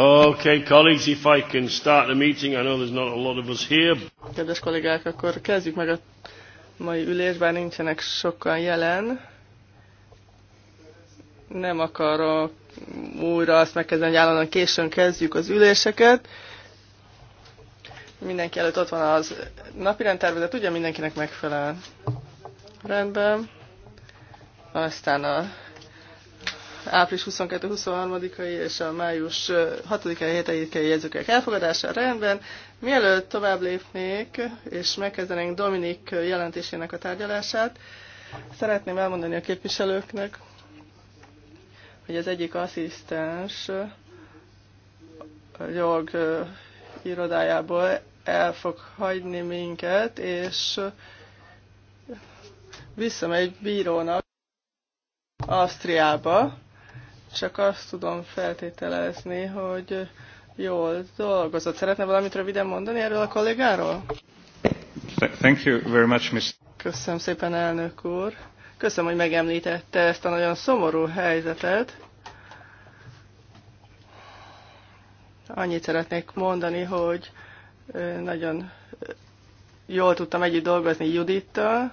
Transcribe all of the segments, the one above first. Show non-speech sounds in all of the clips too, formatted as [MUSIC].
Okay, colleagues, if I can start the meeting, I know there's not a lot of us here. Kedves kollégák, akkor kezdjük meg a mai ülést, bár nincsenek sokan jelen. Nem akarok újra azt megkezdeni, hogy állandóan későn kezdjük az üléseket mindenki előtt ott van az napirend tervezet, ugye mindenkinek megfelel. Rendben. Aztán a április 22-23-ai és a május 6-ai, 7-ai jegyzőkök elfogadása rendben. Mielőtt tovább lépnék, és megkezdenénk Dominik jelentésének a tárgyalását, szeretném elmondani a képviselőknek, hogy az egyik asszisztens jog irodájából el fog hagyni minket, és visszamegy bírónak Ausztriába, csak azt tudom feltételezni, hogy jól dolgozott. Szeretne valamit röviden mondani erről a kollégáról? Thank you very much, Mr. Köszönöm szépen, elnök úr. Köszönöm, hogy megemlítette ezt a nagyon szomorú helyzetet. Annyit szeretnék mondani, hogy nagyon jól tudtam együtt dolgozni Judittal.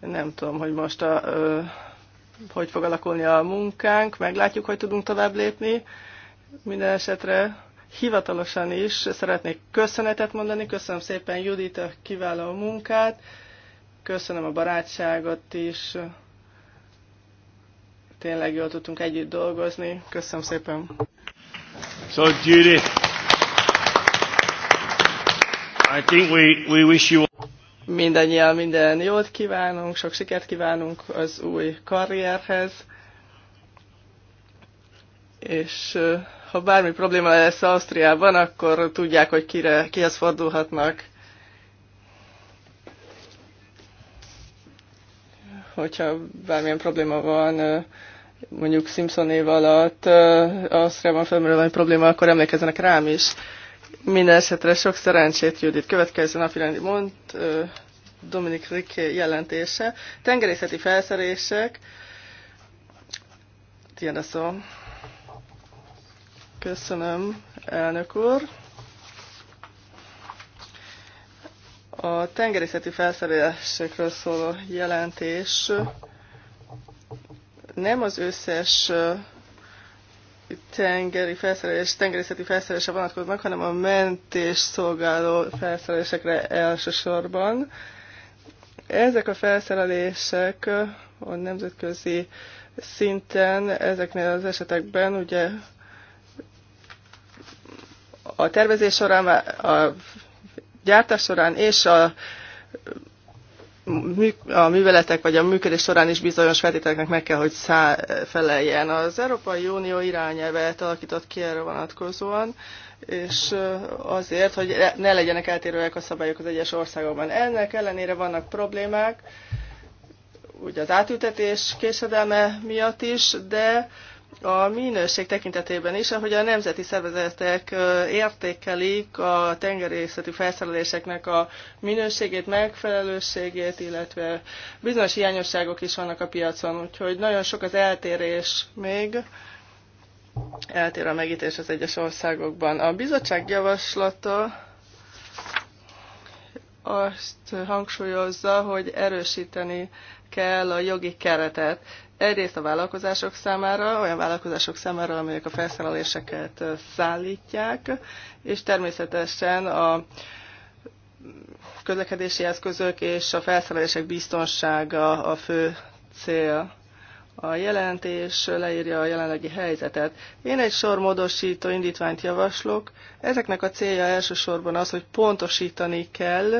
Nem tudom, hogy most a, hogy fog alakulni a munkánk, meglátjuk, hogy tudunk tovább lépni. Minden esetre hivatalosan is szeretnék köszönetet mondani. Köszönöm szépen Judit a kiváló munkát, köszönöm a barátságot is. Tényleg jól tudtunk együtt dolgozni. Köszönöm szépen. So Judith. I think we, we wish you... Mindennyian minden jót kívánunk, sok sikert kívánunk az új karrierhez, és ha bármi probléma lesz Ausztriában, akkor tudják, hogy kire, kihez fordulhatnak. Hogyha bármilyen probléma van, mondjuk Simpson év alatt Ausztriában felmerül valami probléma, akkor emlékezzenek rám is. Minden esetre sok szerencsét, Judit. Következő filányi mond Dominik Rick jelentése. Tengerészeti felszerések. Tiéd a szó. Köszönöm, elnök úr. A tengerészeti felszerelésekről szóló jelentés nem az összes tengeri felszerelés, tengerészeti felszerelése vonatkoznak, hanem a mentés szolgáló felszerelésekre elsősorban. Ezek a felszerelések a nemzetközi szinten ezeknél az esetekben ugye a tervezés során, a gyártás során és a a műveletek vagy a működés során is bizonyos feltételeknek meg kell, hogy szá- feleljen. Az Európai Unió irányelvet alakított ki erre vonatkozóan, és azért, hogy ne legyenek eltérőek a szabályok az egyes országokban. Ennek ellenére vannak problémák, ugye az átültetés késedelme miatt is, de a minőség tekintetében is, ahogy a nemzeti szervezetek értékelik a tengerészeti felszereléseknek a minőségét, megfelelőségét, illetve bizonyos hiányosságok is vannak a piacon, úgyhogy nagyon sok az eltérés még, eltér a megítés az egyes országokban. A bizottság javaslata azt hangsúlyozza, hogy erősíteni kell a jogi keretet. Egyrészt a vállalkozások számára, olyan vállalkozások számára, amelyek a felszereléseket szállítják, és természetesen a közlekedési eszközök és a felszerelések biztonsága a fő cél. A jelentés leírja a jelenlegi helyzetet. Én egy sor módosító indítványt javaslok. Ezeknek a célja elsősorban az, hogy pontosítani kell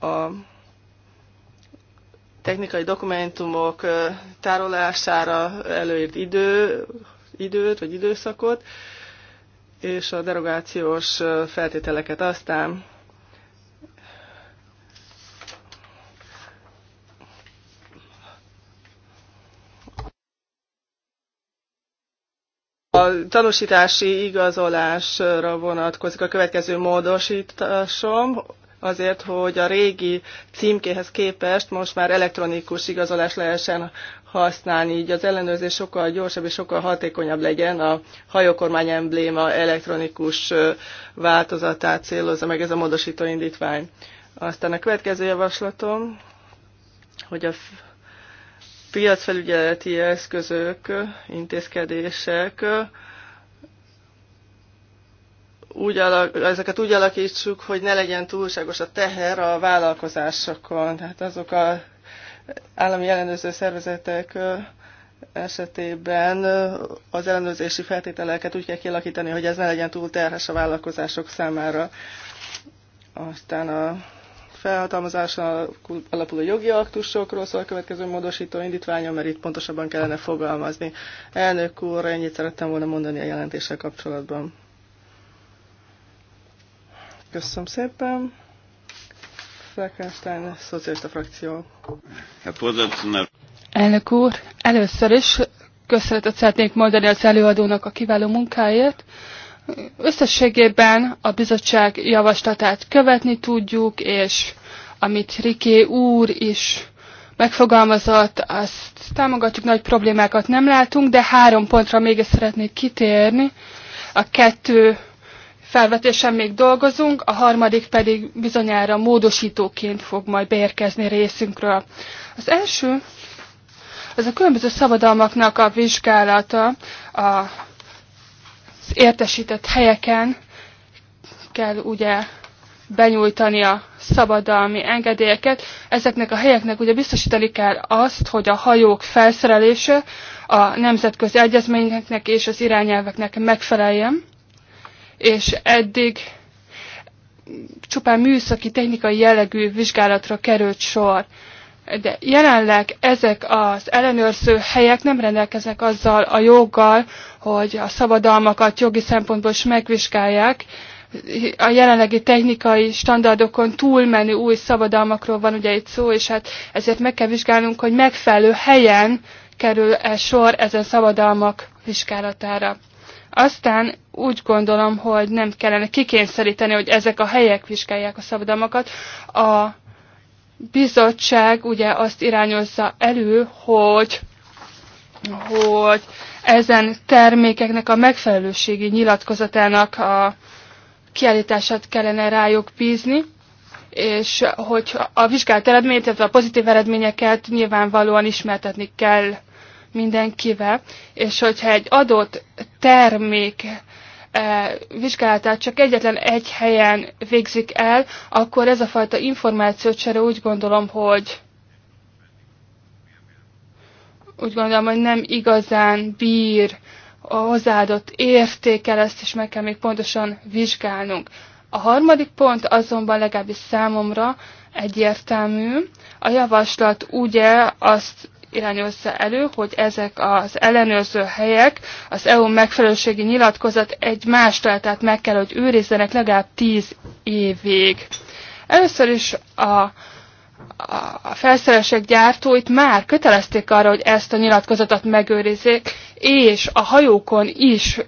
a technikai dokumentumok tárolására előírt idő, időt vagy időszakot, és a derogációs feltételeket aztán A tanúsítási igazolásra vonatkozik a következő módosításom azért, hogy a régi címkéhez képest most már elektronikus igazolás lehessen használni, így az ellenőrzés sokkal gyorsabb és sokkal hatékonyabb legyen. A hajókormány embléma elektronikus változatát célozza meg ez a módosító indítvány. Aztán a következő javaslatom, hogy a piacfelügyeleti eszközök, intézkedések úgy alak, ezeket úgy alakítsuk, hogy ne legyen túlságos a teher a vállalkozásokon. Tehát azok a állami ellenőrző szervezetek esetében az ellenőrzési feltételeket úgy kell kialakítani, hogy ez ne legyen túl terhes a vállalkozások számára. Aztán a felhatalmazáson alapuló jogi aktusokról szól a következő módosító indítványom, mert itt pontosabban kellene fogalmazni. Elnök úr, ennyit szerettem volna mondani a jelentéssel kapcsolatban. Köszönöm szépen. Fleckenstein, Szocialista Frakció. Elnök úr, először is köszönetet szeretnék mondani az előadónak a kiváló munkáért. Összességében a bizottság javaslatát követni tudjuk, és amit Riké úr is megfogalmazott, azt támogatjuk, nagy problémákat nem látunk, de három pontra még szeretnék kitérni. A kettő felvetésen még dolgozunk, a harmadik pedig bizonyára módosítóként fog majd beérkezni részünkről. Az első, az a különböző szabadalmaknak a vizsgálata az értesített helyeken kell ugye benyújtani a szabadalmi engedélyeket. Ezeknek a helyeknek ugye biztosítani kell azt, hogy a hajók felszerelése a nemzetközi egyezményeknek és az irányelveknek megfeleljen és eddig csupán műszaki, technikai jellegű vizsgálatra került sor. De jelenleg ezek az ellenőrző helyek nem rendelkeznek azzal a joggal, hogy a szabadalmakat jogi szempontból is megvizsgálják. A jelenlegi technikai standardokon túlmenő új szabadalmakról van ugye itt szó, és hát ezért meg kell vizsgálnunk, hogy megfelelő helyen kerül-e sor ezen szabadalmak vizsgálatára. Aztán úgy gondolom, hogy nem kellene kikényszeríteni, hogy ezek a helyek vizsgálják a szabadalmakat. A bizottság ugye azt irányozza elő, hogy, hogy ezen termékeknek a megfelelőségi nyilatkozatának a kiállítását kellene rájuk bízni, és hogy a vizsgált eredményt, tehát a pozitív eredményeket nyilvánvalóan ismertetni kell mindenkivel, és hogyha egy adott termék eh, vizsgálatát csak egyetlen egy helyen végzik el, akkor ez a fajta információcsere úgy gondolom, hogy úgy gondolom, hogy nem igazán bír a hozzáadott értékel, ezt is meg kell még pontosan vizsgálnunk. A harmadik pont azonban legalábbis számomra egyértelmű. A javaslat ugye azt irányozza elő, hogy ezek az ellenőrző helyek az EU megfelelőségi nyilatkozat egymástól, tehát meg kell, hogy őrizzenek legalább tíz évig. Először is a a felszerelések gyártóit már kötelezték arra, hogy ezt a nyilatkozatot megőrizzék, és a hajókon is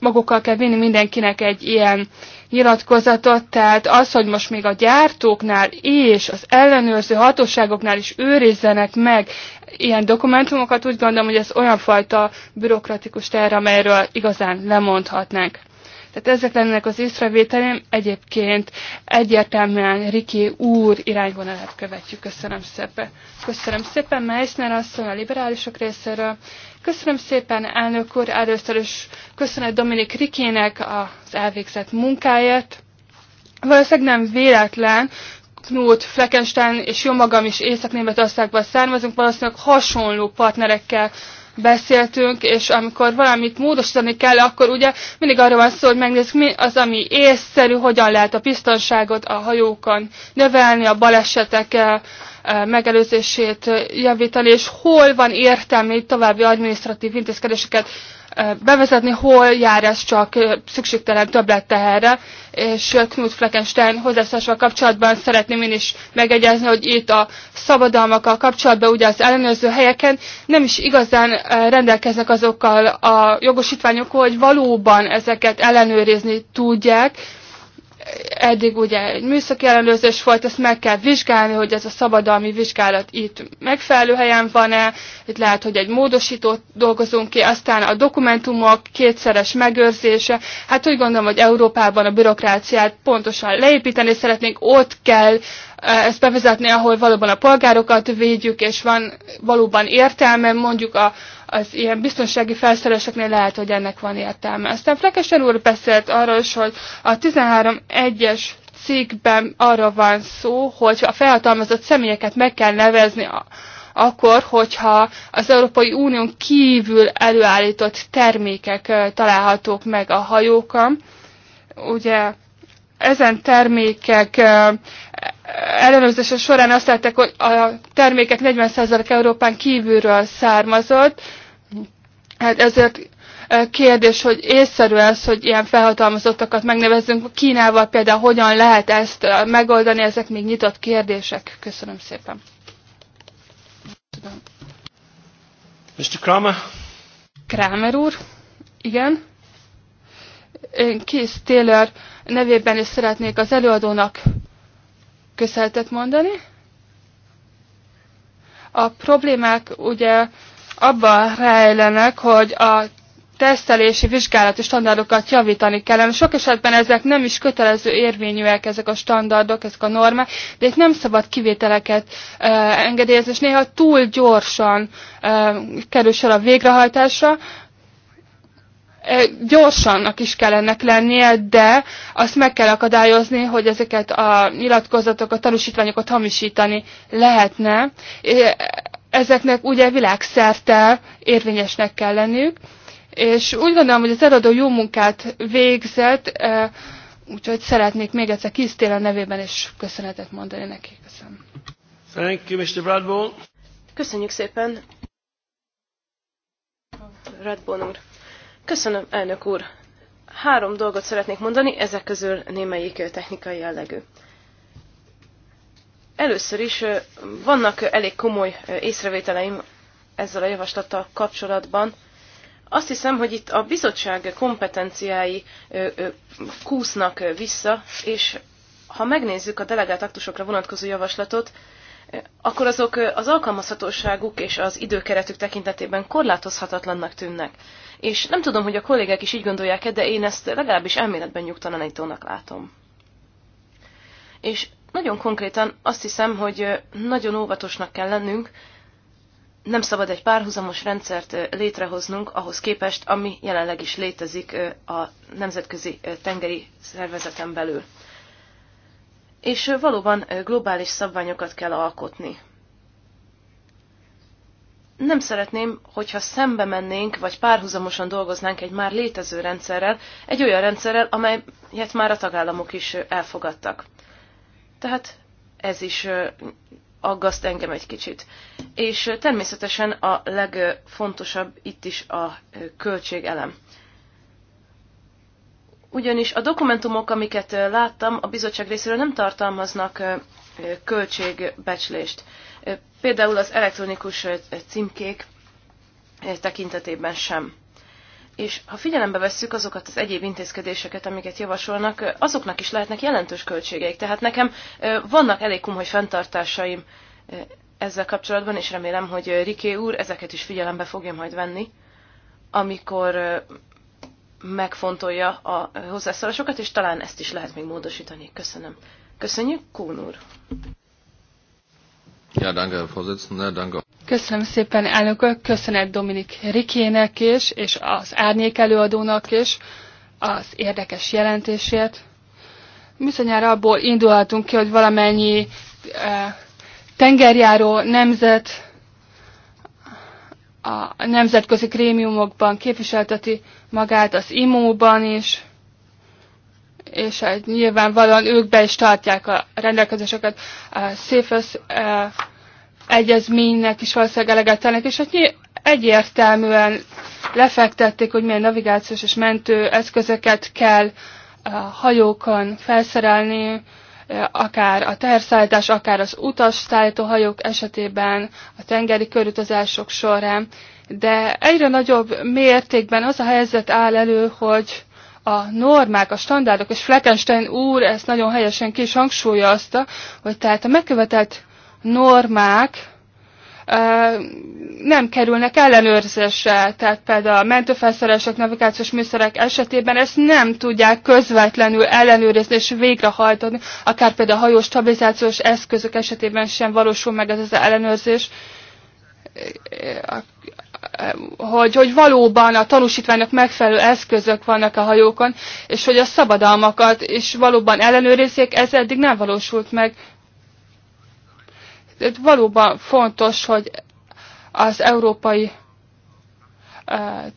magukkal kell vinni mindenkinek egy ilyen nyilatkozatot, tehát az, hogy most még a gyártóknál és az ellenőrző hatóságoknál is őrizzenek meg ilyen dokumentumokat, úgy gondolom, hogy ez olyan fajta bürokratikus terre, amelyről igazán lemondhatnánk. Tehát ezek lennének az észrevételém, egyébként egyértelműen Riki úr irányvonalát követjük. Köszönöm szépen. Köszönöm szépen Meissner asszony a liberálisok részéről, Köszönöm szépen, elnök úr, először is köszönet Dominik Rikének az elvégzett munkáját. Valószínűleg nem véletlen, Knut, Fleckenstein és jó magam is Észak-Németországban származunk, valószínűleg hasonló partnerekkel beszéltünk, és amikor valamit módosítani kell, akkor ugye mindig arról van szó, hogy megnézzük, mi az, ami észszerű, hogyan lehet a biztonságot a hajókon növelni, a balesetek eh, eh, megelőzését eh, javítani, és hol van értelme további adminisztratív intézkedéseket bevezetni, hol jár ez csak szükségtelen többletteherre, és Knut Fleckenstein hozzászásával kapcsolatban szeretném én is megegyezni, hogy itt a szabadalmakkal kapcsolatban, ugye az ellenőrző helyeken nem is igazán rendelkeznek azokkal a jogosítványok, hogy valóban ezeket ellenőrizni tudják, eddig ugye egy műszaki ellenőrzés volt, ezt meg kell vizsgálni, hogy ez a szabadalmi vizsgálat itt megfelelő helyen van-e, itt lehet, hogy egy módosítót dolgozunk ki, aztán a dokumentumok kétszeres megőrzése. Hát úgy gondolom, hogy Európában a bürokráciát pontosan leépíteni szeretnénk, ott kell Eh, ezt bevezetni, ahol valóban a polgárokat védjük, és van valóban értelme, mondjuk a, az ilyen biztonsági felszereléseknél lehet, hogy ennek van értelme. Aztán Flekesen úr beszélt arról is, hogy a 13.1-es cikkben arra van szó, hogy a felhatalmazott személyeket meg kell nevezni a, akkor, hogyha az Európai Unión kívül előállított termékek eh, találhatók meg a hajókon. Ugye ezen termékek eh, ellenőrzése során azt látták, hogy a termékek 40% Európán kívülről származott, hát ezért kérdés, hogy észszerű ez, hogy ilyen felhatalmazottakat megnevezzünk. Kínával például hogyan lehet ezt megoldani, ezek még nyitott kérdések. Köszönöm szépen. Mr. Kramer? Kramer úr, igen. Én Keith Taylor nevében is szeretnék az előadónak közheltet mondani. A problémák ugye abban rejlenek, hogy a tesztelési vizsgálati standardokat javítani kellene. Sok esetben ezek nem is kötelező érvényűek, ezek a standardok, ezek a normák, de itt nem szabad kivételeket e, engedélyezni, és néha túl gyorsan e, kerül a végrehajtásra, gyorsannak is kellene lennie, de azt meg kell akadályozni, hogy ezeket a nyilatkozatokat, tanúsítványokat hamisítani lehetne. Ezeknek ugye világszerte érvényesnek kell lenniük, és úgy gondolom, hogy az eladó jó munkát végzett, úgyhogy szeretnék még egyszer Kisztél a nevében is köszönetet mondani neki. Köszönöm. Thank you, Mr. Bradbourne. Köszönjük szépen. Radbon úr. Köszönöm, elnök úr. Három dolgot szeretnék mondani, ezek közül némelyik technikai jellegű. Először is vannak elég komoly észrevételeim ezzel a javaslattal kapcsolatban. Azt hiszem, hogy itt a bizottság kompetenciái kúsznak vissza, és ha megnézzük a delegált aktusokra vonatkozó javaslatot, akkor azok az alkalmazhatóságuk és az időkeretük tekintetében korlátozhatatlannak tűnnek. És nem tudom, hogy a kollégák is így gondolják-e, de én ezt legalábbis elméletben nyugtalanítónak látom. És nagyon konkrétan azt hiszem, hogy nagyon óvatosnak kell lennünk, nem szabad egy párhuzamos rendszert létrehoznunk ahhoz képest, ami jelenleg is létezik a Nemzetközi Tengeri Szervezeten belül és valóban globális szabványokat kell alkotni. Nem szeretném, hogyha szembe mennénk, vagy párhuzamosan dolgoznánk egy már létező rendszerrel, egy olyan rendszerrel, amelyet már a tagállamok is elfogadtak. Tehát ez is aggaszt engem egy kicsit. És természetesen a legfontosabb itt is a költségelem ugyanis a dokumentumok, amiket láttam, a bizottság részéről nem tartalmaznak költségbecslést. Például az elektronikus címkék tekintetében sem. És ha figyelembe vesszük azokat az egyéb intézkedéseket, amiket javasolnak, azoknak is lehetnek jelentős költségeik. Tehát nekem vannak elég komoly fenntartásaim ezzel kapcsolatban, és remélem, hogy Riké úr ezeket is figyelembe fogja majd venni, amikor megfontolja a hozzászólásokat, és talán ezt is lehet még módosítani. Köszönöm. Köszönjük, Kún úr. Ja, danke, Herr danke. Köszönöm szépen, elnökök, köszönet Dominik Rikének is, és az árnyék előadónak is az érdekes jelentését. Bizonyára abból indulhatunk ki, hogy valamennyi eh, tengerjáró nemzet a nemzetközi krémiumokban képviselteti magát, az IMO-ban is, és hát nyilvánvalóan ők be is tartják a rendelkezéseket a széfes eh, egyezménynek is valószínűleg eleget és és hát egyértelműen lefektették, hogy milyen navigációs és mentő eszközöket kell a hajókon felszerelni, akár a teherszállítás, akár az utasszállítóhajók esetében, a tengeri körutazások során, de egyre nagyobb mértékben az a helyzet áll elő, hogy a normák, a standardok, és Fleckenstein úr ezt nagyon helyesen ki is hangsúlyozta, hogy tehát a megkövetett normák nem kerülnek ellenőrzésre, tehát például a mentőfelszerelések, navigációs műszerek esetében ezt nem tudják közvetlenül ellenőrizni és végrehajtani, akár például a hajó stabilizációs eszközök esetében sem valósul meg ez az ellenőrzés, hogy, hogy valóban a tanúsítványnak megfelelő eszközök vannak a hajókon, és hogy a szabadalmakat is valóban ellenőrizzék, ez eddig nem valósult meg valóban fontos, hogy az európai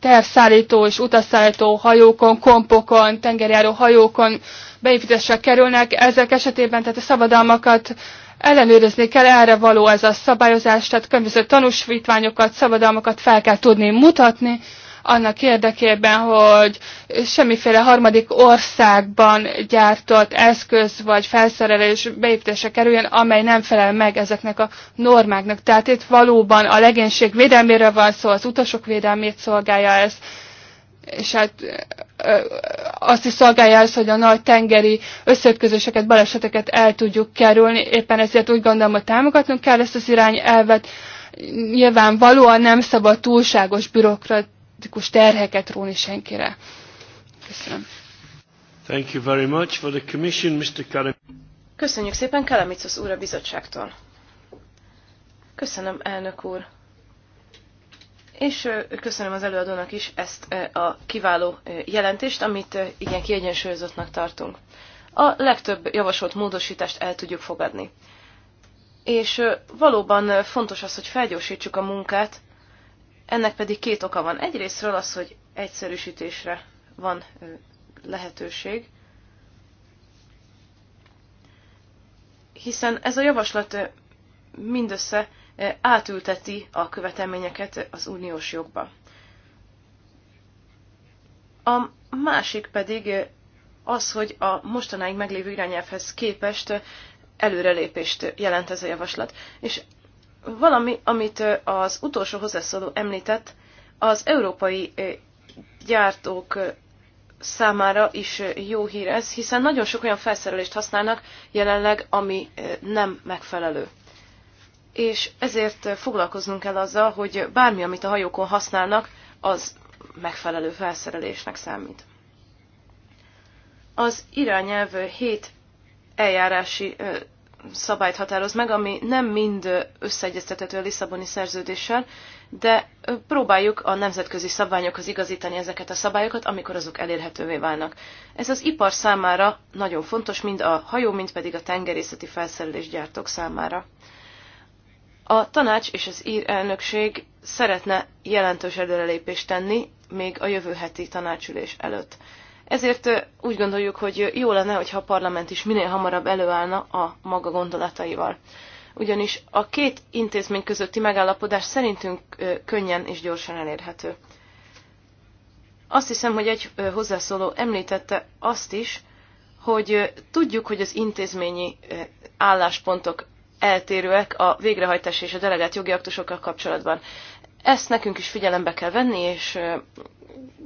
tervszállító és utasszállító hajókon, kompokon, tengerjáró hajókon beépítésre kerülnek. Ezek esetében tehát a szabadalmakat ellenőrizni kell, erre való ez a szabályozás, tehát különböző tanúsítványokat, szabadalmakat fel kell tudni mutatni, annak érdekében, hogy semmiféle harmadik országban gyártott eszköz vagy felszerelés beépítése kerüljön, amely nem felel meg ezeknek a normáknak. Tehát itt valóban a legénység védelméről van szó, az utasok védelmét szolgálja ez és hát azt is szolgálja ez, hogy a nagy tengeri összeütközéseket, baleseteket el tudjuk kerülni. Éppen ezért úgy gondolom, hogy támogatnunk kell ezt az irányelvet. Nyilvánvalóan nem szabad túlságos bürokrat politikus terheket róni senkire. Köszönöm. Thank you very much for the commission, Mr. Karim. Köszönjük szépen Kalamicos úr a bizottságtól. Köszönöm, elnök úr. És köszönöm az előadónak is ezt a kiváló jelentést, amit igen kiegyensúlyozottnak tartunk. A legtöbb javasolt módosítást el tudjuk fogadni. És valóban fontos az, hogy felgyorsítsuk a munkát, ennek pedig két oka van. Egyrésztről az, hogy egyszerűsítésre van lehetőség, hiszen ez a javaslat mindössze átülteti a követelményeket az uniós jogba. A másik pedig az, hogy a mostanáig meglévő irányelvhez képest előrelépést jelent ez a javaslat. És valami, amit az utolsó hozzászóló említett, az európai gyártók számára is jó hír ez, hiszen nagyon sok olyan felszerelést használnak jelenleg, ami nem megfelelő. És ezért foglalkoznunk kell azzal, hogy bármi, amit a hajókon használnak, az megfelelő felszerelésnek számít. Az irányelv hét eljárási szabályt határoz meg, ami nem mind összeegyeztethető a Lisszaboni szerződéssel, de próbáljuk a nemzetközi szabványokhoz igazítani ezeket a szabályokat, amikor azok elérhetővé válnak. Ez az ipar számára nagyon fontos, mind a hajó, mind pedig a tengerészeti felszerelés gyártók számára. A tanács és az ír elnökség szeretne jelentős előrelépést tenni még a jövő heti tanácsülés előtt. Ezért úgy gondoljuk, hogy jó lenne, hogyha a parlament is minél hamarabb előállna a maga gondolataival. Ugyanis a két intézmény közötti megállapodás szerintünk könnyen és gyorsan elérhető. Azt hiszem, hogy egy hozzászóló említette azt is, hogy tudjuk, hogy az intézményi álláspontok eltérőek a végrehajtás és a delegált jogi aktusokkal kapcsolatban. Ezt nekünk is figyelembe kell venni, és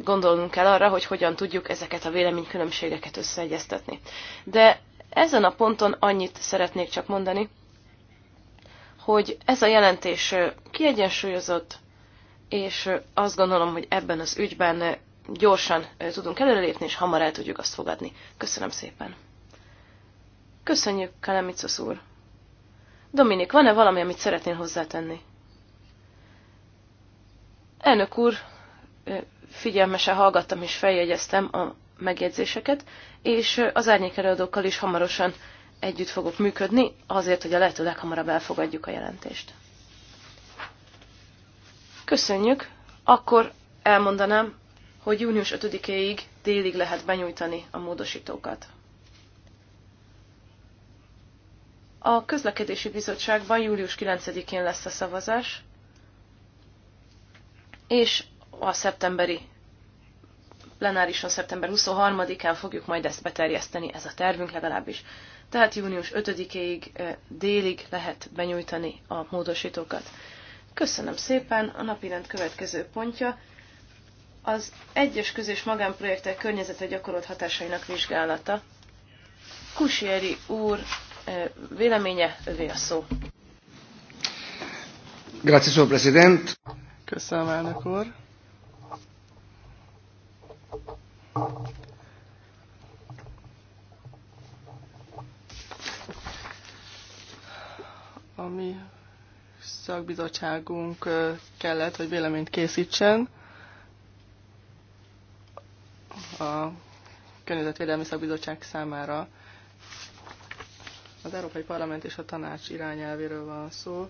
gondolnunk kell arra, hogy hogyan tudjuk ezeket a véleménykülönbségeket összeegyeztetni. De ezen a ponton annyit szeretnék csak mondani, hogy ez a jelentés kiegyensúlyozott, és azt gondolom, hogy ebben az ügyben gyorsan tudunk előrelépni, és hamar el tudjuk azt fogadni. Köszönöm szépen. Köszönjük, Kalemicos úr. Dominik, van-e valami, amit szeretnél hozzátenni? Elnök úr, figyelmesen hallgattam és feljegyeztem a megjegyzéseket, és az árnyékelőadókkal is hamarosan együtt fogok működni, azért, hogy a lehető leghamarabb elfogadjuk a jelentést. Köszönjük! Akkor elmondanám, hogy június 5-éig délig lehet benyújtani a módosítókat. A közlekedési bizottságban július 9-én lesz a szavazás, és a szeptemberi plenárison szeptember 23-án fogjuk majd ezt beterjeszteni, ez a tervünk legalábbis. Tehát június 5-ig délig lehet benyújtani a módosítókat. Köszönöm szépen, a rend következő pontja az egyes közös magánprojektek környezete gyakorolt hatásainak vizsgálata. Kusieri úr véleménye, övé a szó. Grazie, President. Köszönöm, elnök úr. A mi szakbizottságunk kellett, hogy véleményt készítsen a Környezetvédelmi Szakbizottság számára. Az Európai Parlament és a Tanács irányelvéről van szó.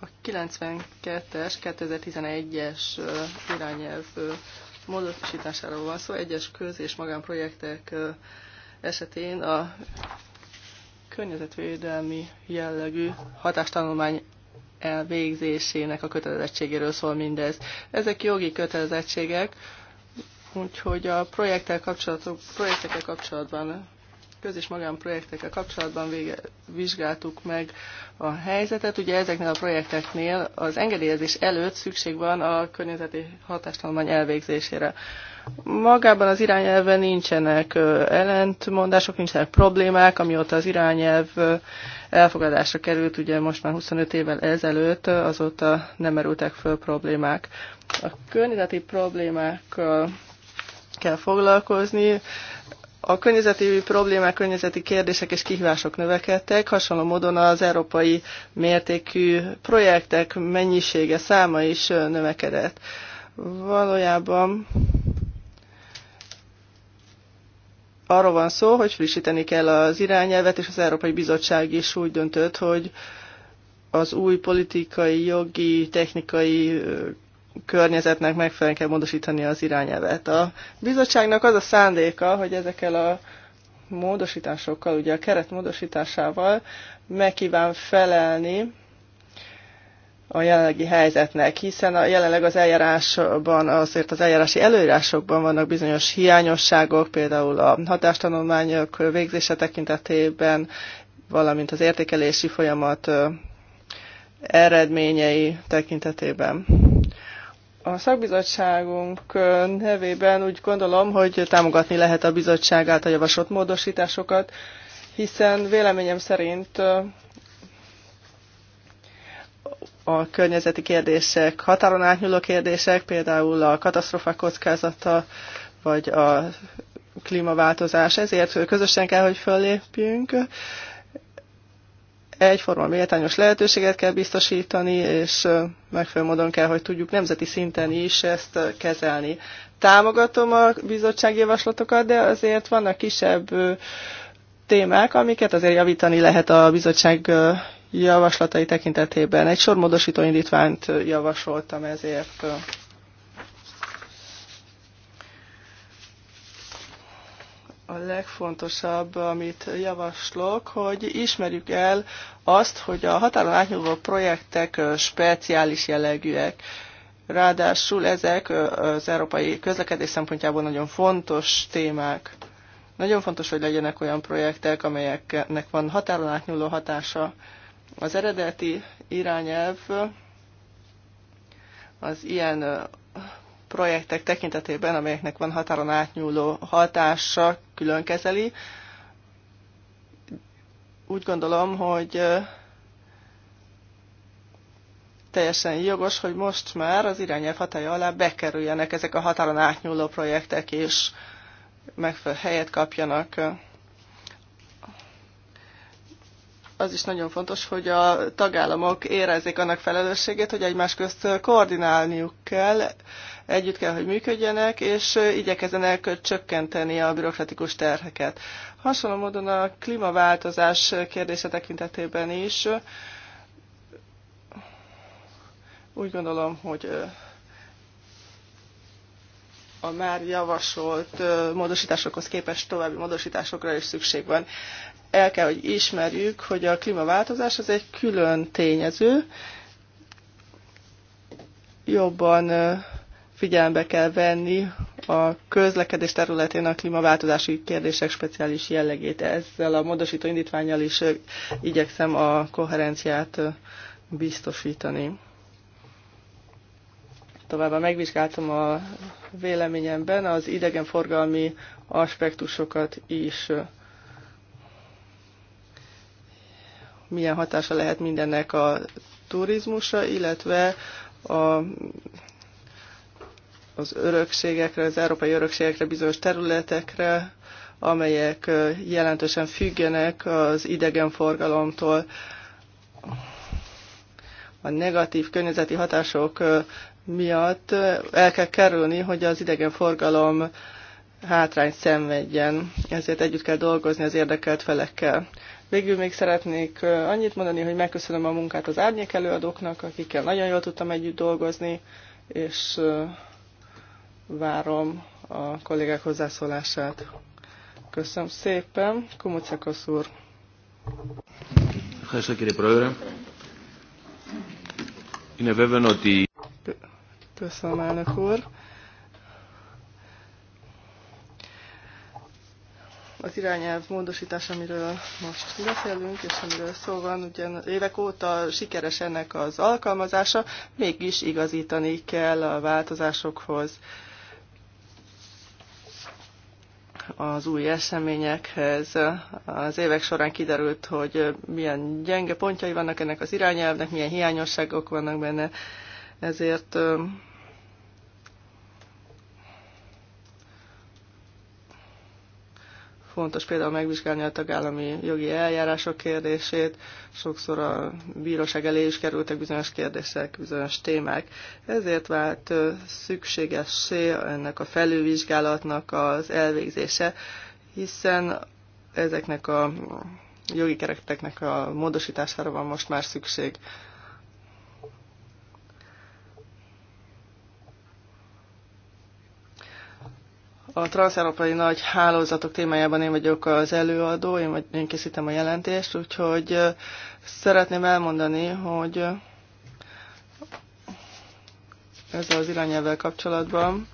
A 92-es, 2011-es irányelv módosításáról van szó, egyes köz- és magánprojektek esetén a környezetvédelmi jellegű hatástanulmány elvégzésének a kötelezettségéről szól mindez. Ezek jogi kötelezettségek, úgyhogy a projektek projektekkel kapcsolatban köz- és magánprojektekkel kapcsolatban vége, vizsgáltuk meg a helyzetet. Ugye ezeknél a projekteknél az engedélyezés előtt szükség van a környezeti hatástanulmány elvégzésére. Magában az irányelven nincsenek ellentmondások, nincsenek problémák, amióta az irányelv elfogadásra került, ugye most már 25 évvel ezelőtt, azóta nem merültek föl problémák. A környezeti problémákkal kell foglalkozni a környezeti problémák, környezeti kérdések és kihívások növekedtek, hasonló módon az európai mértékű projektek mennyisége, száma is növekedett. Valójában arról van szó, hogy frissíteni kell az irányelvet, és az Európai Bizottság is úgy döntött, hogy az új politikai, jogi, technikai környezetnek megfelelően kell módosítani az irányelvet. A bizottságnak az a szándéka, hogy ezekkel a módosításokkal, ugye a keret módosításával megkíván felelni a jelenlegi helyzetnek, hiszen a jelenleg az eljárásban, azért az eljárási előírásokban vannak bizonyos hiányosságok, például a hatástanulmányok végzése tekintetében, valamint az értékelési folyamat eredményei tekintetében. A szakbizottságunk nevében úgy gondolom, hogy támogatni lehet a bizottság által javasolt módosításokat, hiszen véleményem szerint a környezeti kérdések, határon átnyúló kérdések, például a katasztrofa kockázata, vagy a klímaváltozás. Ezért közösen kell, hogy föllépjünk, egyforma méltányos lehetőséget kell biztosítani, és megfelelő módon kell, hogy tudjuk nemzeti szinten is ezt kezelni. Támogatom a bizottsági javaslatokat, de azért vannak kisebb témák, amiket azért javítani lehet a bizottság javaslatai tekintetében. Egy sor módosító indítványt javasoltam ezért. a legfontosabb, amit javaslok, hogy ismerjük el azt, hogy a határon átnyúló projektek speciális jellegűek. Ráadásul ezek az európai közlekedés szempontjából nagyon fontos témák. Nagyon fontos, hogy legyenek olyan projektek, amelyeknek van határon átnyúló hatása. Az eredeti irányelv az ilyen projektek tekintetében, amelyeknek van határon átnyúló hatása, külön kezeli. Úgy gondolom, hogy teljesen jogos, hogy most már az irányelv hatája alá bekerüljenek ezek a határon átnyúló projektek, és megfelelő helyet kapjanak. Az is nagyon fontos, hogy a tagállamok érezzék annak felelősségét, hogy egymás közt koordinálniuk kell, együtt kell, hogy működjenek, és igyekezzenek csökkenteni a bürokratikus terheket. Hasonló módon a klímaváltozás kérdése tekintetében is úgy gondolom, hogy a már javasolt módosításokhoz képest további módosításokra is szükség van. El kell, hogy ismerjük, hogy a klímaváltozás az egy külön tényező, jobban figyelembe kell venni a közlekedés területén a klímaváltozási kérdések speciális jellegét. Ezzel a módosító indítványjal is igyekszem a koherenciát biztosítani. Továbbá megvizsgáltam a véleményemben az idegenforgalmi aspektusokat is. Milyen hatása lehet mindennek a turizmusra, illetve a az örökségekre, az európai örökségekre, bizonyos területekre, amelyek jelentősen függenek az idegenforgalomtól. A negatív környezeti hatások miatt el kell kerülni, hogy az idegenforgalom hátrányt szenvedjen, ezért együtt kell dolgozni az érdekelt felekkel. Végül még szeretnék annyit mondani, hogy megköszönöm a munkát az árnyék előadóknak, akikkel nagyon jól tudtam együtt dolgozni, és várom a kollégák hozzászólását. Köszönöm szépen. Kumucakos úr. Köszönöm, elnök úr. Az irányelv módosítás, amiről most beszélünk, és amiről szó van, ugye évek óta sikeres ennek az alkalmazása, mégis igazítani kell a változásokhoz az új eseményekhez. Az évek során kiderült, hogy milyen gyenge pontjai vannak ennek az irányelvnek, milyen hiányosságok vannak benne, ezért Fontos például megvizsgálni a tagállami jogi eljárások kérdését, sokszor a bíróság elé is kerültek bizonyos kérdések, bizonyos témák. Ezért vált szükségessé ennek a felülvizsgálatnak az elvégzése, hiszen ezeknek a jogi kereteknek a módosítására van most már szükség. A transzeurópai nagy hálózatok témájában én vagyok az előadó, én, vagy, én készítem a jelentést, úgyhogy szeretném elmondani, hogy ez az irányelvvel kapcsolatban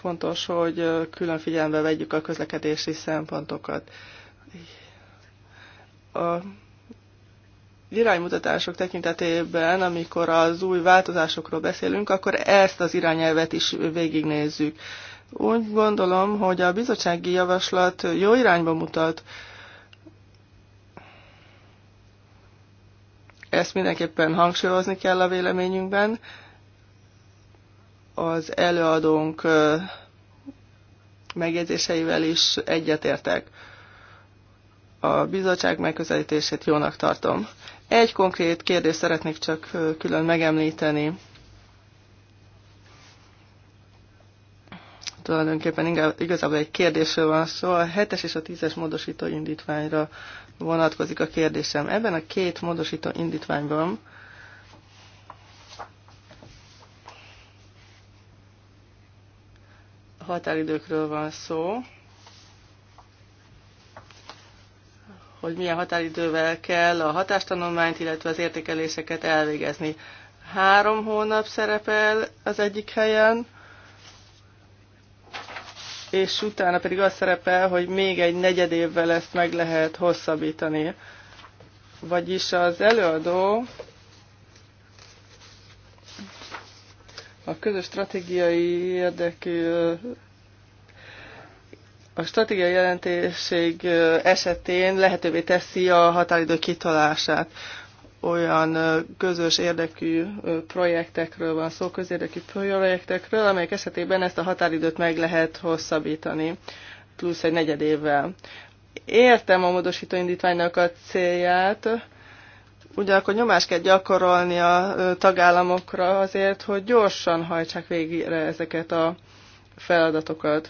fontos, hogy külön figyelembe vegyük a közlekedési szempontokat. A iránymutatások tekintetében, amikor az új változásokról beszélünk, akkor ezt az irányelvet is végignézzük. Úgy gondolom, hogy a bizottsági javaslat jó irányba mutat. Ezt mindenképpen hangsúlyozni kell a véleményünkben. Az előadónk megjegyzéseivel is egyetértek. A bizottság megközelítését jónak tartom. Egy konkrét kérdést szeretnék csak külön megemlíteni. Tulajdonképpen igazából egy kérdésről van szó. A 7-es és a 10-es módosító indítványra vonatkozik a kérdésem. Ebben a két módosító indítványban határidőkről van szó. hogy milyen határidővel kell a hatástanulmányt, illetve az értékeléseket elvégezni. Három hónap szerepel az egyik helyen, és utána pedig az szerepel, hogy még egy negyed évvel ezt meg lehet hosszabbítani. Vagyis az előadó a közös stratégiai érdekű a stratégiai jelentőség esetén lehetővé teszi a határidő kitolását. Olyan közös érdekű projektekről van szó, közérdekű projektekről, amelyek esetében ezt a határidőt meg lehet hosszabbítani, plusz egy negyed évvel. Értem a módosító indítványnak a célját, ugyanakkor nyomást kell gyakorolni a tagállamokra azért, hogy gyorsan hajtsák végre ezeket a feladatokat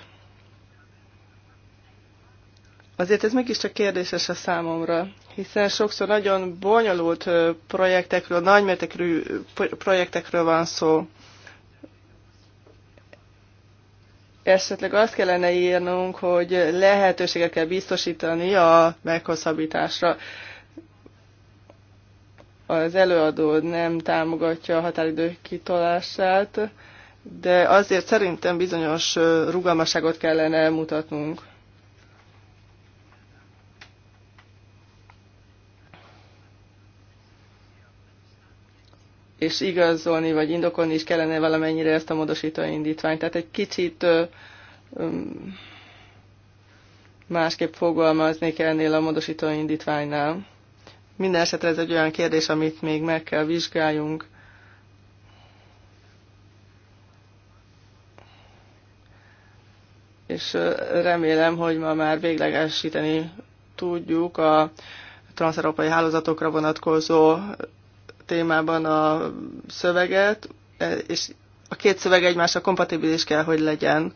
Azért ez mégiscsak kérdéses a számomra, hiszen sokszor nagyon bonyolult projektekről, nagymértékű projektekről van szó. Esetleg azt kellene írnunk, hogy lehetőséget kell biztosítani a meghosszabbításra. Az előadó nem támogatja a határidő kitolását, de azért szerintem bizonyos rugalmasságot kellene mutatnunk. és igazolni, vagy indokolni is kellene valamennyire ezt a módosító indítványt. Tehát egy kicsit másképp fogalmaznék ennél a módosító indítványnál. Minden esetre ez egy olyan kérdés, amit még meg kell vizsgáljunk. És remélem, hogy ma már véglegesíteni tudjuk a transzeurópai hálózatokra vonatkozó témában a szöveget, és a két szöveg egymással kompatibilis kell, hogy legyen.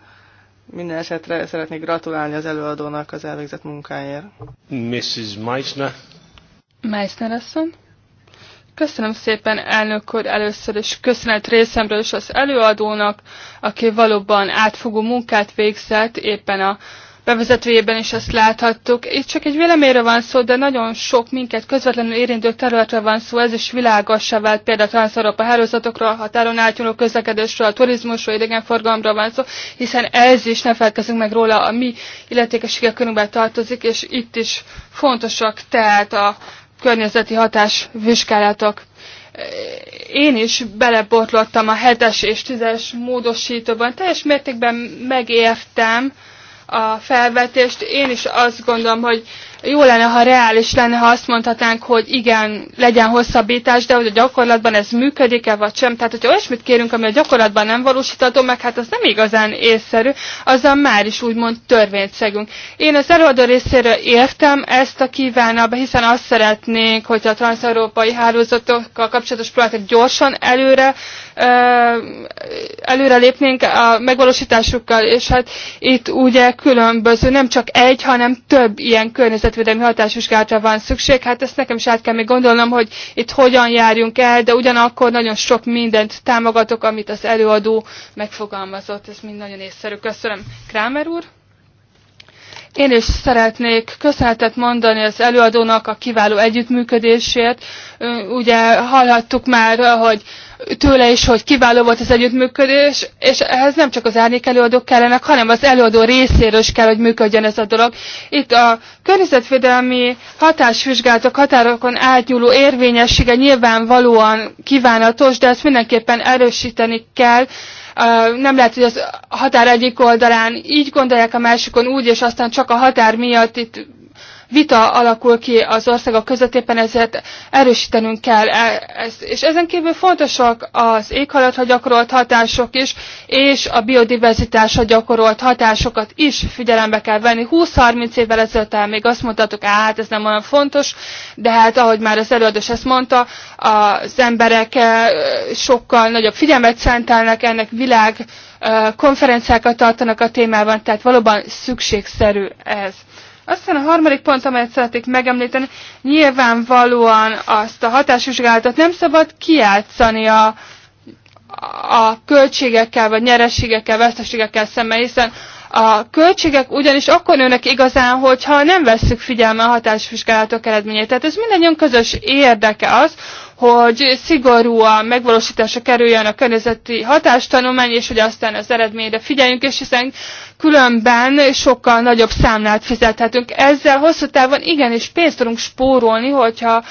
Minden esetre szeretnék gratulálni az előadónak az elvégzett munkáért. Mrs. Meissner. Meissner asszony. Köszönöm szépen, elnök úr, először is köszönet részemről is az előadónak, aki valóban átfogó munkát végzett éppen a bevezetőjében is ezt láthattuk. Itt csak egy véleményre van szó, de nagyon sok minket közvetlenül érintő területre van szó, ez is világossá vált, például Transzeuropa hálózatokra, a határon átnyúló közlekedésről, a turizmusról, idegenforgalomra van szó, hiszen ez is, nem felkezünk meg róla, a mi illetékességek körünkben tartozik, és itt is fontosak tehát a környezeti hatás vizsgálatok én is belebotlottam a 7-es és 10-es módosítóban. Teljes mértékben megértem, a felvetést. Én is azt gondolom, hogy jó lenne, ha reális lenne, ha azt mondhatnánk, hogy igen, legyen hosszabbítás, de hogy a gyakorlatban ez működik-e vagy sem. Tehát, hogyha olyasmit kérünk, ami a gyakorlatban nem valósítható, meg hát az nem igazán észszerű, azzal már is úgymond törvényt szegünk. Én az előadó részéről értem ezt a kívánalba, hiszen azt szeretnénk, hogy a transzeurópai hálózatokkal kapcsolatos projektek gyorsan előre előre lépnénk a megvalósításukkal, és hát itt ugye különböző, nem csak egy, hanem több ilyen környezet környezetvédelmi hatásvizsgálatra van szükség. Hát ezt nekem is át kell még gondolnom, hogy itt hogyan járjunk el, de ugyanakkor nagyon sok mindent támogatok, amit az előadó megfogalmazott. Ez mind nagyon észszerű. Köszönöm. Krámer úr? Én is szeretnék köszönetet mondani az előadónak a kiváló együttműködésért. Ugye hallhattuk már, hogy tőle is, hogy kiváló volt az együttműködés, és ehhez nem csak az árnyék előadók kellenek, hanem az előadó részéről is kell, hogy működjön ez a dolog. Itt a környezetvédelmi hatásvizsgálatok határokon átnyúló érvényessége nyilvánvalóan kívánatos, de ezt mindenképpen erősíteni kell, nem lehet, hogy az határ egyik oldalán így gondolják a másikon úgy, és aztán csak a határ miatt itt vita alakul ki az országok között, éppen ezért erősítenünk kell e- ezt. És ezen kívül fontosak az éghajlatra gyakorolt hatások is, és a biodiverzitásra gyakorolt hatásokat is figyelembe kell venni. 20-30 évvel ezelőtt még azt mondhatok, hát ez nem olyan fontos, de hát ahogy már az előadós ezt mondta, az emberek e, sokkal nagyobb figyelmet szentelnek ennek világ e, konferenciákat tartanak a témában, tehát valóban szükségszerű ez. Aztán a harmadik pont, amelyet szeretnék megemlíteni, nyilvánvalóan azt a hatásvizsgálatot nem szabad kiátszani a, a költségekkel, vagy nyerességekkel, veszteségekkel szemben, hiszen a költségek ugyanis akkor nőnek igazán, hogyha nem vesszük figyelme a hatásvizsgálatok eredményét. Tehát ez mindannyian közös érdeke az, hogy szigorúan megvalósításra kerüljön a környezeti hatástanulmány, és hogy aztán az eredményre figyeljünk, és hiszen különben sokkal nagyobb számlát fizethetünk. Ezzel hosszú távon igenis pénzt tudunk spórolni, hogyha,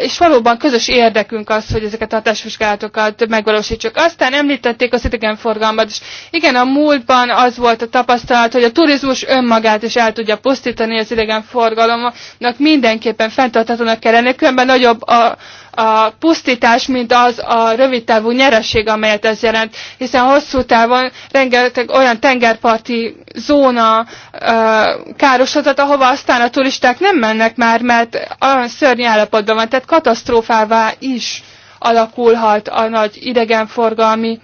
és valóban közös érdekünk az, hogy ezeket a hatásvizsgálatokat megvalósítsuk. Aztán említették az idegenforgalmat, és igen, a múltban az volt a tapasztalat, hogy a turizmus önmagát is el tudja pusztítani az idegenforgalomnak, mindenképpen fenntarthatónak kell lenni, különben nagyobb a, a pusztítás, mint az a rövidtávú nyeresség, amelyet ez jelent, hiszen hosszú távon rengeteg olyan tengerparti parti zóna károsodhat, ahova aztán a turisták nem mennek már, mert olyan szörnyű állapotban van, tehát katasztrófává is alakulhat a nagy idegenforgalmi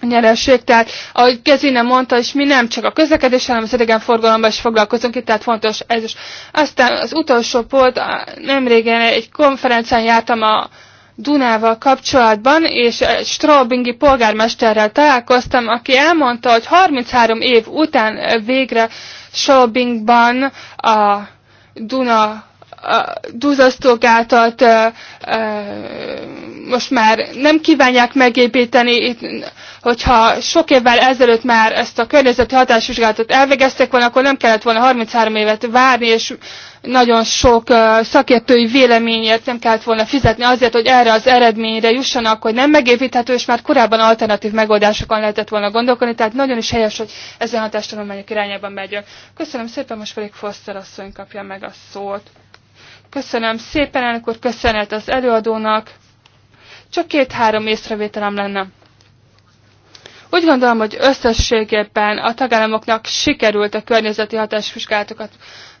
nyeresség. Tehát, ahogy Gezine mondta, és mi nem csak a közlekedés, hanem az idegenforgalomban is foglalkozunk itt, tehát fontos ez is. Aztán az utolsó pont, régen egy konferencián jártam a Dunával kapcsolatban, és Straubingi polgármesterrel találkoztam, aki elmondta, hogy 33 év után végre Straubingban a Duna által e, most már nem kívánják megépíteni, hogyha sok évvel ezelőtt már ezt a környezeti hatásvizsgálatot elvégeztek volna, akkor nem kellett volna 33 évet várni, és nagyon sok e, szakértői véleményért nem kellett volna fizetni azért, hogy erre az eredményre jussanak, hogy nem megépíthető, és már korábban alternatív megoldásokon lehetett volna gondolkodni, tehát nagyon is helyes, hogy ezen testtanulmányok irányában megyünk. Köszönöm szépen, most pedig Foster asszony kapja meg a szót. Köszönöm szépen, elnök úr, köszönet az előadónak. Csak két-három észrevételem lenne. Úgy gondolom, hogy összességében a tagállamoknak sikerült a környezeti hatásvizsgálatokat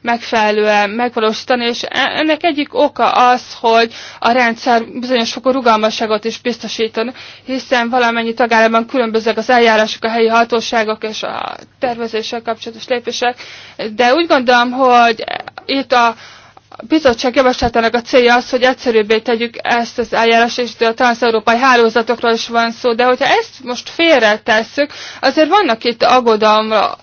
megfelelően megvalósítani, és e- ennek egyik oka az, hogy a rendszer bizonyos fokú rugalmasságot is biztosítani, hiszen valamennyi tagállamban különbözőek az eljárások, a helyi hatóságok és a tervezéssel kapcsolatos lépések, de úgy gondolom, hogy itt a a bizottság javaslatának a célja az, hogy egyszerűbbé tegyük ezt az eljárás és a transzeurópai hálózatokról is van szó, de hogyha ezt most félre tesszük, azért vannak itt aggodalomra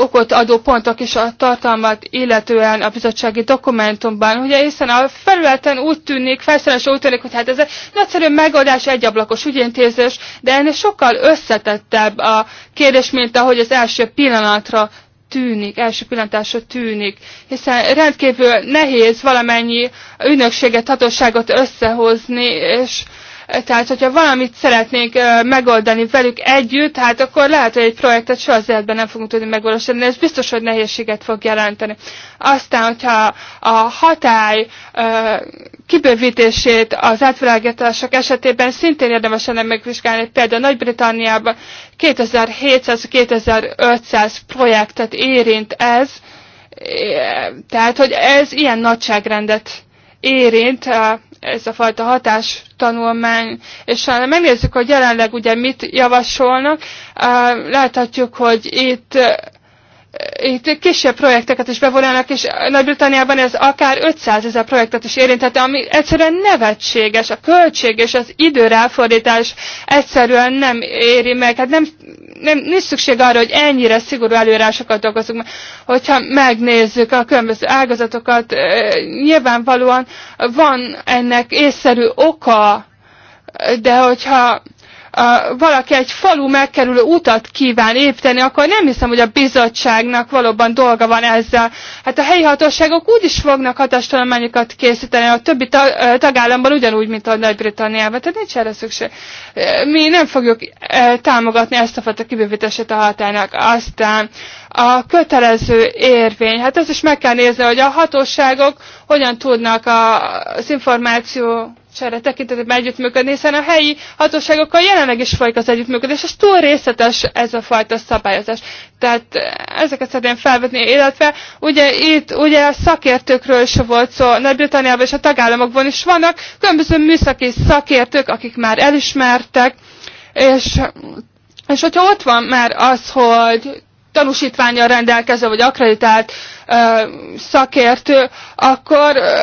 okot adó pontok is a tartalmat illetően a bizottsági dokumentumban. Ugye hiszen a felületen úgy tűnik, felszerelés úgy tűnik, hogy hát ez egy nagyszerű megoldás, egyablakos ügyintézés, de ennél sokkal összetettebb a kérdés, mint ahogy az első pillanatra tűnik, első pillantásra tűnik, hiszen rendkívül nehéz valamennyi ügynökséget, hatóságot összehozni, és tehát, hogyha valamit szeretnénk megoldani velük együtt, hát akkor lehet, hogy egy projektet soha az életben nem fogunk tudni megvalósítani, ez biztos, hogy nehézséget fog jelenteni. Aztán, hogyha a hatály kibővítését az átvilágítások esetében szintén érdemes lenne megvizsgálni, például Nagy-Britanniában 2700-2500 projektet érint ez, tehát, hogy ez ilyen nagyságrendet érint, ez a fajta hatástanulmány, és ha megnézzük, hogy jelenleg ugye mit javasolnak, láthatjuk, hogy itt itt kisebb projekteket is bevonulnak, és Nagy-Britanniában ez akár 500 ezer projektet is érintette, ami egyszerűen nevetséges. A költség és az időráfordítás egyszerűen nem éri meg. Hát nem nem, nincs szükség arra, hogy ennyire szigorú előírásokat dolgozunk, hogyha megnézzük a különböző ágazatokat, nyilvánvalóan van ennek észszerű oka, de hogyha a, valaki egy falu megkerülő utat kíván építeni, akkor nem hiszem, hogy a bizottságnak valóban dolga van ezzel. Hát a helyi hatóságok úgy is fognak hatástalományokat készíteni a többi tagállamban, ugyanúgy, mint a Nagy-Britanniában. Tehát nincs erre szükség. Mi nem fogjuk e, támogatni ezt a fajta kibővítését a hatának. Aztán a kötelező érvény, hát ezt is meg kell nézni, hogy a hatóságok hogyan tudnak a, az információ csere tekintetében együttműködni, hiszen a helyi hatóságokkal jelenleg is folyik az együttműködés, és túl részletes ez a fajta szabályozás. Tehát ezeket szeretném felvetni, illetve ugye itt ugye szakértőkről is volt szó, Nagy-Britanniában és a tagállamokban is vannak különböző műszaki szakértők, akik már elismertek, és, és hogyha ott van már az, hogy tanúsítványra rendelkező vagy akreditált ö, szakértő, akkor ö,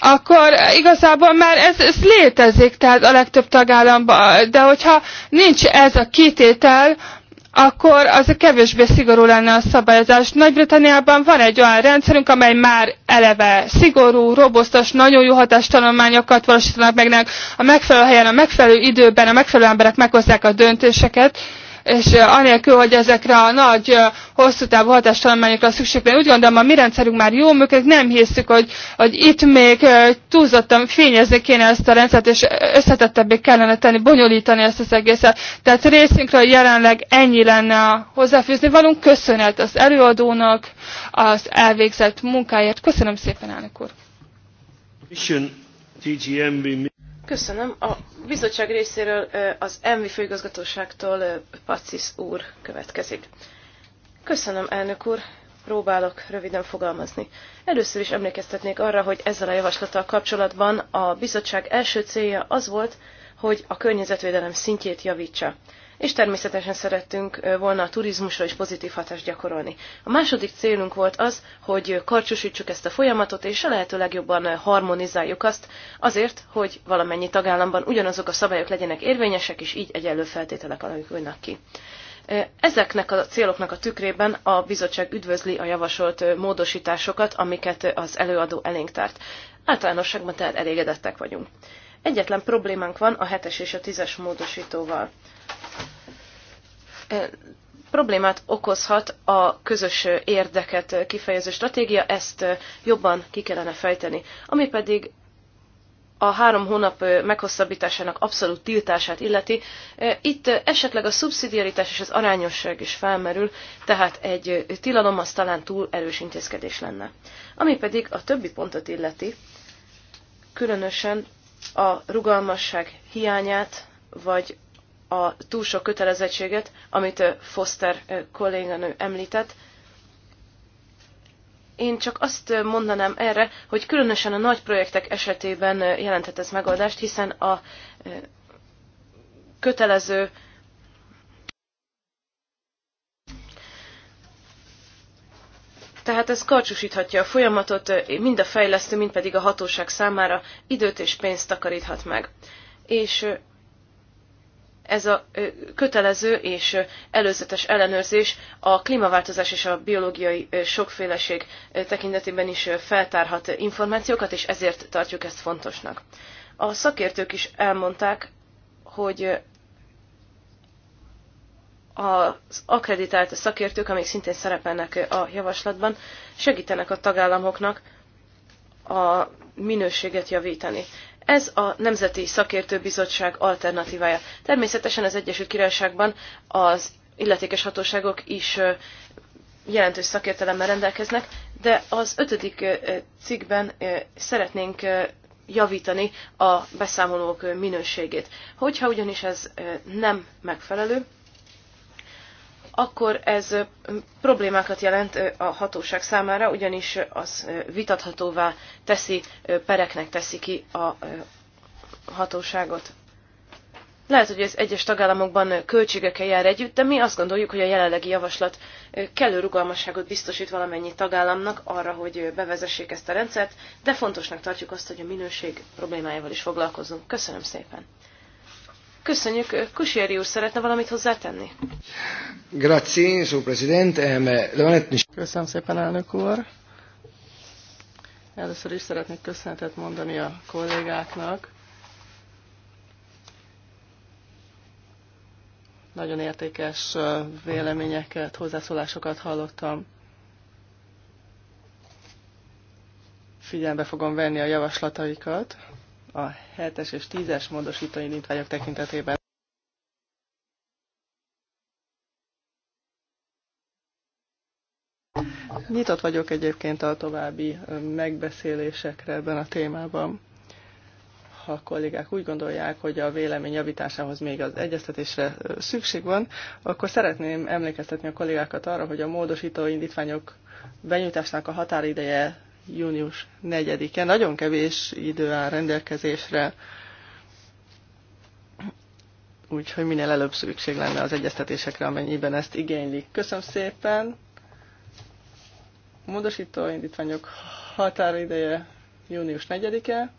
akkor igazából már ez, ez létezik, tehát a legtöbb tagállamban, de hogyha nincs ez a kitétel, akkor az a kevésbé szigorú lenne a szabályozás. Nagy-Britanniában van egy olyan rendszerünk, amely már eleve szigorú, robosztos, nagyon jó hatástanulmányokat valósítanak meg, a megfelelő helyen, a megfelelő időben, a megfelelő emberek meghozzák a döntéseket, és anélkül, hogy ezekre a nagy, hosszú távú hatástalanmányokra szükség lenne. Úgy gondolom, a mi rendszerünk már jó működik, nem hiszük, hogy, hogy itt még túlzottan fényezni kéne ezt a rendszert, és összetettebbé kellene tenni, bonyolítani ezt az egészet. Tehát részünkről jelenleg ennyi lenne a hozzáfűzni valunk. Köszönet az előadónak az elvégzett munkáért. Köszönöm szépen, elnök úr! Köszönöm. A bizottság részéről az ENVI főigazgatóságtól Pacis úr következik. Köszönöm, elnök úr. Próbálok röviden fogalmazni. Először is emlékeztetnék arra, hogy ezzel a javaslattal kapcsolatban a bizottság első célja az volt, hogy a környezetvédelem szintjét javítsa és természetesen szerettünk volna a turizmusra is pozitív hatást gyakorolni. A második célunk volt az, hogy karcsúsítsuk ezt a folyamatot, és a lehető legjobban harmonizáljuk azt, azért, hogy valamennyi tagállamban ugyanazok a szabályok legyenek érvényesek, és így egyenlő feltételek alakulnak ki. Ezeknek a céloknak a tükrében a bizottság üdvözli a javasolt módosításokat, amiket az előadó elénk tárt. Általánosságban tehát elégedettek vagyunk. Egyetlen problémánk van a hetes és a tízes módosítóval problémát okozhat a közös érdeket kifejező stratégia, ezt jobban ki kellene fejteni. Ami pedig a három hónap meghosszabbításának abszolút tiltását illeti, itt esetleg a szubszidiaritás és az arányosság is felmerül, tehát egy tilalom az talán túl erős intézkedés lenne. Ami pedig a többi pontot illeti, különösen a rugalmasság hiányát, vagy a túl sok kötelezettséget, amit Foster kolléganő említett. Én csak azt mondanám erre, hogy különösen a nagy projektek esetében jelenthet ez megoldást, hiszen a kötelező Tehát ez karcsúsíthatja a folyamatot, mind a fejlesztő, mind pedig a hatóság számára időt és pénzt takaríthat meg. És ez a kötelező és előzetes ellenőrzés a klímaváltozás és a biológiai sokféleség tekintetében is feltárhat információkat, és ezért tartjuk ezt fontosnak. A szakértők is elmondták, hogy az akreditált szakértők, amik szintén szerepelnek a javaslatban, segítenek a tagállamoknak a minőséget javítani. Ez a Nemzeti Szakértőbizottság alternatívája. Természetesen az Egyesült Királyságban az illetékes hatóságok is jelentős szakértelemmel rendelkeznek, de az ötödik cikkben szeretnénk javítani a beszámolók minőségét. Hogyha ugyanis ez nem megfelelő, akkor ez problémákat jelent a hatóság számára, ugyanis az vitathatóvá teszi, pereknek teszi ki a hatóságot. Lehet, hogy ez egyes tagállamokban költségekkel jár együtt, de mi azt gondoljuk, hogy a jelenlegi javaslat kellő rugalmasságot biztosít valamennyi tagállamnak arra, hogy bevezessék ezt a rendszert, de fontosnak tartjuk azt, hogy a minőség problémájával is foglalkozunk. Köszönöm szépen! Köszönjük. Kusieri úr szeretne valamit hozzátenni? Szóval, eh, Köszönöm szépen, elnök úr. Először is szeretnék köszönetet mondani a kollégáknak. Nagyon értékes eh, véleményeket, hozzászólásokat hallottam. Figyelembe fogom venni a javaslataikat a 7-es és 10-es módosító indítványok tekintetében. Nyitott vagyok egyébként a további megbeszélésekre ebben a témában. Ha a kollégák úgy gondolják, hogy a vélemény javításához még az egyeztetésre szükség van, akkor szeretném emlékeztetni a kollégákat arra, hogy a módosító indítványok benyújtásnak a határideje június 4-e. Nagyon kevés idő áll rendelkezésre, úgyhogy minél előbb szükség lenne az egyeztetésekre, amennyiben ezt igénylik. Köszönöm szépen! Módosító indítványok határideje június 4-e.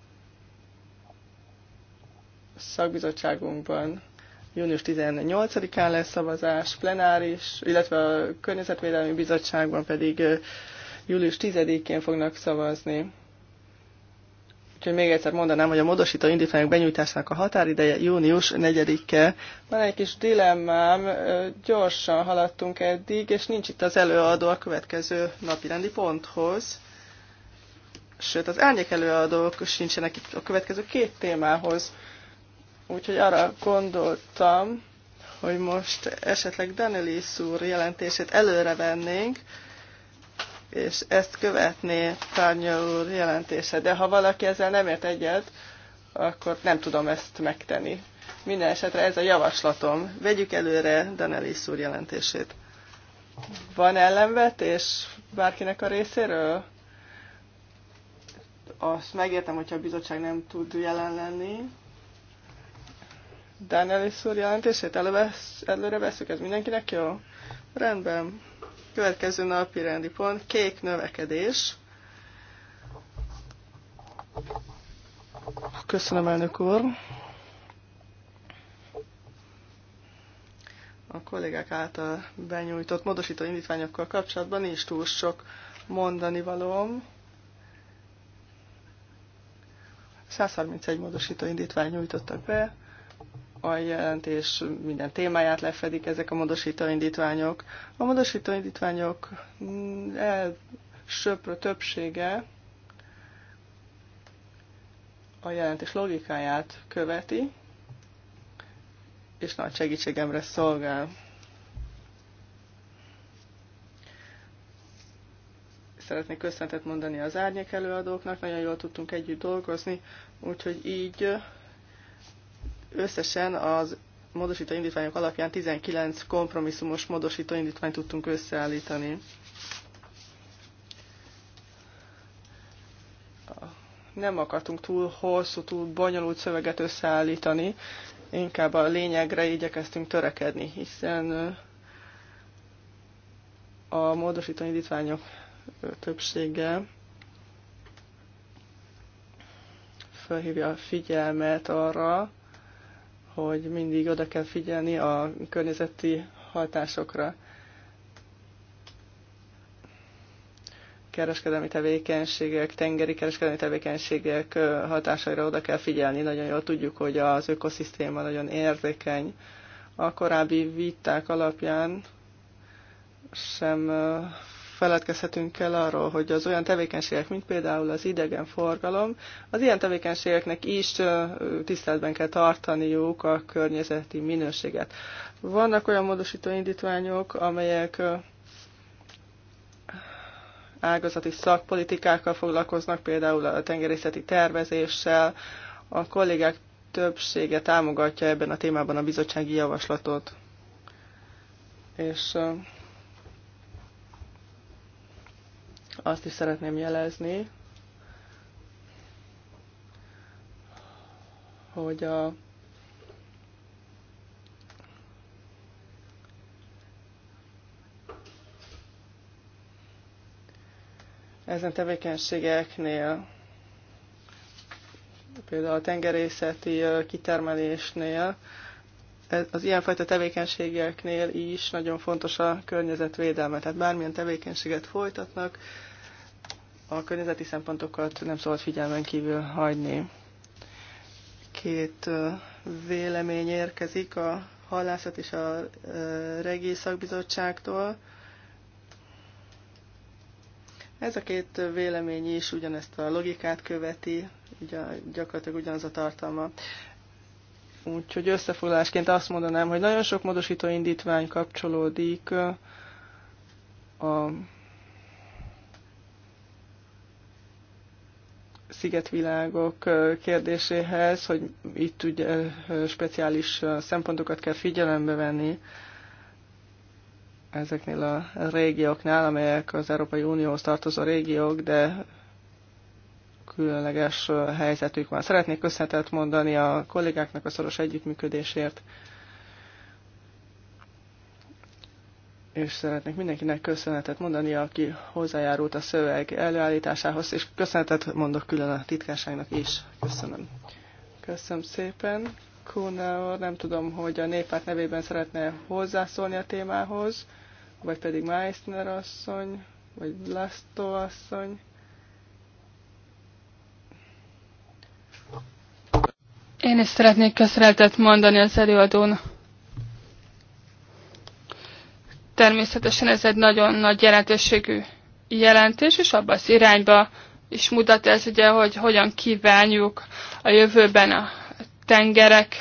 Szakbizottságunkban június 18-án lesz szavazás, plenáris, illetve a Környezetvédelmi Bizottságban pedig július 10-én fognak szavazni. Úgyhogy még egyszer mondanám, hogy a módosító indítványok benyújtásának a határideje június 4-e. Van egy kis dilemmám, gyorsan haladtunk eddig, és nincs itt az előadó a következő napirendi ponthoz. Sőt, az árnyék előadók sincsenek itt a következő két témához. Úgyhogy arra gondoltam, hogy most esetleg Danelis úr jelentését előre vennénk, és ezt követné Tárnya úr jelentése. De ha valaki ezzel nem ért egyet, akkor nem tudom ezt megtenni. Minden esetre ez a javaslatom. Vegyük előre Danelis úr jelentését. Van ellenvetés bárkinek a részéről? Azt megértem, hogyha a bizottság nem tud jelen lenni. Danelis úr jelentését előre veszük, ez mindenkinek jó? Rendben. Következő napi rendi pont, kék növekedés. Köszönöm, elnök úr. A kollégák által benyújtott módosító indítványokkal kapcsolatban nincs túl sok mondani valóm. 131 módosító indítvány nyújtottak be a jelentés minden témáját lefedik ezek a módosító indítványok. A módosító indítványok mm, elsöprő többsége a jelentés logikáját követi, és nagy segítségemre szolgál. Szeretnék köszöntet mondani az árnyék előadóknak, nagyon jól tudtunk együtt dolgozni, úgyhogy így Összesen az módosító indítványok alapján 19 kompromisszumos módosító indítványt tudtunk összeállítani. Nem akartunk túl hosszú, túl bonyolult szöveget összeállítani, inkább a lényegre igyekeztünk törekedni, hiszen a módosító indítványok többsége felhívja a figyelmet arra, hogy mindig oda kell figyelni a környezeti hatásokra. kereskedelmi tevékenységek, tengeri kereskedelmi tevékenységek hatásaira oda kell figyelni. Nagyon jól tudjuk, hogy az ökoszisztéma nagyon érzékeny. A korábbi viták alapján sem feledkezhetünk el arról, hogy az olyan tevékenységek, mint például az idegenforgalom, az ilyen tevékenységeknek is tiszteletben kell tartaniuk a környezeti minőséget. Vannak olyan módosító indítványok, amelyek ágazati szakpolitikákkal foglalkoznak, például a tengerészeti tervezéssel. A kollégák többsége támogatja ebben a témában a bizottsági javaslatot. És Azt is szeretném jelezni, hogy a ezen tevékenységeknél, például a tengerészeti kitermelésnél az ilyenfajta tevékenységeknél is nagyon fontos a környezetvédelme. Tehát bármilyen tevékenységet folytatnak, a környezeti szempontokat nem szabad figyelmen kívül hagyni. Két vélemény érkezik a Hallászat és a Regi Szakbizottságtól. Ez a két vélemény is ugyanezt a logikát követi, gyakorlatilag ugyanaz a tartalma. Úgyhogy összefoglalásként azt mondanám, hogy nagyon sok módosító indítvány kapcsolódik a szigetvilágok kérdéséhez, hogy itt ugye speciális szempontokat kell figyelembe venni ezeknél a régióknál, amelyek az Európai Unióhoz tartozó régiók, de különleges helyzetük van. Szeretnék köszönetet mondani a kollégáknak a szoros együttműködésért, és szeretnék mindenkinek köszönetet mondani, aki hozzájárult a szöveg előállításához, és köszönetet mondok külön a titkárságnak is. Köszönöm. Köszönöm szépen. Kuna, nem tudom, hogy a néppárt nevében szeretne hozzászólni a témához, vagy pedig Meissner asszony, vagy Lasztó asszony. Én is szeretnék köszönetet mondani az előadón. Természetesen ez egy nagyon nagy jelentőségű jelentés, és abban az irányba is mutat ez ugye, hogy hogyan kívánjuk a jövőben a tengerek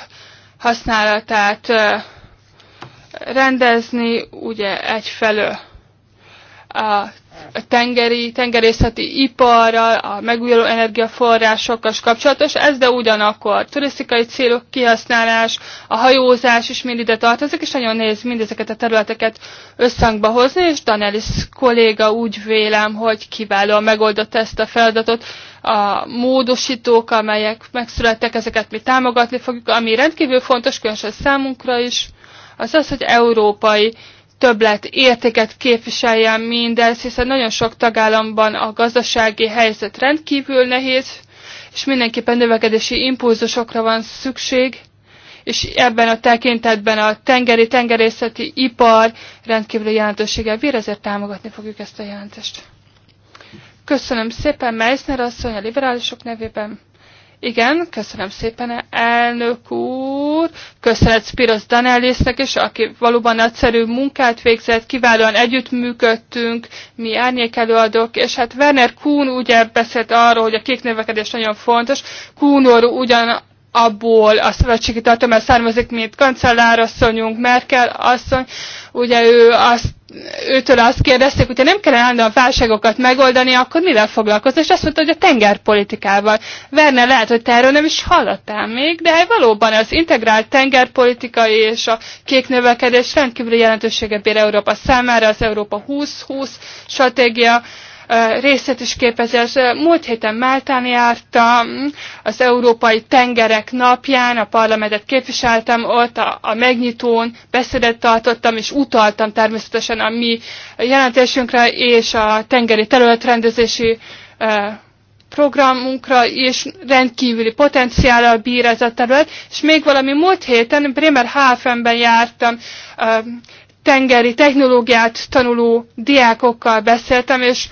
használatát rendezni, ugye egyfelől a a tengeri, tengerészeti iparral, a megújuló energiaforrásokkal kapcsolatos, ez de ugyanakkor turisztikai célok kihasználás, a hajózás is mind ide tartozik, és nagyon néz mindezeket a területeket összhangba hozni, és Danelis kolléga úgy vélem, hogy kiválóan megoldott ezt a feladatot, a módosítók, amelyek megszülettek, ezeket mi támogatni fogjuk, ami rendkívül fontos, különösen számunkra is, az az, hogy európai többlet értéket képviseljen mindez, hiszen nagyon sok tagállamban a gazdasági helyzet rendkívül nehéz, és mindenképpen növekedési impulzusokra van szükség, és ebben a tekintetben a tengeri, tengerészeti ipar rendkívül jelentőséggel bír, ezért támogatni fogjuk ezt a jelentést. Köszönöm szépen Meissner asszony a liberálisok nevében. Igen, köszönöm szépen, elnök úr, köszönet Spiros Danelisnek is, aki valóban nagyszerű munkát végzett, kiválóan együttműködtünk, mi árnyék előadók, és hát Werner Kuhn ugye beszélt arról, hogy a kék növekedés nagyon fontos, Kuhn úr ugyan abból a szövetségi tartomány származik, mint kancellárasszonyunk, Merkel asszony. Ugye ő azt őtől azt kérdezték, hogyha nem kellene állandóan válságokat megoldani, akkor mivel foglalkozni? És azt mondta, hogy a tengerpolitikával. Verne, lehet, hogy te erről nem is hallottál még, de valóban az integrált tengerpolitika és a kék növekedés rendkívüli jelentőséget bír Európa számára, az Európa 2020 stratégia, részét is képezi. Az múlt héten Máltán jártam, az Európai Tengerek napján a parlamentet képviseltem, ott a, a megnyitón beszédet tartottam, és utaltam természetesen a mi jelentésünkre és a tengeri területrendezési programunkra és rendkívüli potenciállal bír ez a terület, és még valami múlt héten Bremerhavenben jártam, tengeri technológiát tanuló diákokkal beszéltem, és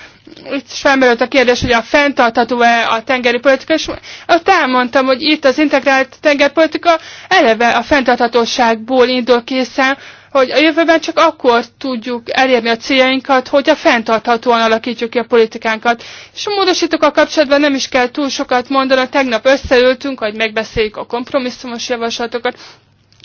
itt felmerült a kérdés, hogy a fenntartható-e a tengeri politika, és azt elmondtam, hogy itt az integrált tengerpolitika eleve a fenntarthatóságból indul készen, hogy a jövőben csak akkor tudjuk elérni a céljainkat, hogyha fenntarthatóan alakítjuk ki a politikánkat. És a módosítókkal kapcsolatban nem is kell túl sokat mondani, tegnap összeültünk, hogy megbeszéljük a kompromisszumos javaslatokat,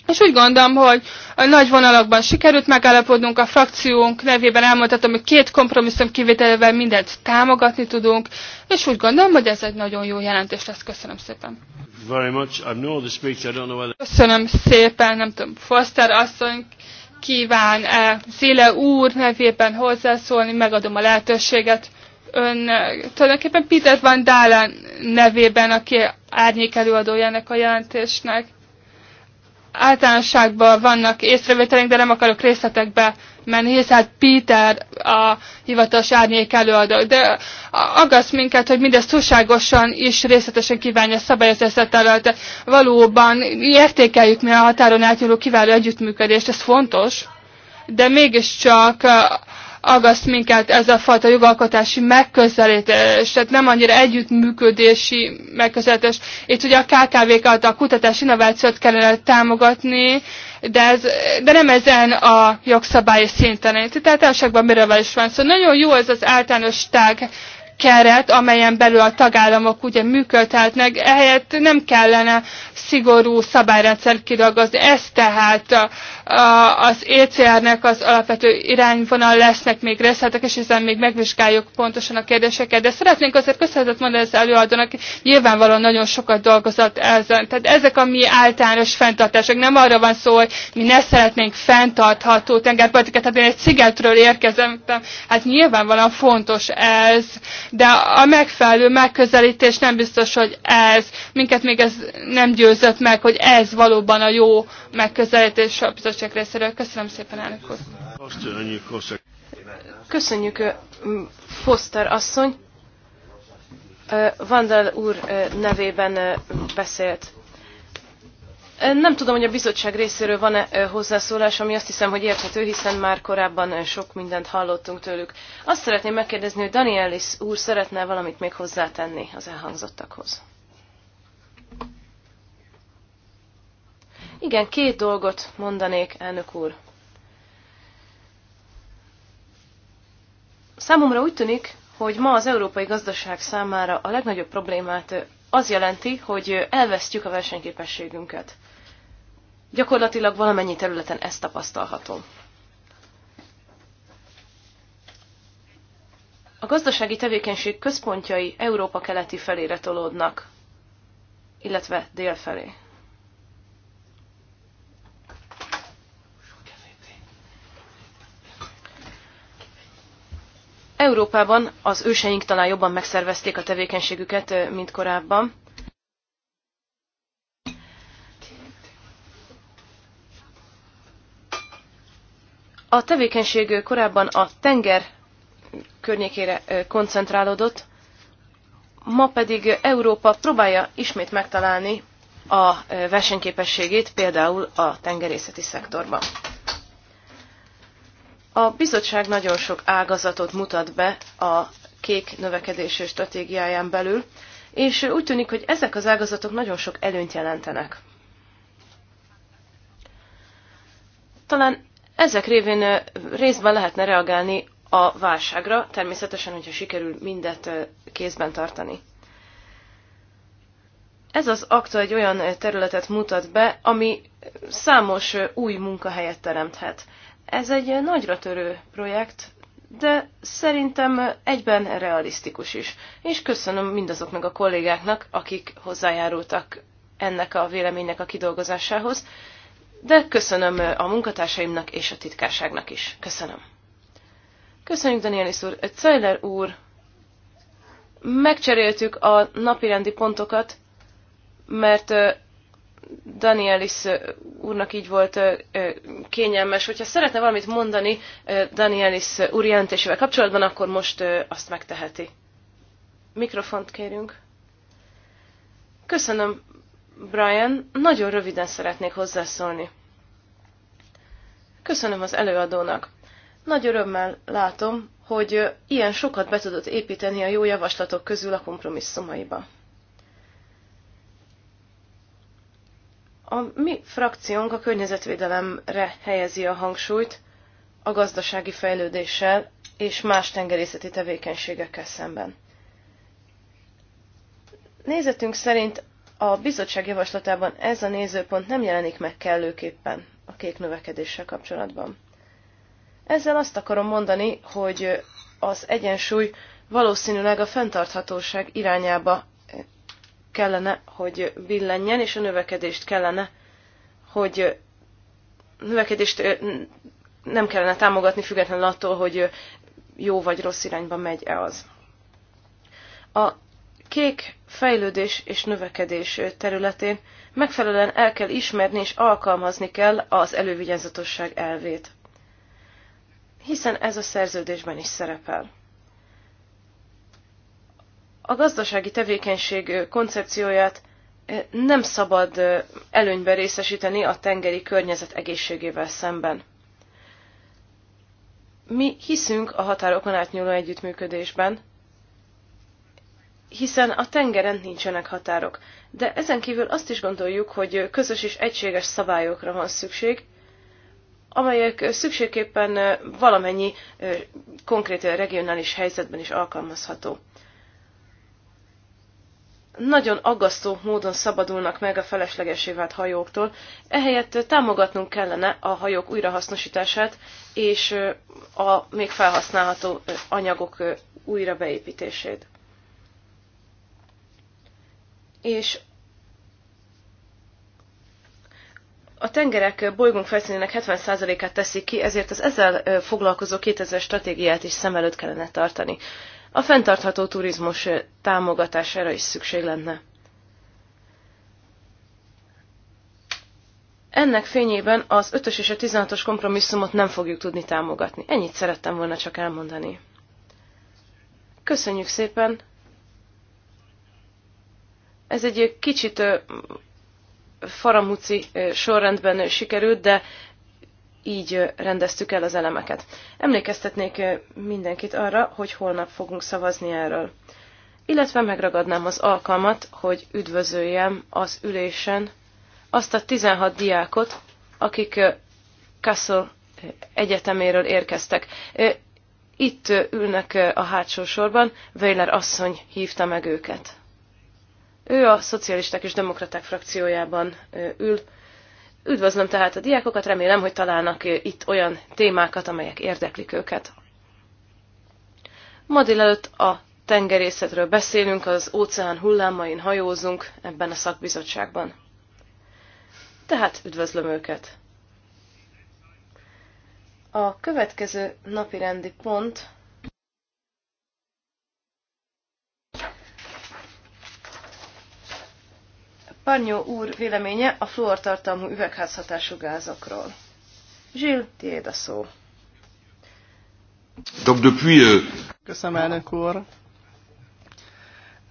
és úgy gondolom, hogy a nagy vonalakban sikerült megállapodnunk, a frakciónk nevében elmondhatom, hogy két kompromisszum kivételével mindent támogatni tudunk, és úgy gondolom, hogy ez egy nagyon jó jelentés lesz. Köszönöm szépen. Köszönöm szépen, nem tudom, Foster asszony kíván -e Zile úr nevében hozzászólni, megadom a lehetőséget. Ön eh, tulajdonképpen Peter Van dálán nevében, aki árnyék előadója ennek a jelentésnek általánosságban vannak észrevételek, de nem akarok részletekbe menni, hiszen hát Peter a hivatalos árnyék előadó. De aggaszt minket, hogy mindez túlságosan és részletesen kívánja szabályozni ezt a területet. Valóban értékeljük mi a határon átnyúló kiváló együttműködést, ez fontos, de mégiscsak agaszt minket ez a fajta jogalkotási megközelítés, tehát nem annyira együttműködési megközelítés. Itt ugye a KKV-k által a kutatás innovációt kellene támogatni, de, ez, de nem ezen a jogszabályi szinten. Tehát elsőkben miről is van szó. Szóval nagyon jó ez az általános tág keret, amelyen belül a tagállamok ugye működhetnek, ehelyett nem kellene szigorú szabályrendszer kidolgozni. Ez tehát a, a, az ECR-nek az alapvető irányvonal lesznek még részletek, és ezen még megvizsgáljuk pontosan a kérdéseket. De szeretnénk azért köszönetet mondani az előadónak, nyilvánvalóan nagyon sokat dolgozott ezen. Tehát ezek a mi általános fenntartások. Nem arra van szó, hogy mi ne szeretnénk fenntartható tengerpolitikát, Hát én egy szigetről érkezem, hát nyilvánvalóan fontos ez, de a megfelelő megközelítés nem biztos, hogy ez, minket még ez nem győzött meg, hogy ez valóban a jó megközelítés a bizottság részéről. Köszönöm szépen, elnök úr. Köszönjük, Foster asszony. Vandal úr nevében beszélt. Nem tudom, hogy a bizottság részéről van-e hozzászólás, ami azt hiszem, hogy érthető, hiszen már korábban sok mindent hallottunk tőlük. Azt szeretném megkérdezni, hogy Danielis úr szeretne valamit még hozzátenni az elhangzottakhoz. Igen, két dolgot mondanék, elnök úr. Számomra úgy tűnik, hogy ma az európai gazdaság számára a legnagyobb problémát az jelenti, hogy elvesztjük a versenyképességünket. Gyakorlatilag valamennyi területen ezt tapasztalhatom. A gazdasági tevékenység központjai Európa keleti felére tolódnak, illetve dél felé. Európában az őseink talán jobban megszervezték a tevékenységüket, mint korábban, A tevékenység korábban a tenger környékére koncentrálódott, ma pedig Európa próbálja ismét megtalálni a versenyképességét, például a tengerészeti szektorban. A bizottság nagyon sok ágazatot mutat be a kék növekedés stratégiáján belül, és úgy tűnik, hogy ezek az ágazatok nagyon sok előnyt jelentenek. Talán ezek révén részben lehetne reagálni a válságra, természetesen, hogyha sikerül mindet kézben tartani. Ez az akta egy olyan területet mutat be, ami számos új munkahelyet teremthet. Ez egy nagyra törő projekt, de szerintem egyben realisztikus is. És köszönöm mindazoknak a kollégáknak, akik hozzájárultak ennek a véleménynek a kidolgozásához, de köszönöm a munkatársaimnak és a titkárságnak is. Köszönöm. Köszönjük, Danielis úr. Czajler úr, megcseréltük a napirendi pontokat, mert Danielis úrnak így volt kényelmes. Hogyha szeretne valamit mondani Danielis úr jelentésével kapcsolatban, akkor most azt megteheti. Mikrofont kérünk. Köszönöm Brian, nagyon röviden szeretnék hozzászólni. Köszönöm az előadónak. Nagy örömmel látom, hogy ilyen sokat be tudott építeni a jó javaslatok közül a kompromisszumaiba. A mi frakciónk a környezetvédelemre helyezi a hangsúlyt a gazdasági fejlődéssel és más tengerészeti tevékenységekkel szemben. Nézetünk szerint a bizottság javaslatában ez a nézőpont nem jelenik meg kellőképpen a kék növekedéssel kapcsolatban. Ezzel azt akarom mondani, hogy az egyensúly valószínűleg a fenntarthatóság irányába kellene, hogy billenjen, és a növekedést kellene, hogy növekedést nem kellene támogatni függetlenül attól, hogy jó vagy rossz irányba megy-e az. A kék fejlődés és növekedés területén megfelelően el kell ismerni és alkalmazni kell az elővigyázatosság elvét. Hiszen ez a szerződésben is szerepel. A gazdasági tevékenység koncepcióját eh, nem szabad eh, előnybe részesíteni a tengeri környezet egészségével szemben. Mi hiszünk a határokon átnyúló együttműködésben, hiszen a tengeren nincsenek határok. De ezen kívül azt is gondoljuk, hogy közös és egységes szabályokra van szükség, amelyek szükségképpen valamennyi konkrét regionális helyzetben is alkalmazható. Nagyon aggasztó módon szabadulnak meg a feleslegesé vált hajóktól, ehelyett támogatnunk kellene a hajók újrahasznosítását és a még felhasználható anyagok újrabeépítését és a tengerek bolygónk felszínének 70%-át teszik ki, ezért az ezzel foglalkozó 2000 stratégiát is szem előtt kellene tartani. A fenntartható turizmus támogatására is szükség lenne. Ennek fényében az 5-ös és a 16-os kompromisszumot nem fogjuk tudni támogatni. Ennyit szerettem volna csak elmondani. Köszönjük szépen! Ez egy kicsit faramúci sorrendben sikerült, de így rendeztük el az elemeket. Emlékeztetnék mindenkit arra, hogy holnap fogunk szavazni erről. Illetve megragadnám az alkalmat, hogy üdvözöljem az ülésen azt a 16 diákot, akik Kassel egyeteméről érkeztek. Itt ülnek a hátsó sorban, Weiler asszony hívta meg őket. Ő a szocialisták és demokraták frakciójában ül. Üdvözlöm tehát a diákokat, remélem, hogy találnak itt olyan témákat, amelyek érdeklik őket. Ma délelőtt a tengerészetről beszélünk, az óceán hullámain hajózunk ebben a szakbizottságban. Tehát üdvözlöm őket! A következő napi rendi pont Parnyó úr véleménye a fluortartalmú üvegházhatású gázokról. Zsill, tiéd a szó. Euh, Köszönöm, elnök úr.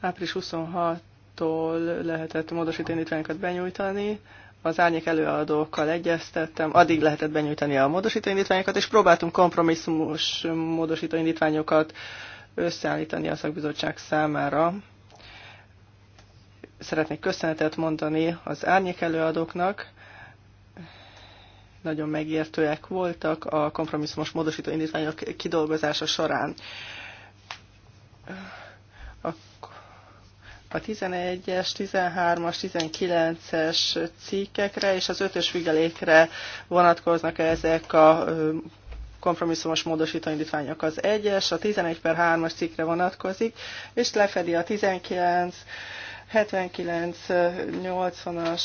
Április 26-tól lehetett módosíténítványokat benyújtani. Az árnyék előadókkal egyeztettem, addig lehetett benyújtani a módosítóindítványokat, és próbáltunk kompromisszumos módosítóindítványokat összeállítani a szakbizottság számára szeretnék köszönetet mondani az árnyék előadóknak. Nagyon megértőek voltak a kompromisszumos módosító indítványok kidolgozása során. A a 11-es, 13-as, 19-es cikkekre és az 5-ös figyelékre vonatkoznak ezek a kompromisszumos módosító indítványok. Az 1-es, a 11 per 3-as cikkre vonatkozik, és lefedi a 19, 79-80-as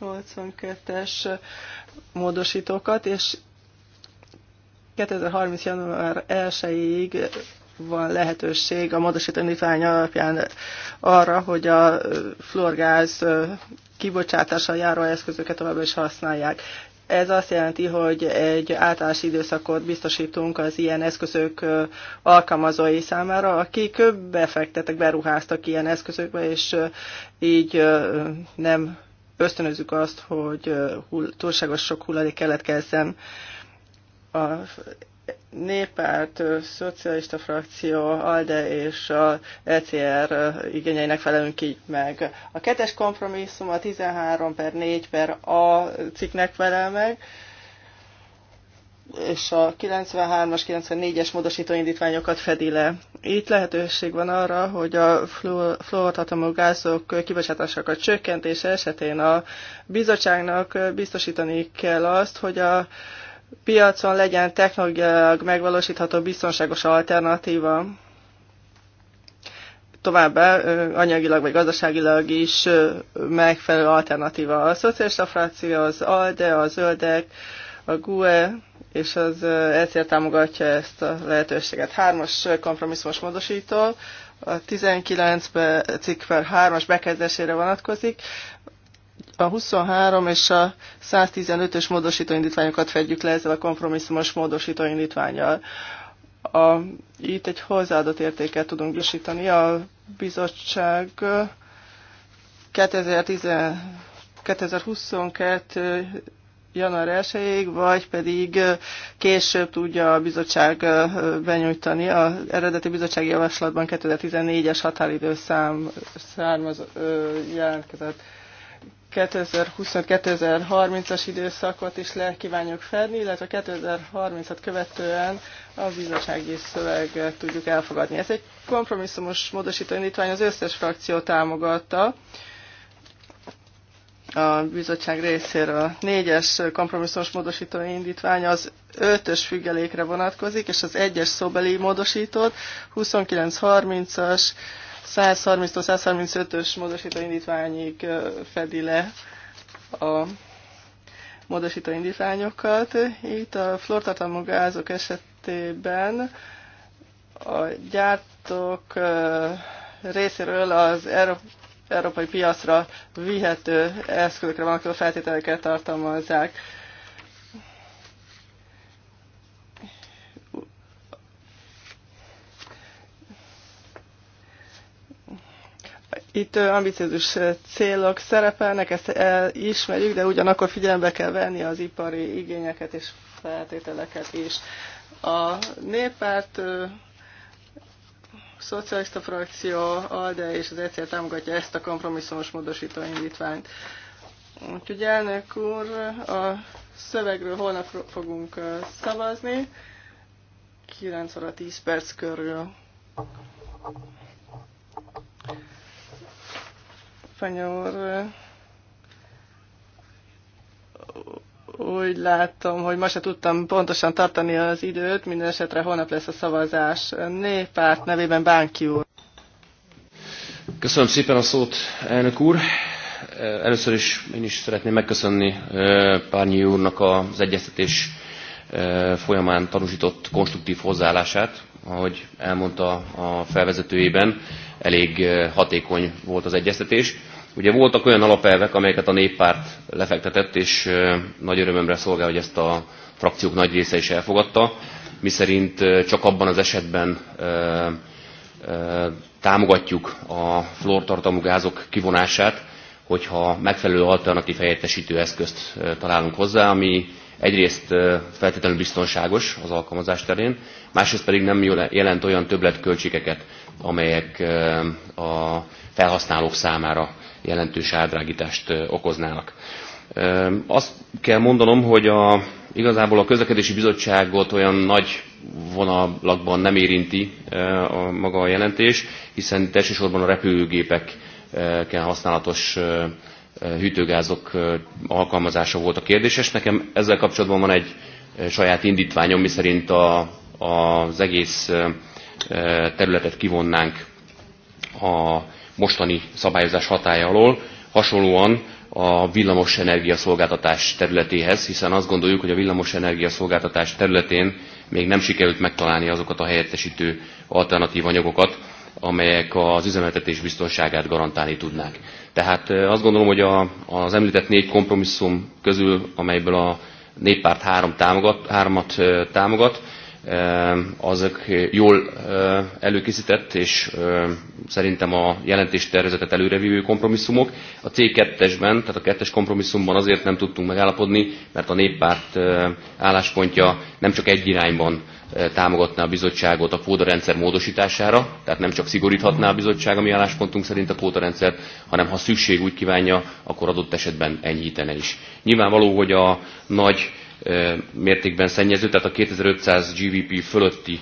82-es módosítókat, és 2030. január 1-ig van lehetőség a módosító indítvány alapján arra, hogy a fluorgáz kibocsátással járó eszközöket továbbra is használják. Ez azt jelenti, hogy egy általános időszakot biztosítunk az ilyen eszközök alkalmazói számára, akik befektetek, beruháztak ilyen eszközökbe, és így nem ösztönözzük azt, hogy túlságos sok hulladék keletkezzen a néppárt, szocialista frakció, ALDE és a ECR igényeinek felelünk így meg. A kettes kompromisszum a 13 per 4 per A cikknek felel meg, és a 93-as, 94-es módosító indítványokat fedi le. Itt lehetőség van arra, hogy a fluortartalmú gázok kibocsátásokat csökkentése esetén a bizottságnak biztosítani kell azt, hogy a piacon legyen technológiailag megvalósítható biztonságos alternatíva. Továbbá anyagilag vagy gazdaságilag is megfelelő alternatíva. A szocialista frakció, az ALDE, a Zöldek, a GUE és az ECR támogatja ezt a lehetőséget. Hármas kompromisszumos módosító, a 19 cikk per 3-as bekezdésére vonatkozik a 23 és a 115-ös módosítóindítványokat fedjük le ezzel a kompromisszumos módosítóindítványjal. A, itt egy hozzáadott értéket tudunk biztosítani. A bizottság 2010, 2022 január 1-ig, vagy pedig később tudja a bizottság benyújtani. Az eredeti bizottsági javaslatban 2014-es határidő szám származ, jelentkezett. 2020-2030-as időszakot is le kívánjuk fedni, illetve 2030-at követően a bizottsági szöveg tudjuk elfogadni. Ez egy kompromisszumos módosító indítvány, az összes frakció támogatta a bizottság részéről. Négyes kompromisszumos módosító indítvány az ötös függelékre vonatkozik, és az egyes szóbeli módosítót 29-30-as 130-135-ös módosító indítványig fedi le a módosító indítványokat. Itt a flortartalmú gázok esetében a gyártók részéről az európai piacra vihető eszközökre vonatkozó feltételeket tartalmazzák. Itt ambiciózus célok szerepelnek, ezt elismerjük, de ugyanakkor figyelembe kell venni az ipari igényeket és feltételeket is. A néppárt szocialista frakció, ALDE és az ECR támogatja ezt a kompromisszumos módosító indítványt. Úgyhogy elnök úr, a szövegről holnap fogunk szavazni, 9 óra 10 perc körül spanyol úgy látom, hogy ma se tudtam pontosan tartani az időt, minden esetre holnap lesz a szavazás. Népárt nevében Bánki úr. Köszönöm szépen a szót, elnök úr. Először is én is szeretném megköszönni Párnyi úrnak az egyeztetés folyamán tanúsított konstruktív hozzáállását. Ahogy elmondta a felvezetőjében, elég hatékony volt az egyeztetés Ugye voltak olyan alapelvek, amelyeket a néppárt lefektetett, és nagy örömömre szolgál, hogy ezt a frakciók nagy része is elfogadta, miszerint csak abban az esetben támogatjuk a flortartalmú gázok kivonását, hogyha megfelelő alternatív helyettesítő eszközt találunk hozzá, ami egyrészt feltétlenül biztonságos az alkalmazás terén, másrészt pedig nem jelent olyan többletköltségeket, amelyek a felhasználók számára jelentős ádrágítást okoznának. Azt kell mondanom, hogy a, igazából a közlekedési bizottságot olyan nagy vonalakban nem érinti a maga a jelentés, hiszen elsősorban a repülőgépekkel használatos hűtőgázok alkalmazása volt a kérdéses. Nekem ezzel kapcsolatban van egy saját indítványom, miszerint a, az egész területet kivonnánk a mostani szabályozás hatája alól, hasonlóan a villamos energiaszolgáltatás területéhez, hiszen azt gondoljuk, hogy a villamos energiaszolgáltatás területén még nem sikerült megtalálni azokat a helyettesítő alternatív anyagokat, amelyek az üzemeltetés biztonságát garantálni tudnák. Tehát azt gondolom, hogy a, az említett négy kompromisszum közül, amelyből a néppárt három támogat, háromat támogat, azok jól előkészített, és szerintem a jelentéstervezetet előrevívő kompromisszumok. A C2-esben, tehát a kettes kompromisszumban azért nem tudtunk megállapodni, mert a néppárt álláspontja nem csak egy irányban támogatná a bizottságot a kvótarendszer módosítására, tehát nem csak szigoríthatná a bizottság a mi álláspontunk szerint a kvótarendszert, hanem ha szükség úgy kívánja, akkor adott esetben enyhítene is. Nyilvánvaló, hogy a nagy mértékben szennyező, tehát a 2500 GVP fölötti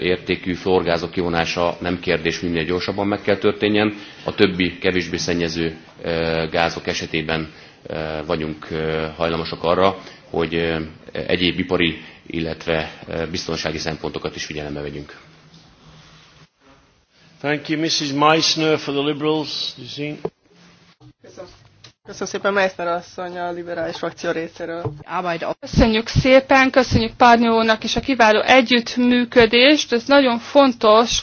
értékű florgázok kivonása nem kérdés, minél gyorsabban meg kell történjen. A többi kevésbé szennyező gázok esetében vagyunk hajlamosak arra, hogy egyéb ipari, illetve biztonsági szempontokat is figyelembe vegyünk. Thank you, Mrs. Meissner for the Liberals. Köszönöm szépen Meissner asszony a liberális frakció részéről. Köszönjük szépen, köszönjük Párnyónak is a kiváló együttműködést, ez nagyon fontos,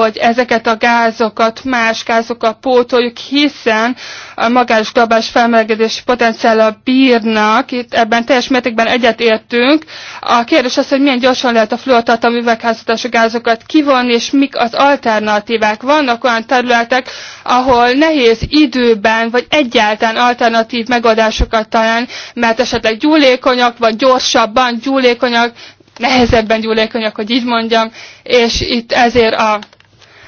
hogy ezeket a gázokat más gázokkal pótoljuk, hiszen a magános globális felmelegedési potenciállal bírnak, itt ebben teljes mértékben egyetértünk. A kérdés az, hogy milyen gyorsan lehet a fluortartalmú üvegházhatású gázokat kivonni, és mik az alternatívák. Vannak olyan területek, ahol nehéz időben, vagy egyáltalán alternatív megoldásokat találni, mert esetleg gyúlékonyak, vagy gyorsabban gyúlékonyak, nehezebben gyúlékonyak, hogy így mondjam, és itt ezért a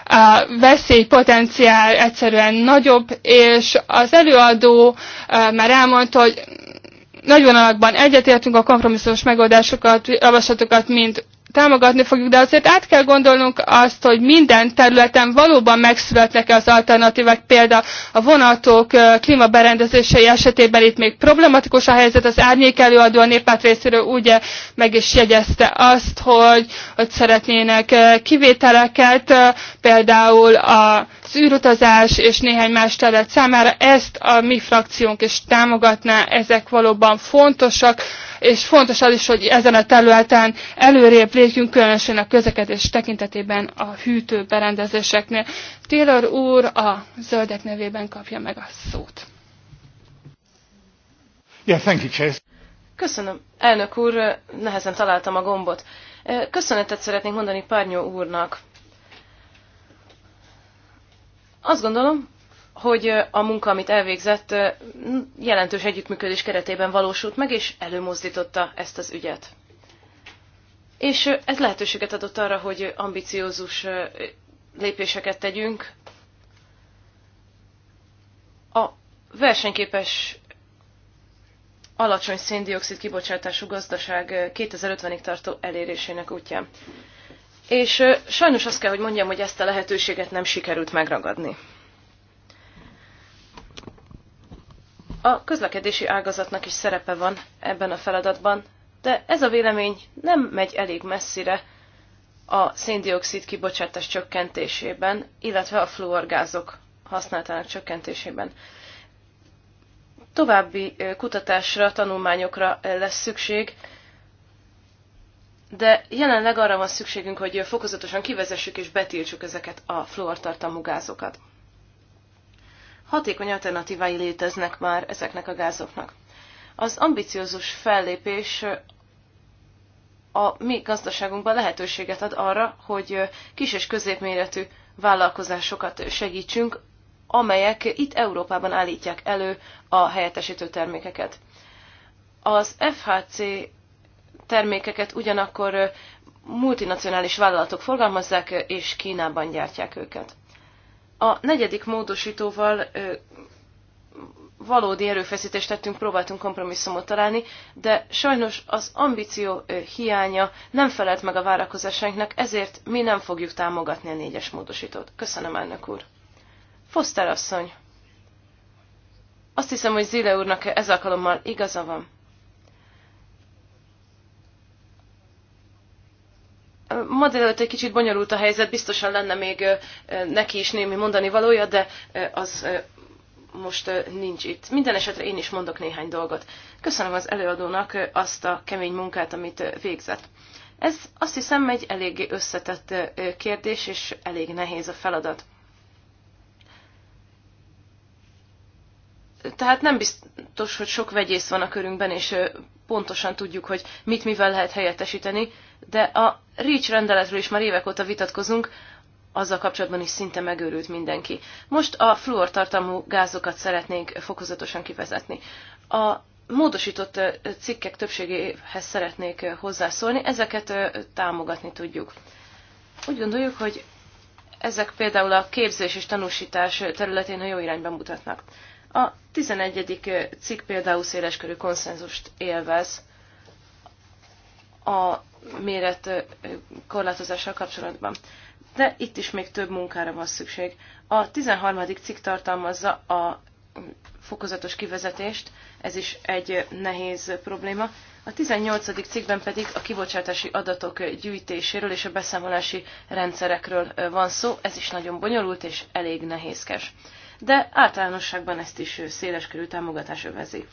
a veszélypotenciál egyszerűen nagyobb, és az előadó már elmondta, hogy nagy vonalakban egyetértünk a kompromisszumos megoldásokat, javaslatokat mind támogatni fogjuk, de azért át kell gondolnunk azt, hogy minden területen valóban megszületnek-e az alternatívák, például a vonatok klímaberendezései esetében itt még problematikus a helyzet, az árnyék előadó a néppárt részéről ugye meg is jegyezte azt, hogy, hogy szeretnének kivételeket, például a az űrutazás és néhány más terület számára ezt a mi frakciónk is támogatná, ezek valóban fontosak, és fontos az is, hogy ezen a területen előrébb lépjünk, különösen a közlekedés tekintetében a hűtő berendezéseknél. Taylor úr a zöldek nevében kapja meg a szót. Yeah, thank you, Chase. Köszönöm. Elnök úr, nehezen találtam a gombot. Köszönetet szeretnék mondani Párnyó úrnak. Azt gondolom, hogy a munka, amit elvégzett, jelentős együttműködés keretében valósult meg, és előmozdította ezt az ügyet. És ez lehetőséget adott arra, hogy ambiciózus lépéseket tegyünk. A versenyképes alacsony széndiokszid kibocsátású gazdaság 2050-ig tartó elérésének útján. És sajnos azt kell, hogy mondjam, hogy ezt a lehetőséget nem sikerült megragadni. A közlekedési ágazatnak is szerepe van ebben a feladatban, de ez a vélemény nem megy elég messzire a széndiokszid kibocsátás csökkentésében, illetve a fluorgázok használatának csökkentésében. További kutatásra, tanulmányokra lesz szükség, de jelenleg arra van szükségünk, hogy fokozatosan kivezessük és betiltsuk ezeket a fluortartalmú gázokat. Hatékony alternatívái léteznek már ezeknek a gázoknak. Az ambiciózus fellépés a mi gazdaságunkban lehetőséget ad arra, hogy kis és középméretű vállalkozásokat segítsünk, amelyek itt Európában állítják elő a helyettesítő termékeket. Az FHC termékeket ugyanakkor multinacionális vállalatok forgalmazzák, és Kínában gyártják őket. A negyedik módosítóval valódi erőfeszítést tettünk, próbáltunk kompromisszumot találni, de sajnos az ambíció hiánya nem felelt meg a várakozásainknak, ezért mi nem fogjuk támogatni a négyes módosítót. Köszönöm, elnök úr. Foster asszony. Azt hiszem, hogy Zile úrnak ez alkalommal igaza van. Ma délelőtt egy kicsit bonyolult a helyzet, biztosan lenne még neki is némi mondani valója, de az most nincs itt. Minden esetre én is mondok néhány dolgot. Köszönöm az előadónak azt a kemény munkát, amit végzett. Ez azt hiszem egy eléggé összetett kérdés, és elég nehéz a feladat. Tehát nem biztos, hogy sok vegyész van a körünkben, és pontosan tudjuk, hogy mit mivel lehet helyettesíteni, de a REACH rendeletről is már évek óta vitatkozunk, azzal kapcsolatban is szinte megőrült mindenki. Most a fluor tartalmú gázokat szeretnénk fokozatosan kivezetni. A módosított cikkek többségéhez szeretnék hozzászólni, ezeket támogatni tudjuk. Úgy gondoljuk, hogy ezek például a képzés és tanúsítás területén a jó irányban mutatnak. A 11. cikk például széleskörű konszenzust élvez a méret korlátozással kapcsolatban. De itt is még több munkára van szükség. A 13. cikk tartalmazza a fokozatos kivezetést, ez is egy nehéz probléma. A 18. cikkben pedig a kibocsátási adatok gyűjtéséről és a beszámolási rendszerekről van szó, ez is nagyon bonyolult és elég nehézkes. De általánosságban ezt is széles körű támogatás övezi.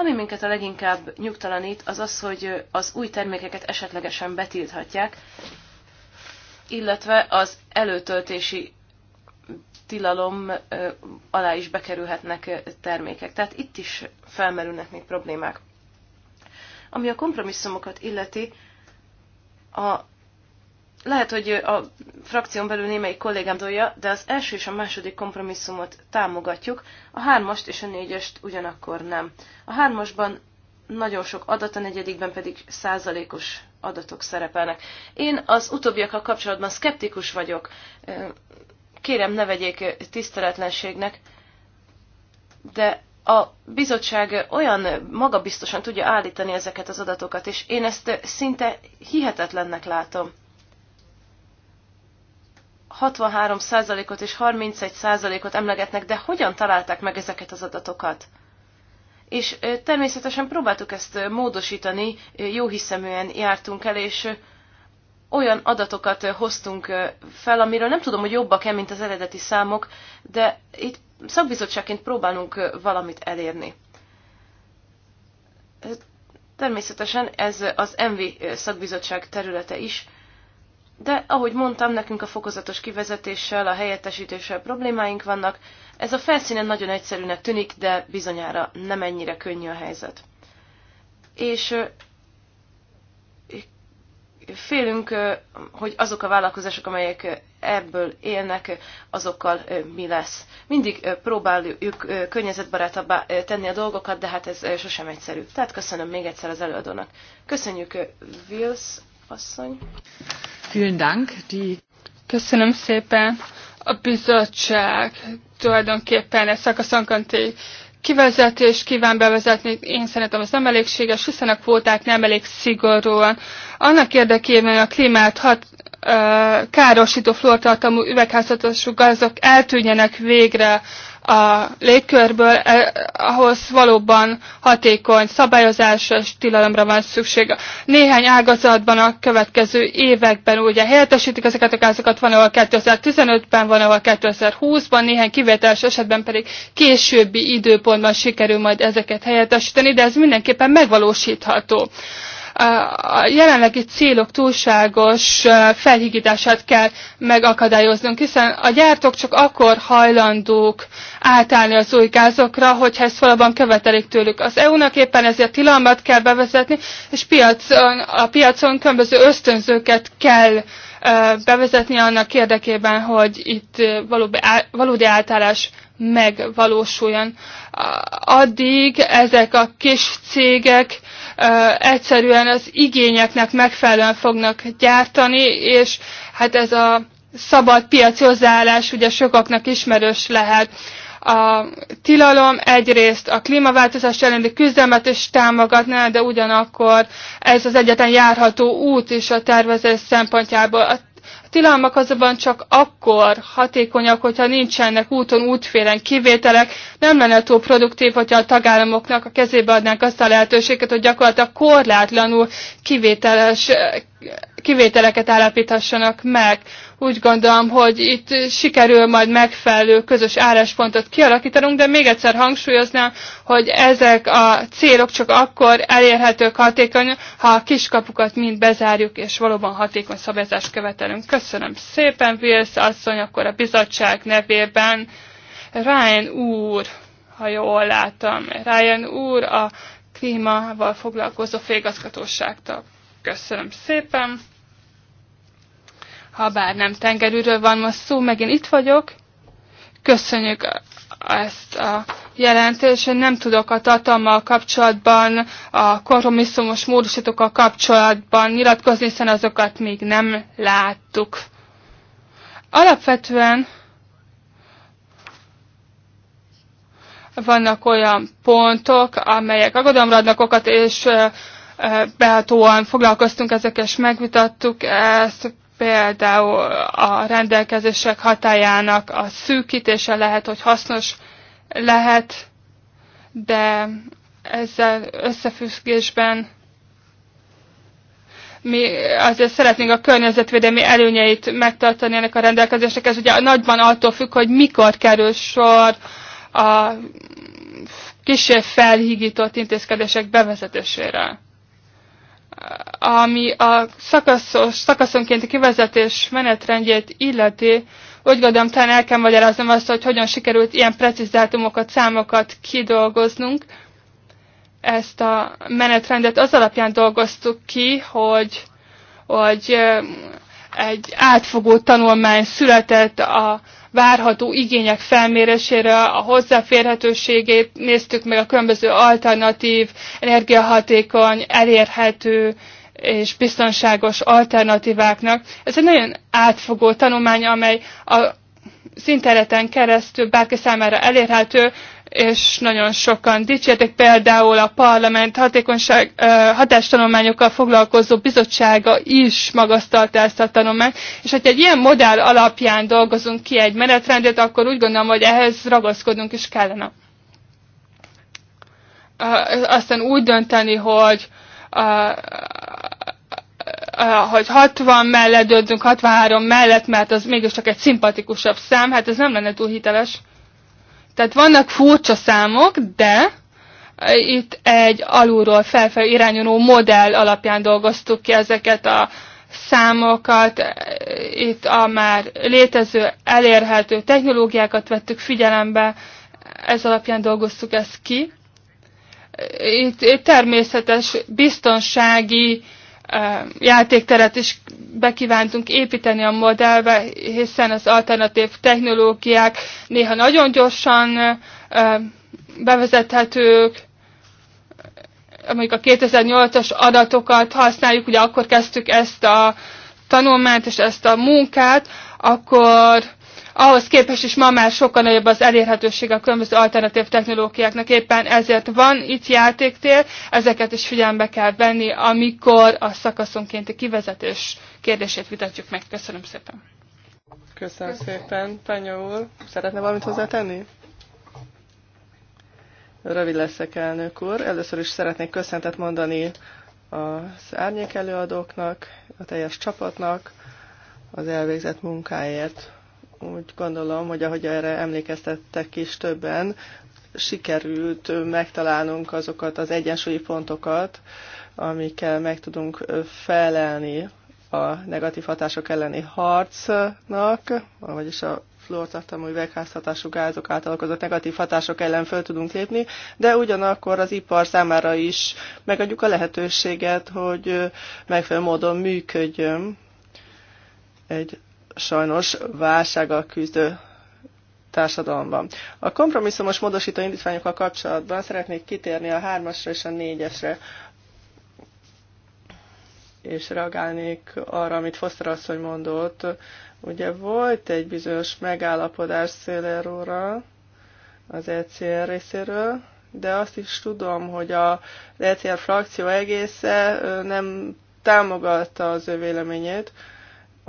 Ami minket a leginkább nyugtalanít, az az, hogy az új termékeket esetlegesen betilthatják, illetve az előtöltési tilalom alá is bekerülhetnek termékek. Tehát itt is felmerülnek még problémák. Ami a kompromisszumokat illeti, a lehet, hogy a frakción belül némelyik kollégám dolja, de az első és a második kompromisszumot támogatjuk, a hármast és a négyest ugyanakkor nem. A hármasban nagyon sok adat, a negyedikben pedig százalékos adatok szerepelnek. Én az utóbbiakkal kapcsolatban szkeptikus vagyok. Kérem, ne vegyék tiszteletlenségnek, de a bizottság olyan magabiztosan tudja állítani ezeket az adatokat, és én ezt szinte hihetetlennek látom. 63%-ot és 31%-ot emlegetnek, de hogyan találták meg ezeket az adatokat? És természetesen próbáltuk ezt módosítani, jó hiszeműen jártunk el, és olyan adatokat hoztunk fel, amiről nem tudom, hogy jobbak-e, mint az eredeti számok, de itt szakbizottságként próbálunk valamit elérni. Természetesen ez az ENVI szakbizottság területe is, de, ahogy mondtam, nekünk a fokozatos kivezetéssel, a helyettesítéssel problémáink vannak. Ez a felszínen nagyon egyszerűnek tűnik, de bizonyára nem ennyire könnyű a helyzet. És félünk, hogy azok a vállalkozások, amelyek ebből élnek, azokkal mi lesz. Mindig próbáljuk környezetbarátabbá tenni a dolgokat, de hát ez sosem egyszerű. Tehát köszönöm még egyszer az előadónak. Köszönjük, Wills asszony. Köszönöm szépen. A bizottság tulajdonképpen egy szakaszonkanti kivezetés kíván bevezetni, én szerintem az nem elégséges, hiszen a kvóták nem elég szigorúan. Annak érdekében, hogy a klímát hat, károsító flortartalmú üvegházhatású gazok eltűnjenek végre a légkörből, eh, ahhoz valóban hatékony szabályozásra és tilalomra van szükség. Néhány ágazatban a következő években ugye helyettesítik ezeket a gázokat, van ahol 2015-ben, van ahol 2020-ban, néhány kivételes esetben pedig későbbi időpontban sikerül majd ezeket helyettesíteni, de ez mindenképpen megvalósítható a jelenlegi célok túlságos felhigítását kell megakadályoznunk, hiszen a gyártók csak akkor hajlandók átállni az új gázokra, hogyha ezt valóban követelik tőlük. Az EU-nak éppen ezért tilalmat kell bevezetni, és piacon, a piacon különböző ösztönzőket kell bevezetni annak érdekében, hogy itt valódi, átállás megvalósuljon. Addig ezek a kis cégek egyszerűen az igényeknek megfelelően fognak gyártani, és hát ez a szabad piaci hozzáállás ugye sokaknak ismerős lehet. A tilalom egyrészt a klímaváltozás elleni küzdelmet is támogatná, de ugyanakkor ez az egyetlen járható út is a tervezés szempontjából. A tilalmak azonban csak akkor hatékonyak, hogyha nincsenek úton, útfélen kivételek, nem lenne túl produktív, hogyha a tagállamoknak a kezébe adnánk azt a lehetőséget, hogy gyakorlatilag korlátlanul kivételes, kivételeket állapíthassanak meg úgy gondolom, hogy itt sikerül majd megfelelő közös álláspontot kialakítanunk, de még egyszer hangsúlyoznám, hogy ezek a célok csak akkor elérhetők hatékonyan, ha a kiskapukat mind bezárjuk, és valóban hatékony szabályzást követelünk. Köszönöm szépen, Vilsz asszony, akkor a bizottság nevében Ryan úr, ha jól látom, Ryan úr a klímával foglalkozó félgazgatóságtól. Köszönöm szépen! ha bár nem tengerűről van most szó, megint itt vagyok. Köszönjük ezt a jelentést. hogy nem tudok a tartalmal kapcsolatban, a kompromisszumos módosítókkal kapcsolatban nyilatkozni, hiszen azokat még nem láttuk. Alapvetően vannak olyan pontok, amelyek aggodalomra adnak okat, és behatóan foglalkoztunk ezek, és megvitattuk ezt például a rendelkezések hatájának a szűkítése lehet, hogy hasznos lehet, de ezzel összefüggésben mi azért szeretnénk a környezetvédelmi előnyeit megtartani ennek a rendelkezésnek. Ez ugye nagyban attól függ, hogy mikor kerül sor a kisebb felhígított intézkedések bevezetésére ami a szakaszos, szakaszonkénti kivezetés menetrendjét illeti, úgy gondolom, talán el kell magyaráznom azt, hogy hogyan sikerült ilyen precíz dátumokat, számokat kidolgoznunk. Ezt a menetrendet az alapján dolgoztuk ki, hogy, hogy egy átfogó tanulmány született a várható igények felmérésére, a hozzáférhetőségét néztük meg a különböző alternatív, energiahatékony, elérhető és biztonságos alternatíváknak. Ez egy nagyon átfogó tanulmány, amely a, szinteleten keresztül bárki számára elérhető, és nagyon sokan dicsértek például a parlament hatékonyság, hatástanulmányokkal foglalkozó bizottsága is magasztalta ezt a tanulmányt, és hogyha egy ilyen modell alapján dolgozunk ki egy menetrendet, akkor úgy gondolom, hogy ehhez ragaszkodnunk is kellene. Aztán úgy dönteni, hogy hogy 60 mellett döntünk, 63 mellett, mert az mégiscsak egy szimpatikusabb szám, hát ez nem lenne túl hiteles tehát vannak furcsa számok, de itt egy alulról felfelé irányuló modell alapján dolgoztuk ki ezeket a számokat, itt a már létező, elérhető technológiákat vettük figyelembe, ez alapján dolgoztuk ezt ki. Itt, itt természetes biztonsági uh, játékteret is bekívántunk építeni a modellbe, hiszen az alternatív technológiák néha nagyon gyorsan bevezethetők, mondjuk a 2008-as adatokat használjuk, ugye akkor kezdtük ezt a tanulmányt és ezt a munkát, akkor ahhoz képest is ma már sokkal nagyobb az elérhetőség a különböző alternatív technológiáknak. Éppen ezért van itt játéktér, ezeket is figyelembe kell venni, amikor a szakaszonkénti kivezetés kérdését vitatjuk meg. Köszönöm szépen. Köszönöm, szépen. Pányó úr, szeretne valamit hozzátenni? Rövid leszek, elnök úr. Először is szeretnék köszöntet mondani az árnyék előadóknak, a teljes csapatnak az elvégzett munkáért úgy gondolom, hogy ahogy erre emlékeztettek is többen, sikerült megtalálnunk azokat az egyensúlyi pontokat, amikkel meg tudunk felelni a negatív hatások elleni harcnak, vagyis a fluortartalmú üvegházhatású gázok által okozott negatív hatások ellen föl tudunk lépni, de ugyanakkor az ipar számára is megadjuk a lehetőséget, hogy megfelelő módon működjön egy sajnos válsággal küzdő társadalomban. A kompromisszumos módosító indítványokkal kapcsolatban szeretnék kitérni a hármasra és a négyesre, és reagálnék arra, amit Foster asszony mondott. Ugye volt egy bizonyos megállapodás Széleróra az ECR részéről, de azt is tudom, hogy a ECR frakció egésze nem támogatta az ő véleményét,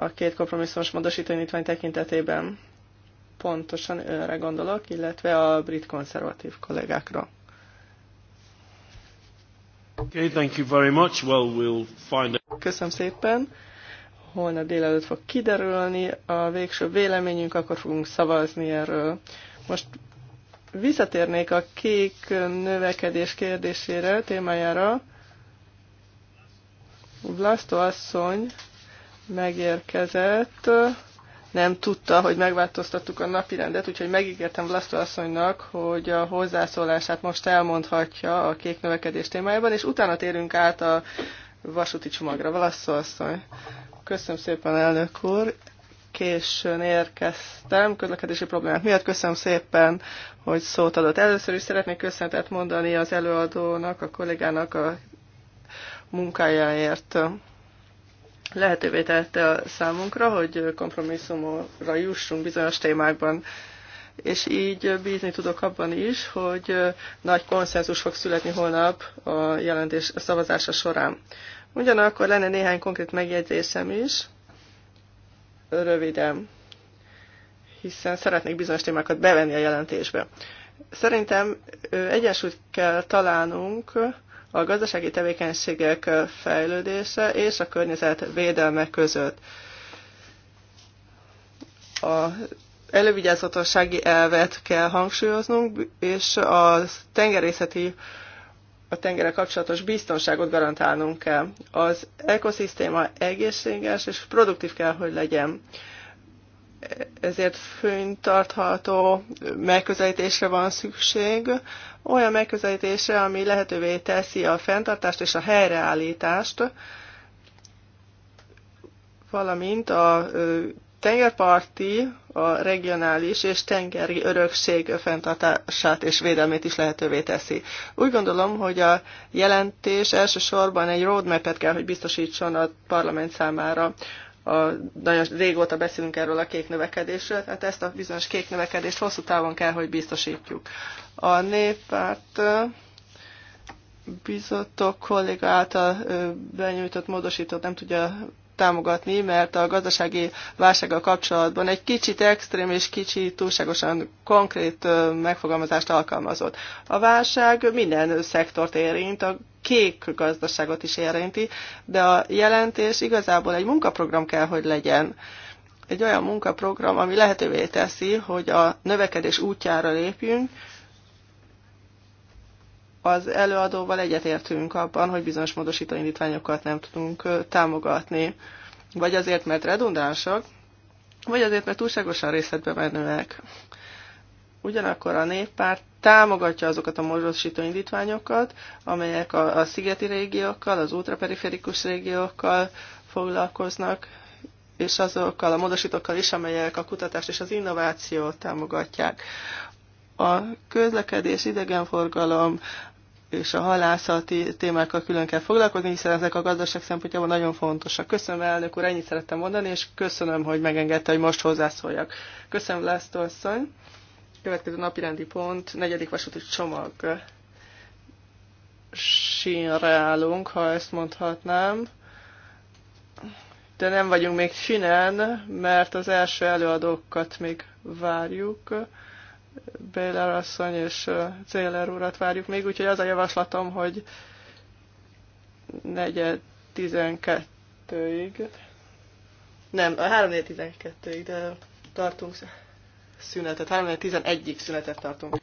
a két kompromisszumos módosítóindítvány tekintetében pontosan önre gondolok, illetve a brit konzervatív kollégákra. Okay, thank you very much. Well, we'll find out. Köszönöm szépen. Holnap délelőtt fog kiderülni a végső véleményünk, akkor fogunk szavazni erről. Most visszatérnék a kék növekedés kérdésére, témájára. Vlasto asszony megérkezett. Nem tudta, hogy megváltoztattuk a napirendet, úgyhogy megígértem Vlasztó asszonynak, hogy a hozzászólását most elmondhatja a kék növekedés témájában, és utána térünk át a vasúti csomagra. Vlasztó asszony. Köszönöm szépen, elnök úr későn érkeztem, közlekedési problémák miatt. Köszönöm szépen, hogy szót adott. Először is szeretnék köszönetet mondani az előadónak, a kollégának a munkájáért lehetővé tette a számunkra, hogy kompromisszumra jussunk bizonyos témákban. És így bízni tudok abban is, hogy nagy konszenzus fog születni holnap a jelentés a szavazása során. Ugyanakkor lenne néhány konkrét megjegyzésem is, röviden, hiszen szeretnék bizonyos témákat bevenni a jelentésbe. Szerintem egyensúlyt kell találnunk a gazdasági tevékenységek fejlődése és a környezet védelme között. A elővigyázatossági elvet kell hangsúlyoznunk, és a tengerészeti a tengerre kapcsolatos biztonságot garantálnunk kell. Az ekoszisztéma egészséges és produktív kell, hogy legyen ezért föntartható megközelítésre van szükség, olyan megközelítésre, ami lehetővé teszi a fenntartást és a helyreállítást, valamint a tengerparti, a regionális és tengeri örökség fenntartását és védelmét is lehetővé teszi. Úgy gondolom, hogy a jelentés elsősorban egy roadmap-et kell, hogy biztosítson a parlament számára a, nagyon régóta beszélünk erről a kék növekedésről, tehát ezt a bizonyos kék növekedést hosszú távon kell, hogy biztosítjuk. A néppárt bizottok kolléga által benyújtott módosított, nem tudja támogatni, mert a gazdasági válsággal kapcsolatban egy kicsit extrém és kicsit túlságosan konkrét megfogalmazást alkalmazott. A válság minden szektort érint, a kék gazdaságot is érinti, de a jelentés igazából egy munkaprogram kell, hogy legyen. Egy olyan munkaprogram, ami lehetővé teszi, hogy a növekedés útjára lépjünk, az előadóval egyetértünk abban, hogy bizonyos módosító indítványokat nem tudunk támogatni. Vagy azért, mert redundánsak, vagy azért, mert túlságosan részletbe menőek. Ugyanakkor a néppárt támogatja azokat a módosító indítványokat, amelyek a, a szigeti régiókkal, az ultraperiferikus régiókkal foglalkoznak, és azokkal a módosítókkal is, amelyek a kutatást és az innovációt támogatják. A közlekedés, idegenforgalom, és a halászati témákkal külön kell foglalkozni, hiszen ezek a gazdaság szempontjából nagyon fontosak. Köszönöm, elnök úr, ennyit szerettem mondani, és köszönöm, hogy megengedte, hogy most hozzászóljak. Köszönöm, László asszony. Következő napirendi pont, negyedik vasúti csomag. Sínre állunk, ha ezt mondhatnám. De nem vagyunk még sinen, mert az első előadókat még várjuk. Béler asszony és Céler urat várjuk még, úgyhogy az a javaslatom, hogy negyed tizenkettőig, Nem, nem, 3 12 tizenkettőig de tartunk szünetet, 3 11-ig szünetet tartunk.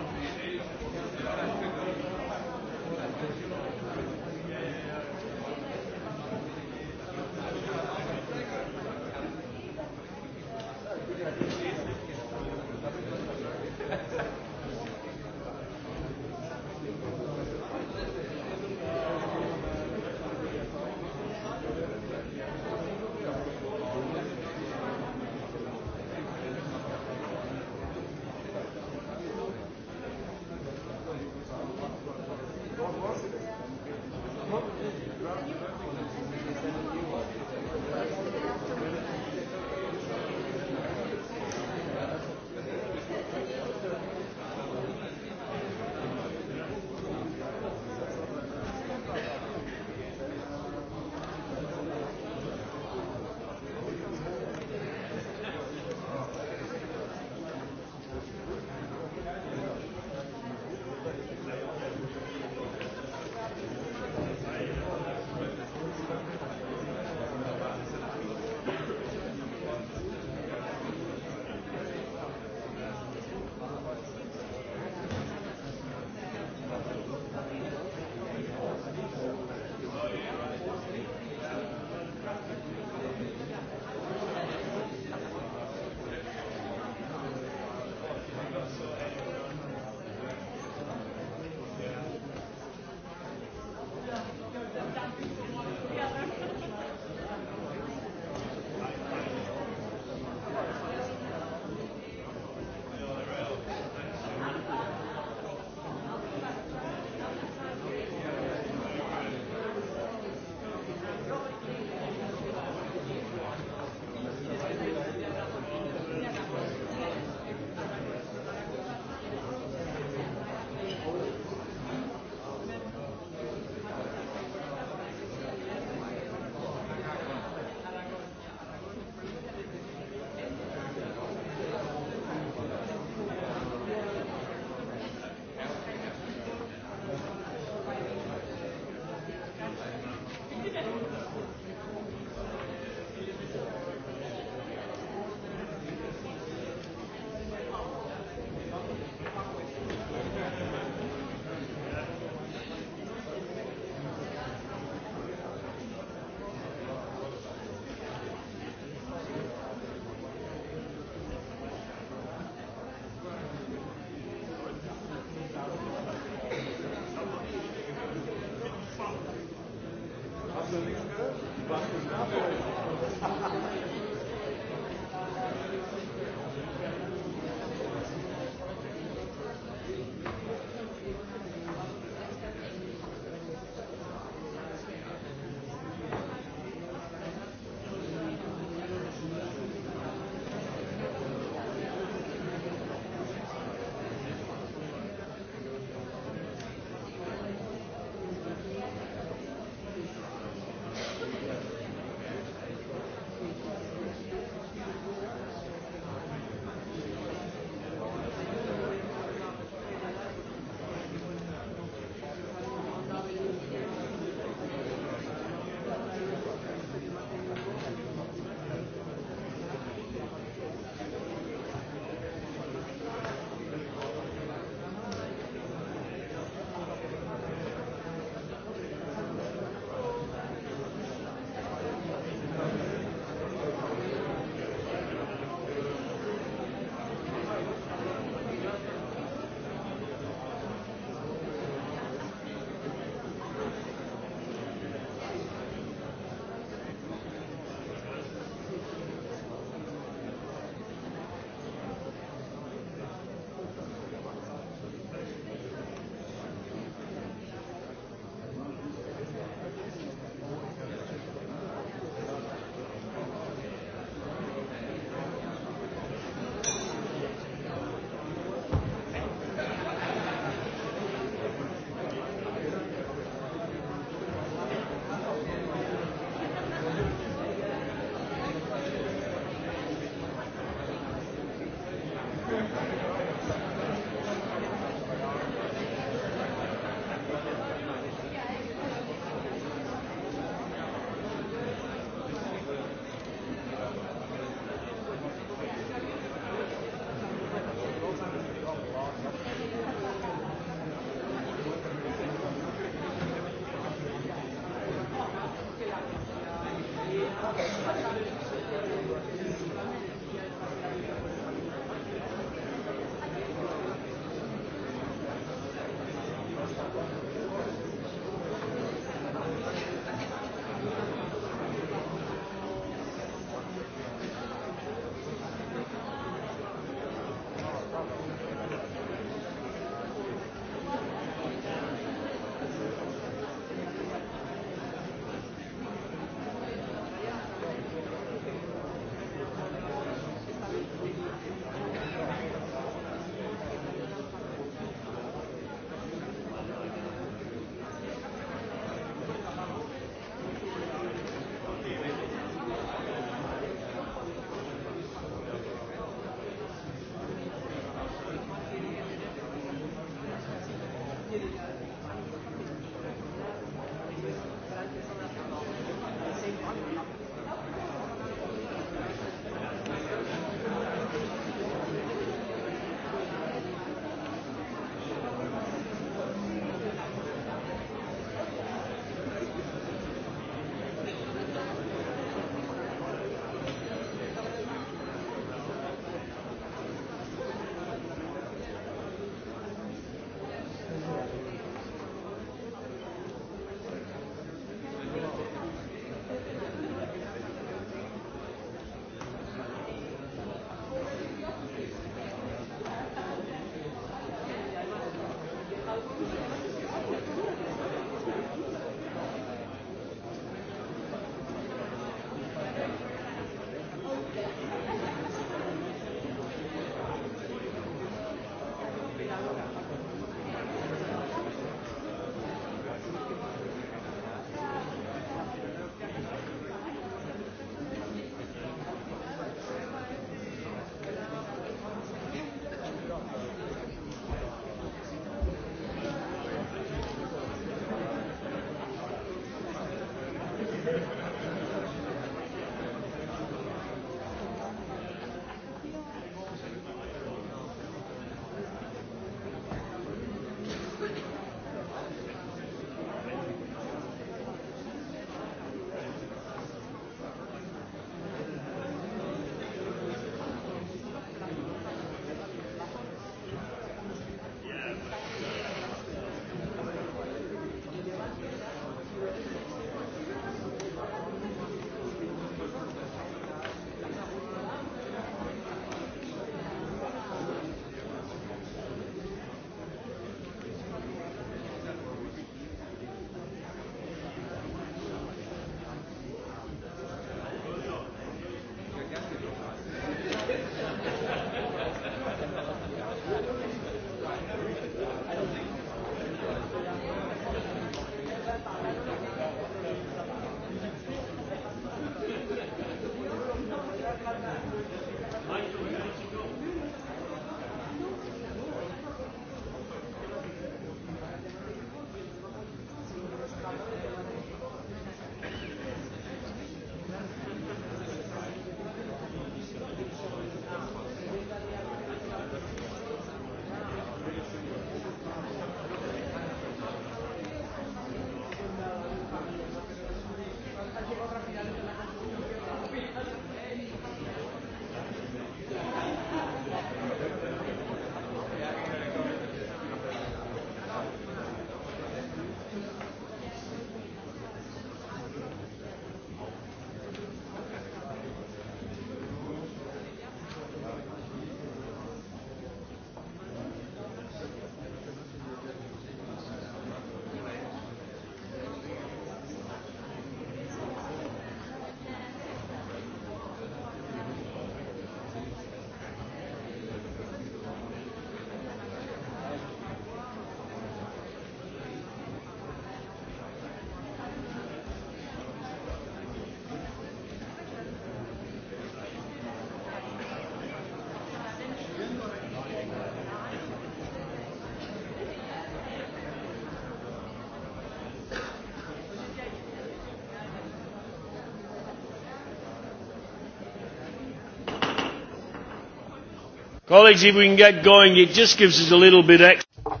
Colleagues, if we can get going, it just gives us a little bit extra.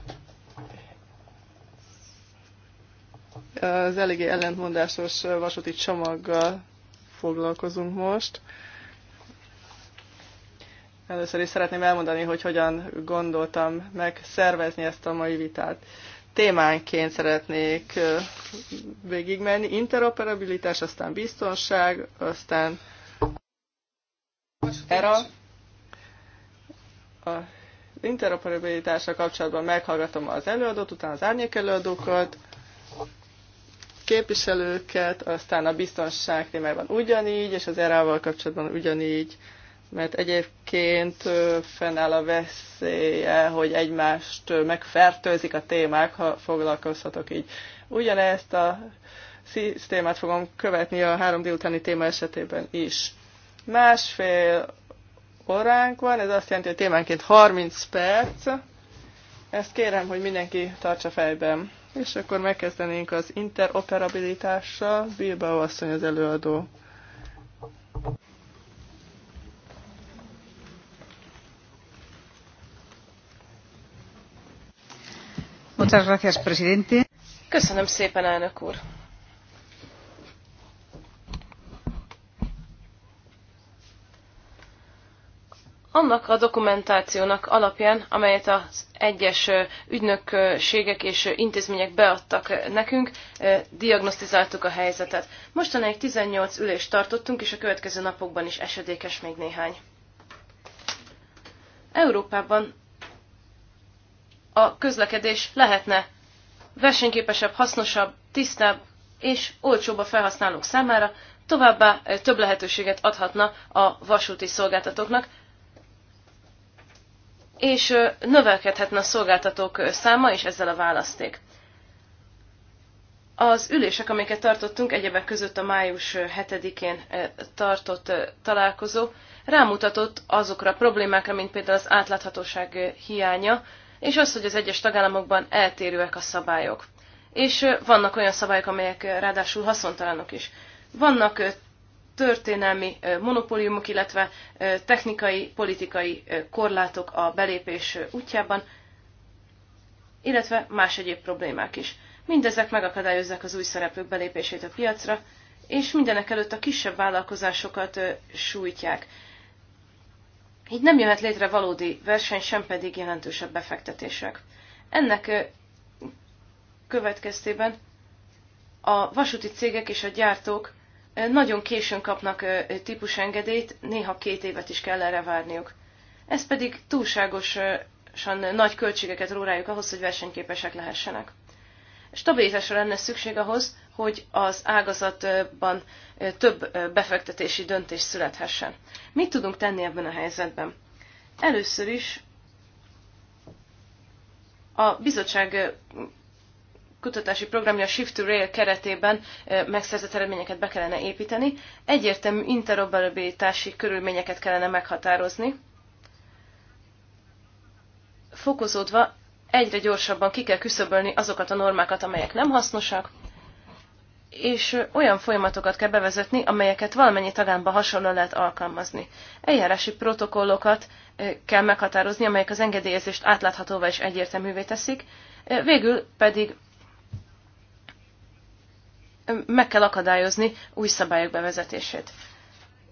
Az eléggé ellentmondásos vasúti csomaggal foglalkozunk most. Először is szeretném elmondani, hogy hogyan gondoltam meg szervezni ezt a mai vitát. Témánként szeretnék végigmenni. Interoperabilitás, aztán biztonság, aztán ERA, interoperabilitással kapcsolatban meghallgatom az előadót, utána az árnyék előadókat, képviselőket, aztán a biztonság témában ugyanígy, és az erával kapcsolatban ugyanígy, mert egyébként fennáll a veszélye, hogy egymást megfertőzik a témák, ha foglalkozhatok így. Ugyanezt a szisztémát fogom követni a három délutáni téma esetében is. Másfél óránk van, ez azt jelenti, hogy témánként 30 perc. Ezt kérem, hogy mindenki tartsa fejben. És akkor megkezdenénk az interoperabilitással. Bilbao asszony az előadó. Köszönöm szépen, elnök úr. annak a dokumentációnak alapján, amelyet az egyes ügynökségek és intézmények beadtak nekünk, diagnosztizáltuk a helyzetet. Mostanáig 18 ülést tartottunk, és a következő napokban is esedékes még néhány. Európában a közlekedés lehetne versenyképesebb, hasznosabb, tisztább és olcsóbb a felhasználók számára, továbbá több lehetőséget adhatna a vasúti szolgáltatóknak, és növelkedhetne a szolgáltatók száma és ezzel a választék. Az ülések, amiket tartottunk, egyebek között a május 7-én tartott találkozó, rámutatott azokra a problémákra, mint például az átláthatóság hiánya, és az, hogy az egyes tagállamokban eltérőek a szabályok. És vannak olyan szabályok, amelyek ráadásul haszontalanok is. Vannak történelmi monopóliumok, illetve technikai, politikai korlátok a belépés útjában, illetve más egyéb problémák is. Mindezek megakadályozzák az új szereplők belépését a piacra, és mindenek előtt a kisebb vállalkozásokat sújtják. Így nem jöhet létre valódi verseny, sem pedig jelentősebb befektetések. Ennek következtében a vasúti cégek és a gyártók nagyon későn kapnak típusengedélyt, néha két évet is kell erre várniuk. Ez pedig túlságosan nagy költségeket rórájuk ahhoz, hogy versenyképesek lehessenek. Stabilitásra lenne szükség ahhoz, hogy az ágazatban több befektetési döntés születhessen. Mit tudunk tenni ebben a helyzetben? Először is a bizottság kutatási programja Shift to Rail keretében megszerzett eredményeket be kellene építeni. Egyértelmű interoperabilitási körülményeket kellene meghatározni. Fokozódva egyre gyorsabban ki kell küszöbölni azokat a normákat, amelyek nem hasznosak, és olyan folyamatokat kell bevezetni, amelyeket valamennyi tagámba hasonlóan lehet alkalmazni. Eljárási protokollokat kell meghatározni, amelyek az engedélyezést átláthatóvá és egyértelművé teszik, végül pedig meg kell akadályozni új szabályok bevezetését.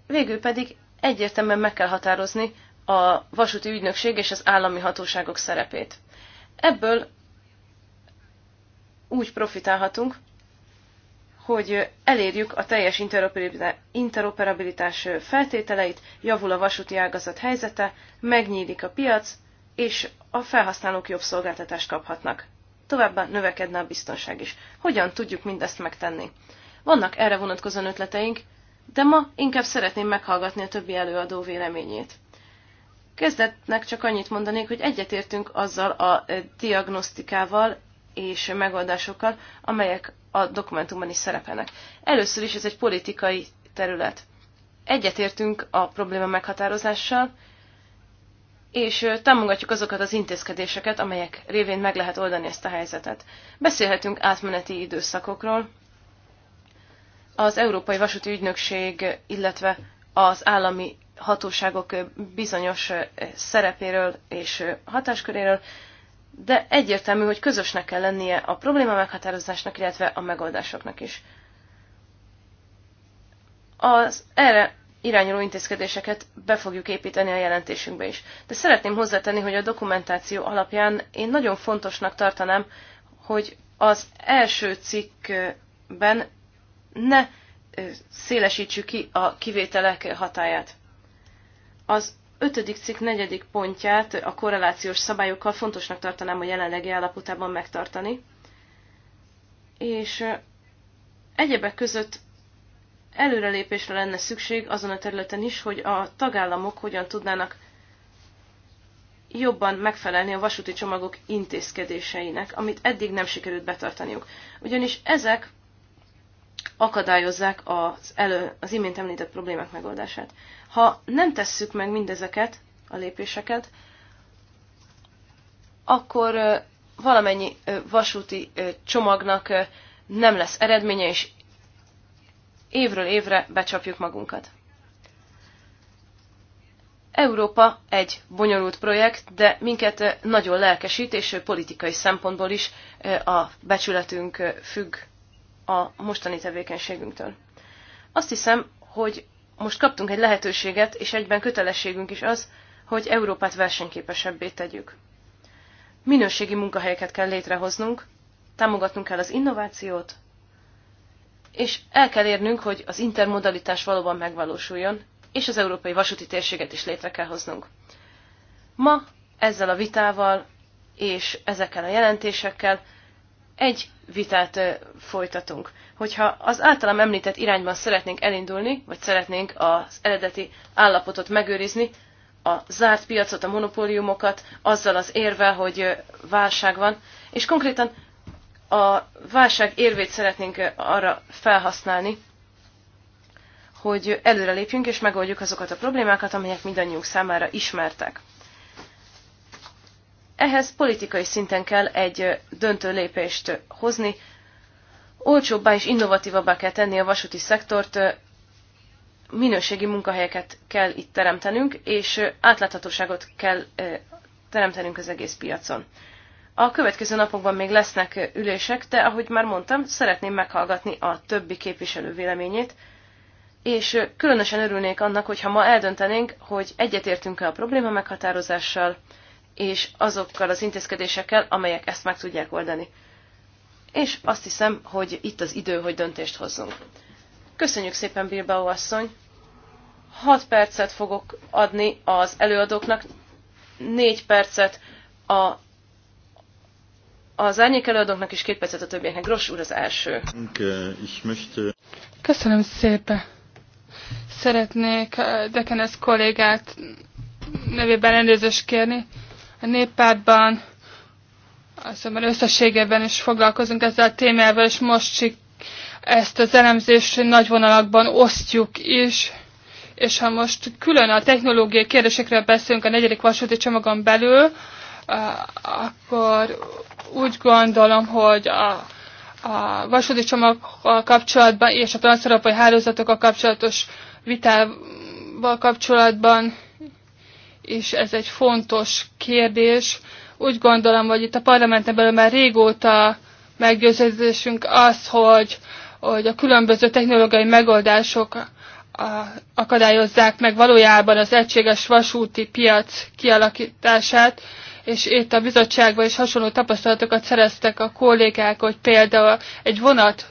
Végül pedig egyértelműen meg kell határozni a vasúti ügynökség és az állami hatóságok szerepét. Ebből úgy profitálhatunk, hogy elérjük a teljes interoperabilitás feltételeit, javul a vasúti ágazat helyzete, megnyílik a piac, és a felhasználók jobb szolgáltatást kaphatnak továbbá növekedne a biztonság is. Hogyan tudjuk mindezt megtenni? Vannak erre vonatkozó ötleteink, de ma inkább szeretném meghallgatni a többi előadó véleményét. Kezdetnek csak annyit mondanék, hogy egyetértünk azzal a e, diagnosztikával és megoldásokkal, amelyek a dokumentumban is szerepelnek. Először is ez egy politikai terület. Egyetértünk a probléma meghatározással, és támogatjuk azokat az intézkedéseket, amelyek révén meg lehet oldani ezt a helyzetet. Beszélhetünk átmeneti időszakokról. Az Európai Vasúti Ügynökség, illetve az állami hatóságok bizonyos szerepéről és hatásköréről, de egyértelmű, hogy közösnek kell lennie a probléma meghatározásnak, illetve a megoldásoknak is. Az erre irányuló intézkedéseket be fogjuk építeni a jelentésünkbe is. De szeretném hozzátenni, hogy a dokumentáció alapján én nagyon fontosnak tartanám, hogy az első cikkben ne szélesítsük ki a kivételek hatáját. Az ötödik cikk negyedik pontját a korrelációs szabályokkal fontosnak tartanám a jelenlegi állapotában megtartani. És egyebek között előrelépésre lenne szükség azon a területen is, hogy a tagállamok hogyan tudnának jobban megfelelni a vasúti csomagok intézkedéseinek, amit eddig nem sikerült betartaniuk. Ugyanis ezek akadályozzák az, elő, az imént említett problémák megoldását. Ha nem tesszük meg mindezeket, a lépéseket, akkor valamennyi vasúti csomagnak nem lesz eredménye, és évről évre becsapjuk magunkat. Európa egy bonyolult projekt, de minket nagyon lelkesít, és politikai szempontból is eh, a becsületünk eh, függ a mostani tevékenységünktől. Azt hiszem, hogy most kaptunk egy lehetőséget, és egyben kötelességünk is az, hogy Európát versenyképesebbé tegyük. Minőségi munkahelyeket kell létrehoznunk, támogatnunk kell az innovációt, és el kell érnünk, hogy az intermodalitás valóban megvalósuljon, és az európai vasúti térséget is létre kell hoznunk. Ma ezzel a vitával és ezekkel a jelentésekkel egy vitát folytatunk. Hogyha az általam említett irányban szeretnénk elindulni, vagy szeretnénk az eredeti állapotot megőrizni, a zárt piacot, a monopóliumokat, azzal az érvel, hogy válság van, és konkrétan a válság érvét szeretnénk arra felhasználni, hogy előrelépjünk és megoldjuk azokat a problémákat, amelyek mindannyiunk számára ismertek. Ehhez politikai szinten kell egy döntő lépést hozni, olcsóbbá és innovatívabbá kell tenni a vasúti szektort, minőségi munkahelyeket kell itt teremtenünk, és átláthatóságot kell eh, teremtenünk az egész piacon. A következő napokban még lesznek ülések, de ahogy már mondtam, szeretném meghallgatni a többi képviselő véleményét, és különösen örülnék annak, hogyha ma eldöntenénk, hogy egyetértünk-e a probléma meghatározással, és azokkal az intézkedésekkel, amelyek ezt meg tudják oldani. És azt hiszem, hogy itt az idő, hogy döntést hozzunk. Köszönjük szépen, Bilbao asszony! 6 percet fogok adni az előadóknak, 4 percet a az árnyék előadóknak is két percet a többieknek. Gross úr az első. Köszönöm szépen. Szeretnék eh, Dekenes kollégát nevében elnézést kérni. A néppártban azonban összességében is foglalkozunk ezzel a témával, és most csak ezt az elemzést nagy vonalakban osztjuk is. És ha most külön a technológiai kérdésekről beszélünk a negyedik vasúti csomagon belül, Eh, akkor úgy gondolom, hogy a, a vasúti csomaggal kapcsolatban és a hálózatok hálózatokkal kapcsolatos vitával kapcsolatban és ez egy fontos kérdés. Úgy gondolom, hogy itt a parlamenten belül már régóta meggyőződésünk az, hogy, hogy a különböző technológiai megoldások akadályozzák meg valójában az egységes vasúti piac kialakítását, és itt a bizottságban is hasonló tapasztalatokat szereztek a kollégák, hogy például egy vonat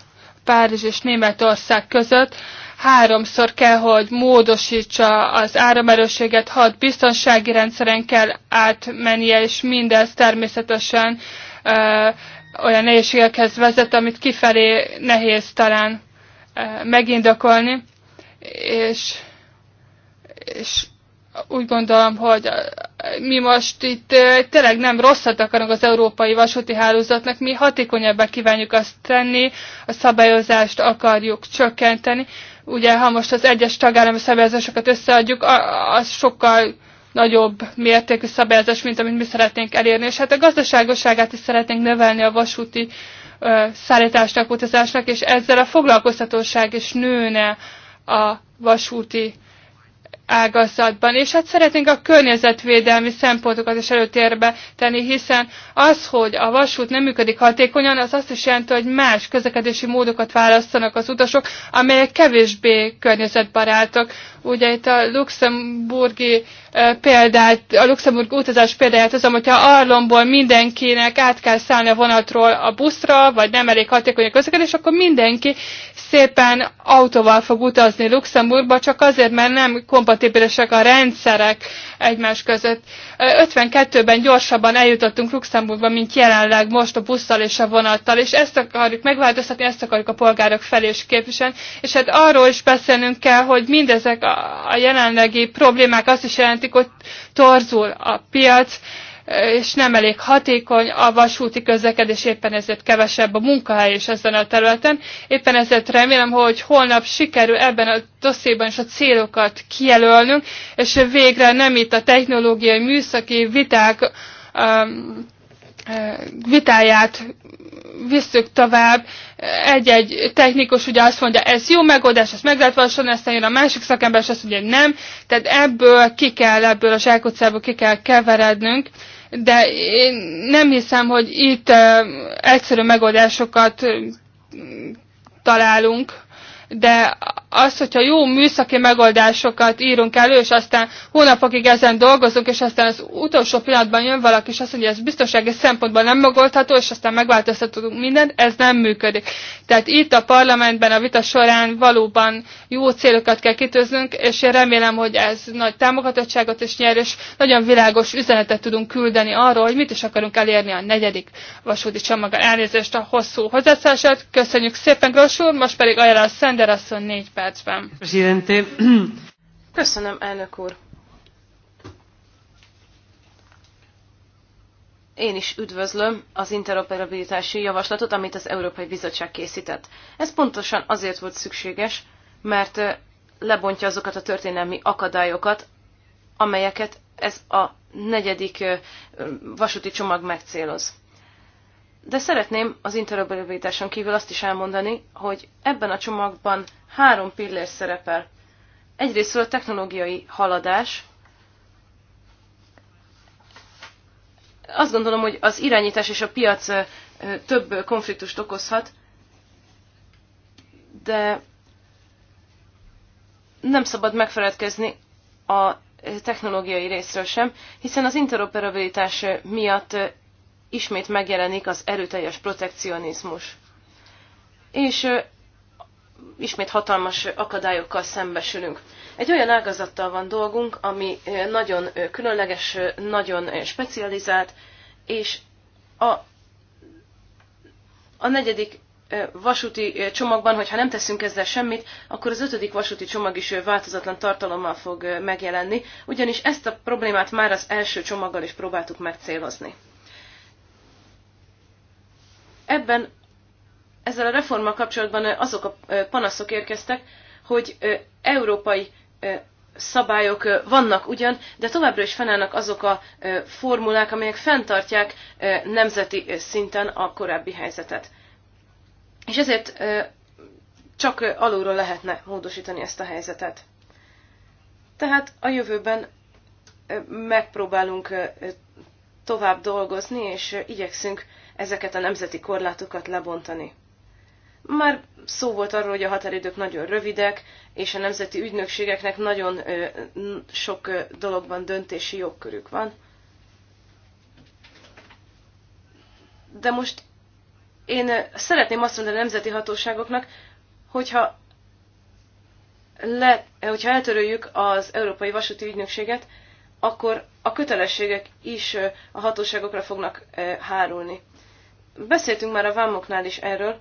Párizs és Németország között háromszor kell, hogy módosítsa az áramerősséget, hat biztonsági rendszeren kell átmennie, és mindez természetesen ö, olyan nehézségekhez vezet, amit kifelé nehéz talán ö, megindokolni, és, és úgy gondolom, hogy eh, mi most itt eh, tényleg nem rosszat akarunk az európai vasúti hálózatnak, mi hatékonyabbá kívánjuk azt tenni, a szabályozást akarjuk csökkenteni. Ugye, ha most az egyes tagállami szabályozásokat összeadjuk, az sokkal nagyobb mértékű szabályozás, mint amit mi szeretnénk elérni. És hát a gazdaságosságát is szeretnénk növelni a vasúti eh, szállításnak, utazásnak, és ezzel a foglalkoztatóság is nőne a vasúti ágazatban, és hát szeretnénk a környezetvédelmi szempontokat is előtérbe tenni, hiszen az, hogy a vasút nem működik hatékonyan, az azt is jelenti, hogy más közlekedési módokat választanak az utasok, amelyek kevésbé környezetbarátok. Ugye itt a luxemburgi példát, a luxemburg utazás példáját hozom, hogyha Arlomból mindenkinek át kell szállni a vonatról a buszra, vagy nem elég hatékony a közlekedés, akkor mindenki szépen autóval fog utazni Luxemburgba, csak azért, mert nem kompatibilisek a rendszerek egymás között. 52-ben gyorsabban eljutottunk Luxemburgba, mint jelenleg most a busszal és a vonattal, és ezt akarjuk megváltoztatni, ezt akarjuk a polgárok felé is képviselni. És hát arról is beszélnünk kell, hogy mindezek a jelenlegi problémák azt is jelentik, hogy torzul a piac, és nem elég hatékony a vasúti közlekedés, éppen ezért kevesebb a munkahely is ezen a területen. Éppen ezért remélem, hogy holnap sikerül ebben a dosszéban is a célokat kijelölnünk, és végre nem itt a technológiai műszaki viták um, eh, vitáját visszük tovább. Egy-egy technikus ugye azt mondja, ez jó megoldás, ezt meg lehet valósulni, aztán jön a másik szakember, és azt mondja, nem. Tehát ebből ki kell, ebből a zsákutcából ki kell keverednünk de én nem hiszem, hogy itt egyszerű megoldásokat találunk de az, hogyha jó műszaki megoldásokat írunk elő, és aztán hónapokig ezen dolgozunk, és aztán az utolsó pillanatban jön valaki, és azt mondja, hogy ez biztonsági szempontból nem megoldható, és aztán megváltoztatunk mindent, ez nem működik. Tehát itt a parlamentben a vita során valóban jó célokat kell kitűznünk, és én remélem, hogy ez nagy támogatottságot is nyer, és nagyon világos üzenetet tudunk küldeni arról, hogy mit is akarunk elérni a negyedik vasúti csomaggal. Elnézést a hosszú hozzászását. Köszönjük szépen, Grosúr, most pedig ajánlás szent asszony négy percben. Presidente. Köszönöm, elnök úr. Én is üdvözlöm az interoperabilitási javaslatot, amit az Európai Bizottság készített. Ez pontosan azért volt szükséges, mert eh, lebontja azokat a történelmi akadályokat, amelyeket ez a negyedik eh, vasúti csomag megcéloz. De szeretném az interoperabilitáson kívül azt is elmondani, hogy ebben a csomagban három pillér szerepel. Egyrészt a technológiai haladás. Azt gondolom, hogy az irányítás és a piac több konfliktust okozhat, de nem szabad megfeledkezni a technológiai részről sem, hiszen az interoperabilitás miatt ismét megjelenik az erőteljes protekcionizmus. És ismét hatalmas akadályokkal szembesülünk. Egy olyan ágazattal van dolgunk, ami nagyon különleges, nagyon specializált, és a, a negyedik vasúti csomagban, hogyha nem teszünk ezzel semmit, akkor az ötödik vasúti csomag is változatlan tartalommal fog megjelenni, ugyanis ezt a problémát már az első csomaggal is próbáltuk megcélozni. Ebben ezzel a reformmal kapcsolatban azok a panaszok érkeztek, hogy európai szabályok vannak ugyan, de továbbra is fennállnak azok a formulák, amelyek fenntartják nemzeti szinten a korábbi helyzetet. És ezért csak alulról lehetne módosítani ezt a helyzetet. Tehát a jövőben megpróbálunk tovább dolgozni, és igyekszünk ezeket a nemzeti korlátokat lebontani. Már szó volt arról, hogy a határidők nagyon rövidek, és a nemzeti ügynökségeknek nagyon sok dologban döntési jogkörük van. De most én szeretném azt mondani a nemzeti hatóságoknak, hogyha, le, hogyha eltöröljük az Európai Vasúti Ügynökséget, akkor a kötelességek is a hatóságokra fognak hárulni. Beszéltünk már a vámoknál is erről.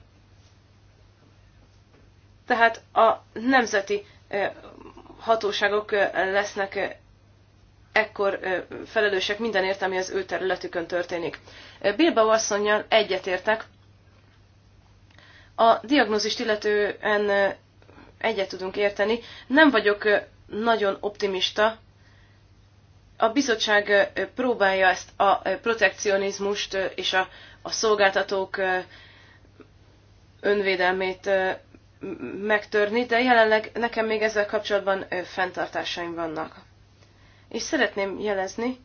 Tehát a nemzeti hatóságok lesznek ekkor felelősek mindenért, ami az ő területükön történik. Bilbao asszonynal egyetértek. A diagnózist illetően egyet tudunk érteni. Nem vagyok nagyon optimista a bizottság próbálja ezt a protekcionizmust és a, a szolgáltatók önvédelmét megtörni, de jelenleg nekem még ezzel kapcsolatban fenntartásaim vannak. És szeretném jelezni,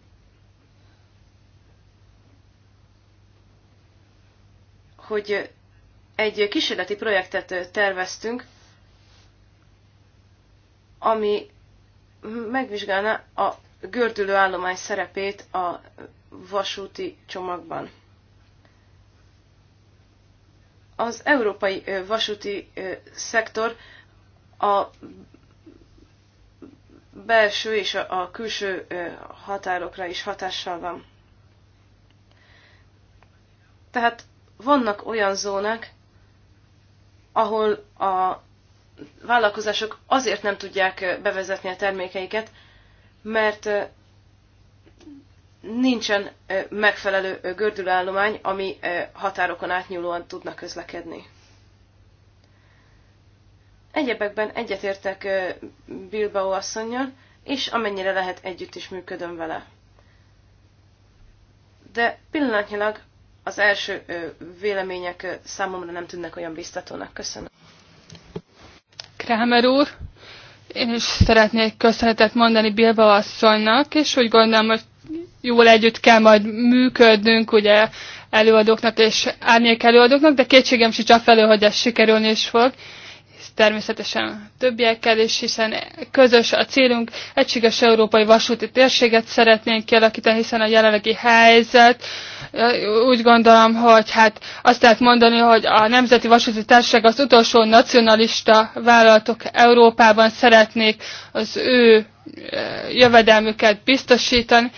hogy egy kísérleti projektet terveztünk, ami megvizsgálná a gördülő állomány szerepét a vasúti csomagban. Az európai vasúti szektor a belső és a külső határokra is hatással van. Tehát vannak olyan zónák, ahol a vállalkozások azért nem tudják bevezetni a termékeiket, mert nincsen megfelelő gördülállomány, ami határokon átnyúlóan tudna közlekedni. Egyebekben egyetértek Bilbao asszonyjal, és amennyire lehet együtt is működöm vele. De pillanatnyilag az első vélemények számomra nem tűnnek olyan biztatónak. Köszönöm. Kramer úr! Én is szeretnék köszönetet mondani Bilba asszonynak, és úgy gondolom, hogy jól együtt kell majd működnünk, ugye előadóknak és árnyék előadóknak, de kétségem sincs felől, hogy ez sikerülni is fog természetesen többiekkel is, hiszen közös a célunk, egységes európai vasúti térséget szeretnénk kialakítani, hiszen a jelenlegi helyzet, úgy gondolom, hogy hát azt lehet mondani, hogy a Nemzeti Vasúti Társaság az utolsó nacionalista vállalatok Európában szeretnék az ő jövedelmüket biztosítani,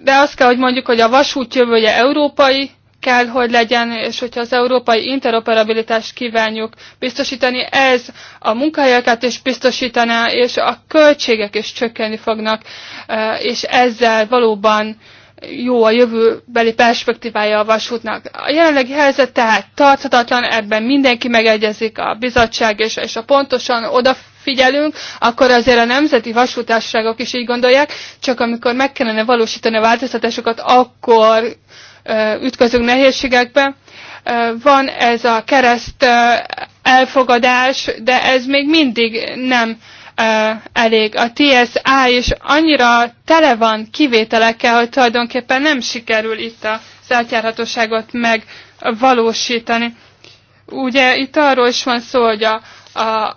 de azt kell, hogy mondjuk, hogy a vasút jövője európai, kell, hogy legyen, és hogyha az európai interoperabilitást kívánjuk biztosítani, ez a munkahelyeket is biztosítaná, és a költségek is csökkenni fognak, e, és ezzel valóban jó a jövőbeli perspektívája a vasútnak. A jelenlegi helyzet tehát tarthatatlan, ebben mindenki megegyezik, a bizottság és, és a pontosan odafigyelünk, akkor azért a nemzeti vasútárságok is így gondolják, csak amikor meg kellene valósítani a változtatásokat, akkor ütközünk nehézségekbe. Van ez a kereszt elfogadás, de ez még mindig nem elég. A TSA is annyira tele van kivételekkel, hogy tulajdonképpen nem sikerül itt a átjárhatóságot megvalósítani. Ugye itt arról is van szó, hogy a, a,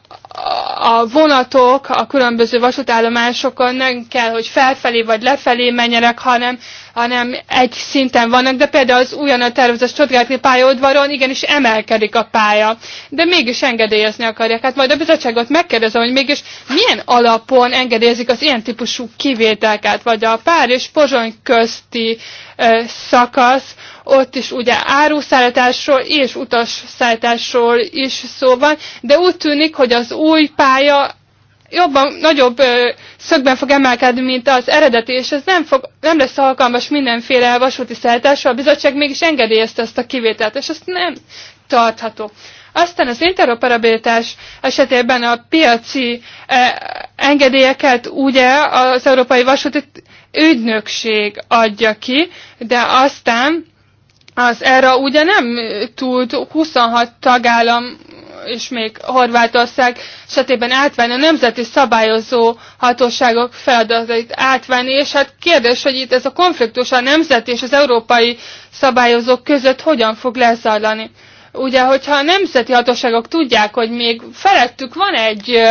a vonatok a különböző vasútállomásokon nem kell, hogy felfelé vagy lefelé menjenek, hanem hanem egy szinten vannak, de például az a tervezett Stuttgarti pályaudvaron igenis emelkedik a pálya, de mégis engedélyezni akarják. Hát majd a bizottságot megkérdezem, hogy mégis milyen alapon engedélyezik az ilyen típusú kivételket, vagy a pár és pozsony közti ö, szakasz, ott is ugye áruszállításról és utasszállításról is szó van, de úgy tűnik, hogy az új pálya jobban, nagyobb ö, szögben fog emelkedni, mint az eredeti, és ez nem, fog, nem lesz alkalmas mindenféle vasúti szállításra, a bizottság mégis engedélyezte ezt a kivételt, és ezt nem tartható. Aztán az interoperabilitás esetében a piaci eh, engedélyeket ugye az Európai Vasúti Ügynökség adja ki, de aztán az erre ugye nem tud 26 tagállam és még Horvátország esetében átvenni a nemzeti szabályozó hatóságok feladatait átvenni, és hát kérdés, hogy itt ez a konfliktus a nemzeti és az európai szabályozók között hogyan fog lezajlani. Ugye, hogyha a nemzeti hatóságok tudják, hogy még felettük van egy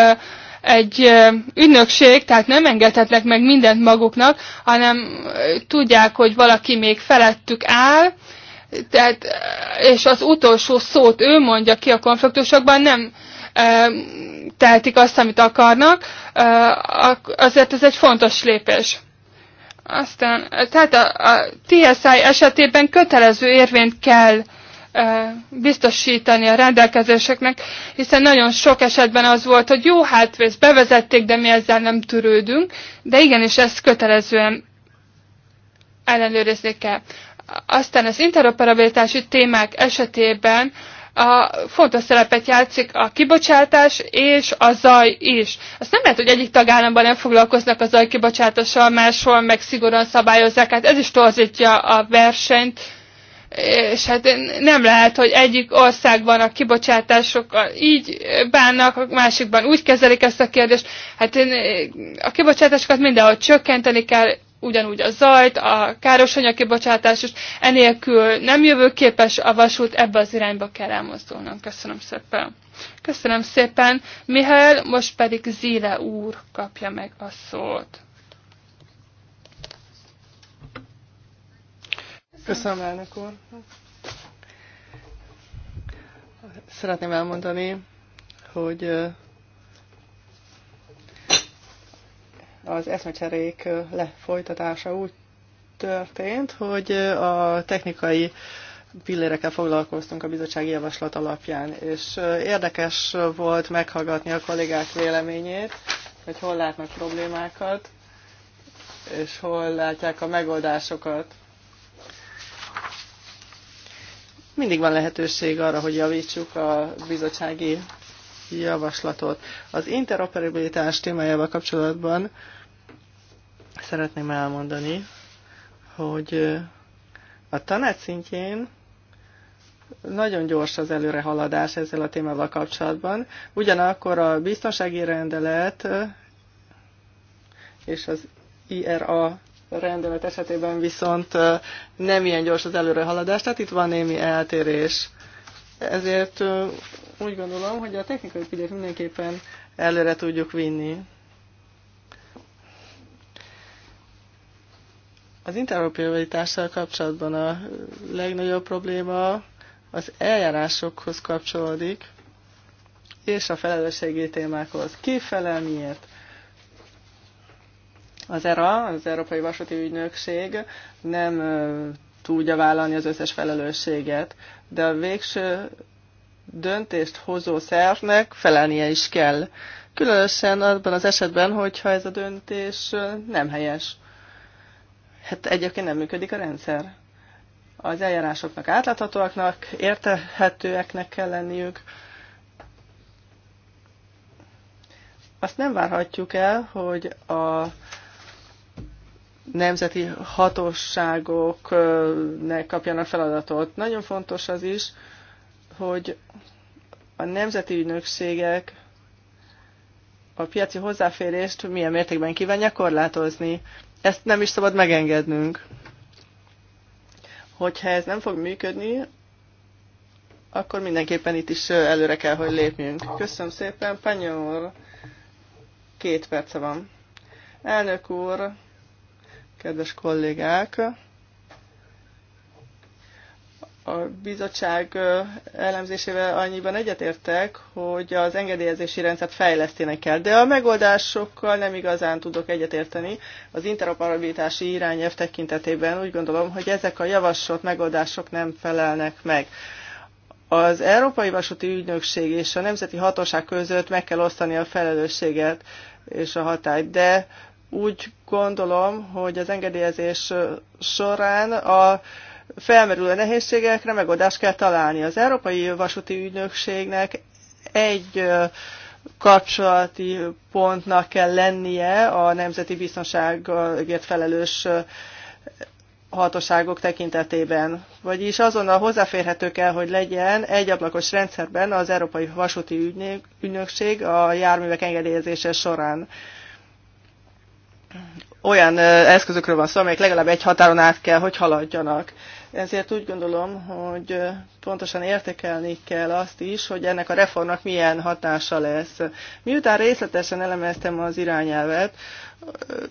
egy ügynökség, tehát nem engedhetnek meg mindent maguknak, hanem tudják, hogy valaki még felettük áll, tehát, és az utolsó szót ő mondja ki a konfliktusokban, nem e, tehetik azt, amit akarnak, e, azért ez egy fontos lépés. Aztán, tehát a, a TSI esetében kötelező érvényt kell e, biztosítani a rendelkezéseknek, hiszen nagyon sok esetben az volt, hogy jó, hátvész bevezették, de mi ezzel nem törődünk, de igenis ezt kötelezően ellenőrizni kell. Aztán az interoperabilitási témák esetében a fontos szerepet játszik a kibocsátás és a zaj is. Azt nem lehet, hogy egyik tagállamban nem foglalkoznak a zaj kibocsátással, máshol meg szigorúan szabályozzák, hát ez is torzítja a versenyt, és hát nem lehet, hogy egyik országban a kibocsátásokkal így bánnak, a másikban úgy kezelik ezt a kérdést. Hát én, a kibocsátásokat mindenhol csökkenteni kell, ugyanúgy a zajt, a káros anyagkibocsátás és enélkül nem jövőképes a vasút, ebbe az irányba kell elmozdulnunk. Köszönöm szépen. Köszönöm szépen, Mihály, most pedig Zile úr kapja meg a szót. Köszönöm, elnök úr. Szeretném elmondani, hogy az eszmecserék lefolytatása úgy történt, hogy a technikai pillérekkel foglalkoztunk a bizottsági javaslat alapján, és érdekes volt meghallgatni a kollégák véleményét, hogy hol látnak problémákat, és hol látják a megoldásokat. Mindig van lehetőség arra, hogy javítsuk a bizottsági javaslatot. Az interoperabilitás témájával kapcsolatban szeretném elmondani, hogy a tanács szintjén nagyon gyors az előrehaladás ezzel a témával kapcsolatban. Ugyanakkor a biztonsági rendelet és az IRA rendelet esetében viszont nem ilyen gyors az előrehaladás, tehát itt van némi eltérés. Ezért úgy gondolom, hogy a technikai ügyet mindenképpen előre tudjuk vinni. Az interoperabilitással kapcsolatban a legnagyobb probléma az eljárásokhoz kapcsolódik, és a felelősségi témákhoz. Ki felel miért? Az ERA, az Európai Vasúti Ügynökség nem tudja vállalni az összes felelősséget, de a végső döntést hozó szervnek felelnie is kell. Különösen abban az esetben, hogyha ez a döntés nem helyes. Hát egyébként nem működik a rendszer. Az eljárásoknak átláthatóaknak, értehetőeknek kell lenniük. Azt nem várhatjuk el, hogy a nemzeti hatóságok ne kapjanak feladatot. Nagyon fontos az is, hogy a nemzeti ügynökségek a piaci hozzáférést milyen mértékben kívánják korlátozni. Ezt nem is szabad megengednünk. Hogyha ez nem fog működni, akkor mindenképpen itt is előre kell, hogy lépjünk. Köszönöm szépen, Panyol. Két perce van. Elnök úr, kedves kollégák, a bizottság elemzésével annyiban egyetértek, hogy az engedélyezési rendszert fejlesztének kell, de a megoldásokkal nem igazán tudok egyetérteni. Az interoperabilitási irányelv tekintetében úgy gondolom, hogy ezek a javasolt megoldások nem felelnek meg. Az Európai Vasúti Ügynökség és a Nemzeti Hatóság között meg kell osztani a felelősséget és a hatályt, de úgy gondolom, hogy az engedélyezés során a a nehézségekre megoldást kell találni. Az Európai Vasúti Ügynökségnek egy kapcsolati pontnak kell lennie a nemzeti biztonságért felelős hatóságok tekintetében. Vagyis azonnal hozzáférhető kell, hogy legyen egy ablakos rendszerben az Európai Vasúti Ügynökség a járművek engedélyezése során. Olyan eszközökről van szó, amelyek legalább egy határon át kell, hogy haladjanak. Ezért úgy gondolom, hogy pontosan értékelni kell azt is, hogy ennek a reformnak milyen hatása lesz. Miután részletesen elemeztem az irányelvet,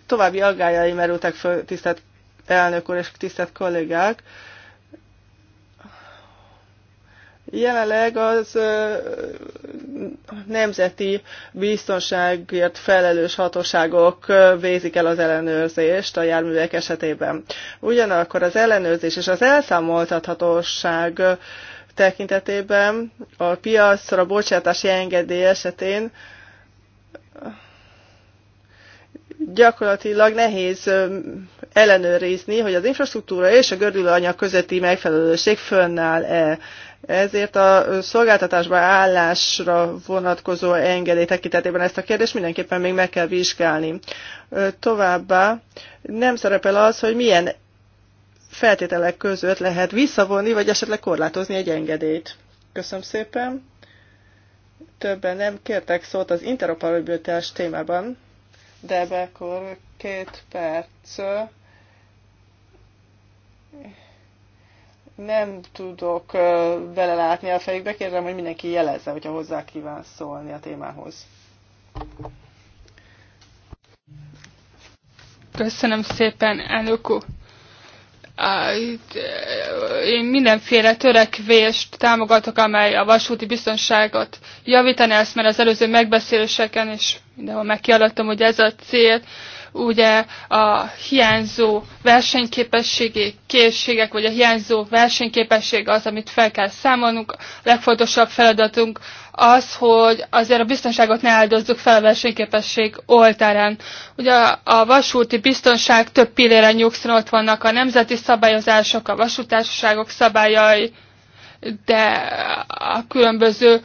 további aggályai merültek föl, tisztelt elnök úr és tisztelt kollégák, Jelenleg az nemzeti biztonságért felelős hatóságok végzik el az ellenőrzést a járművek esetében. Ugyanakkor az ellenőrzés és az elszámoltathatóság tekintetében a piacra bocsátási engedély esetén gyakorlatilag nehéz ellenőrizni, hogy az infrastruktúra és a gördülőanyag közötti megfelelőség fönnáll-e. Ezért a szolgáltatásba állásra vonatkozó engedély tekintetében ezt a kérdést mindenképpen még meg kell vizsgálni. Továbbá nem szerepel az, hogy milyen feltételek között lehet visszavonni, vagy esetleg korlátozni egy engedélyt. Köszönöm szépen. Többen nem kértek szót az interoperabilitás témában, de akkor két perc nem tudok belelátni a fejükbe, kérem, hogy mindenki jelezze, hogyha hozzá kíván szólni a témához. Köszönöm szépen, elnök Én mindenféle törekvést támogatok, amely a vasúti biztonságot javítani, ezt mert az előző megbeszéléseken is mindenhol megkiadottam, hogy ez a cél ugye a hiányzó versenyképességi készségek, vagy a hiányzó versenyképesség az, amit fel kell számolnunk. A legfontosabb feladatunk az, hogy azért a biztonságot ne áldozzuk fel a versenyképesség oltárán. Ugye a vasúti biztonság több pillére nyugszik, ott vannak a nemzeti szabályozások, a vasútársaságok szabályai, de a különböző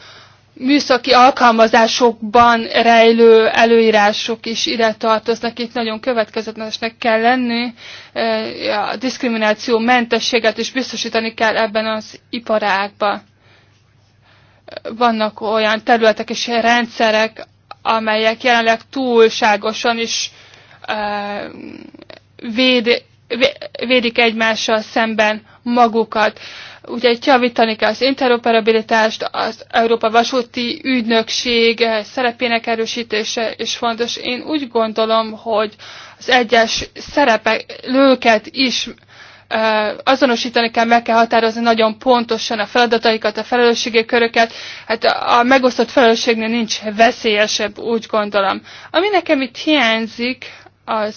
műszaki alkalmazásokban rejlő előírások is ide tartoznak. Itt nagyon következetesnek kell lenni, e, a diszkrimináció mentességet is biztosítani kell ebben az iparágban. Vannak olyan területek és rendszerek, amelyek jelenleg túlságosan is e, véd, védik egymással szemben magukat ugye itt javítani kell az interoperabilitást, az Európa Vasúti Ügynökség szerepének erősítése is fontos. Én úgy gondolom, hogy az egyes szerepek, lőket is azonosítani kell, meg kell határozni nagyon pontosan a feladataikat, a felelősségi köröket. Hát a megosztott felelősségnél nincs veszélyesebb, úgy gondolom. Ami nekem itt hiányzik, az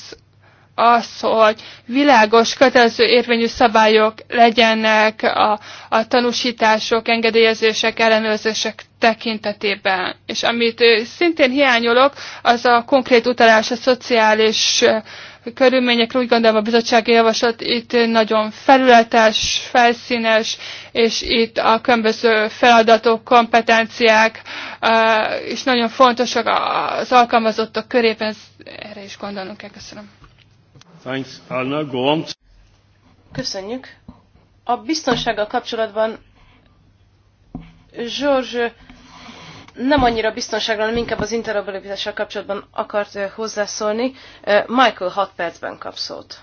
az, hogy világos, kötelező érvényű szabályok legyenek a, a tanúsítások, engedélyezések, ellenőrzések tekintetében. És amit szintén hiányolok, az a konkrét utalás a szociális körülményekről. Úgy gondolom a bizottsági javaslat itt nagyon felületes, felszínes, és itt a különböző feladatok, kompetenciák, és nagyon fontosak az alkalmazottak körében. Erre is gondolnunk kell. Köszönöm. Thanks, Anna. Go on. Köszönjük. A biztonsággal kapcsolatban George nem annyira biztonságra, hanem inkább az interoperabilitással kapcsolatban akart hozzászólni. Michael 6 percben kap szót.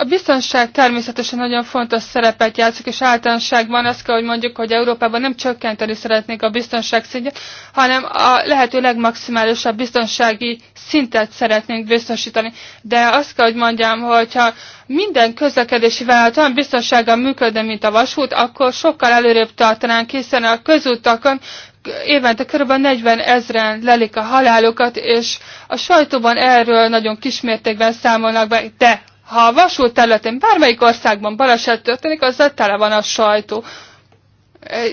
A biztonság természetesen nagyon fontos szerepet játszik, és általánosságban azt kell, hogy mondjuk, hogy Európában nem csökkenteni szeretnék a biztonság szintet, hanem a lehető legmaximálisabb biztonsági szintet szeretnénk biztosítani. De azt kell, hogy mondjam, hogyha minden közlekedési vállalat olyan biztonsággal működne, mint a vasút, akkor sokkal előrébb tartanánk, hiszen a közútakon évente kb. 40 ezeren lelik a halálokat, és a sajtóban erről nagyon kismértékben számolnak be, de ha a vasút területén bármelyik országban baleset történik, az tele van a sajtó. E, e,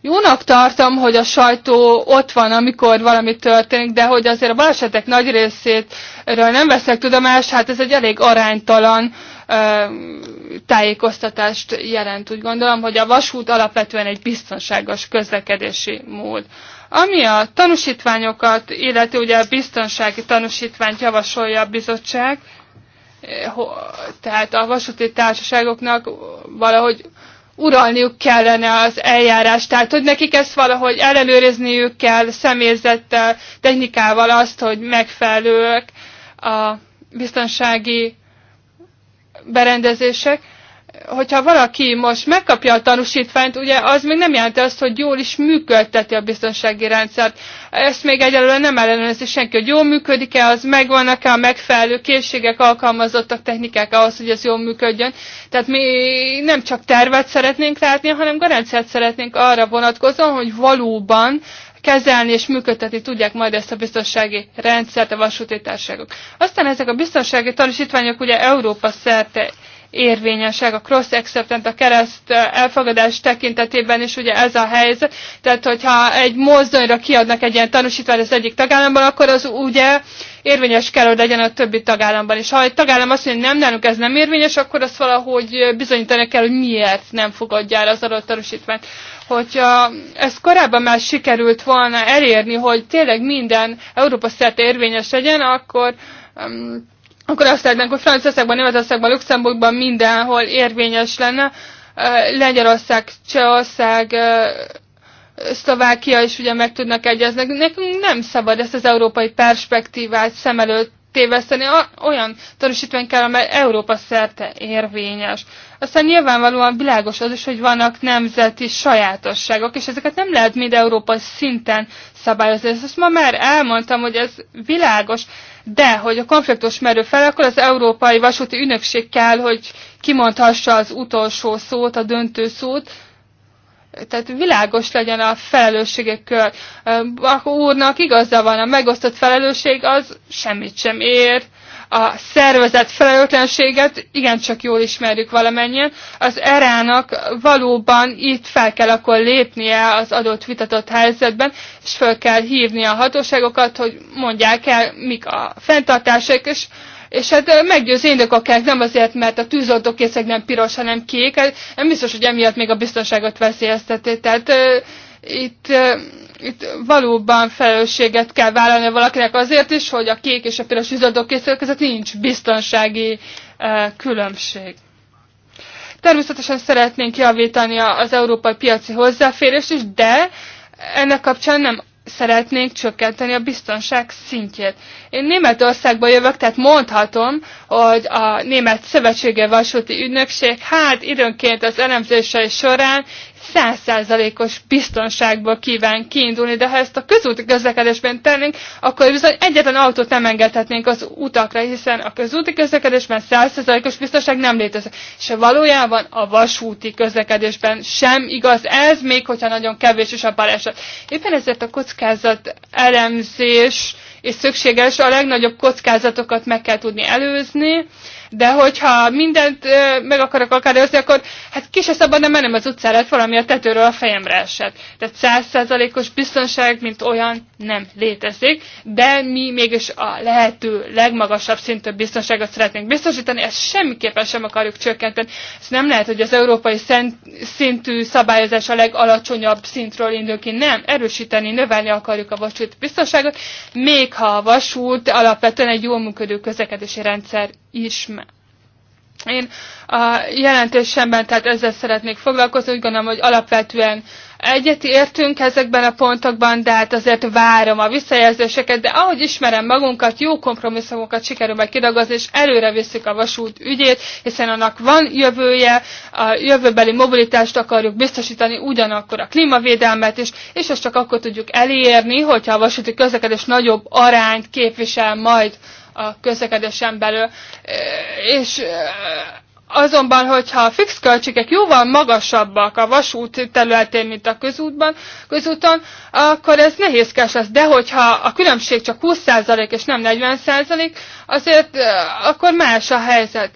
jónak tartom, hogy a sajtó ott van, amikor valami történik, de hogy azért a balesetek nagy részét erről nem veszek tudomást, hát ez egy elég aránytalan e, tájékoztatást jelent. Úgy gondolom, hogy a vasút alapvetően egy biztonságos közlekedési mód. Ami a tanúsítványokat, illetve ugye a biztonsági tanúsítványt javasolja a bizottság, Eh, tehát a vasúti társaságoknak valahogy uralniuk kellene az eljárás, tehát hogy nekik ezt valahogy ellenőrizniük kell személyzettel, technikával azt, hogy megfelelőek a biztonsági berendezések hogyha valaki most megkapja a tanúsítványt, ugye az még nem jelenti azt, hogy jól is működteti a biztonsági rendszert. Ezt még egyelőre nem ellenőrzi senki, hogy jól működik-e, az megvannak-e a megfelelő készségek, alkalmazottak technikák ahhoz, hogy ez jól működjön. Tehát mi nem csak tervet szeretnénk látni, hanem garanciát szeretnénk arra vonatkozóan, hogy valóban kezelni és működtetni tudják majd ezt a biztonsági rendszert a vasúti társágok. Aztán ezek a biztonsági tanúsítványok ugye Európa szerte érvényesek, a cross acceptance, a kereszt eh, elfogadás tekintetében is ugye ez a helyzet. Tehát, hogyha egy mozdonyra kiadnak egy ilyen tanúsítványt az egyik tagállamban, akkor az ugye érvényes kell, hogy legyen a többi tagállamban. És ha egy tagállam azt mondja, nem, nálunk ez nem érvényes, akkor azt valahogy eh, bizonyítani kell, hogy miért nem fogadja el az adott tanúsítványt. Hogyha ezt korábban már sikerült volna elérni, hogy tényleg minden Európa szerte érvényes legyen, akkor um, akkor azt lehetnek, hogy Franciaországban, Németországban, Luxemburgban mindenhol érvényes lenne. Lengyelország, Csehország, Szlovákia is ugye meg tudnak egyezni. Nekünk nem szabad ezt az európai perspektívát szem előtt téveszteni, olyan tanúsítvány kell, amely Európa szerte érvényes. Aztán nyilvánvalóan világos az is, hogy vannak nemzeti sajátosságok, és ezeket nem lehet mind Európa szinten szabályozni. Ezt ma már elmondtam, hogy ez világos, de, hogy a konfliktus merül fel, akkor az Európai Vasúti Ünökség kell, hogy kimondhassa az utolsó szót, a döntő szót, tehát világos legyen a felelősségek kör. Akkor úrnak igaza van, a megosztott felelősség az semmit sem ér, a szervezet felelőtlenséget igencsak jól ismerjük valamennyien. Az erának valóban itt fel kell akkor lépnie az adott vitatott helyzetben, és fel kell hívni a hatóságokat, hogy mondják el, mik a fenntartások, és és hát meggyőző indokolják, nem azért, mert a tűzoltókészek nem piros, hanem kék, hát nem biztos, hogy emiatt még a biztonságot veszélyezteti. Tehát uh, itt uh, itt valóban felelősséget kell vállalni valakinek azért is, hogy a kék és a piros üzletdokészítők között nincs biztonsági eh, különbség. Természetesen szeretnénk javítani az európai piaci hozzáférést is, de ennek kapcsán nem szeretnénk csökkenteni a biztonság szintjét. Én Németországba jövök, tehát mondhatom, hogy a Német Szövetsége Vasúti Ügynökség hát időnként az elemzései során százszázalékos biztonságból kíván kiindulni, de ha ezt a közúti közlekedésben tennénk, akkor bizony egyetlen autót nem engedhetnénk az utakra, hiszen a közúti közlekedésben százszázalékos biztonság nem létezik. És valójában a vasúti közlekedésben sem igaz ez, még hogyha nagyon kevés is a baleset. Éppen ezért a kockázat elemzés és szükséges a legnagyobb kockázatokat meg kell tudni előzni, de hogyha mindent meg akarok akadályozni, akkor hát ki se szabadna mennem az utcára, hát valami a tetőről a fejemre esett. Tehát százszázalékos biztonság, mint olyan nem létezik, de mi mégis a lehető legmagasabb szintű biztonságot szeretnénk biztosítani, ezt semmiképpen sem akarjuk csökkenteni. Ez nem lehet, hogy az európai szintű szabályozás a legalacsonyabb szintről indul ki. Nem, erősíteni, növelni akarjuk a vasút biztonságot, még ha a vasút alapvetően egy jól működő közlekedési rendszer ismer. Én a jelentésemben, tehát ezzel szeretnék foglalkozni, úgy gondolom, hogy alapvetően egyet értünk ezekben a pontokban, de hát azért várom a visszajelzéseket, de ahogy ismerem magunkat, jó kompromisszumokat sikerül meg kidagozni, és előre visszük a vasút ügyét, hiszen annak van jövője, a jövőbeli mobilitást akarjuk biztosítani, ugyanakkor a klímavédelmet is, és ezt csak akkor tudjuk elérni, hogyha a vasúti közlekedés nagyobb arányt képvisel majd a közlekedésen belül, és Azonban, hogyha a fix költségek jóval magasabbak a vasút területén, mint a közútban, közúton, akkor ez nehézkes lesz. De hogyha a különbség csak 20% és nem 40%, azért akkor más a helyzet.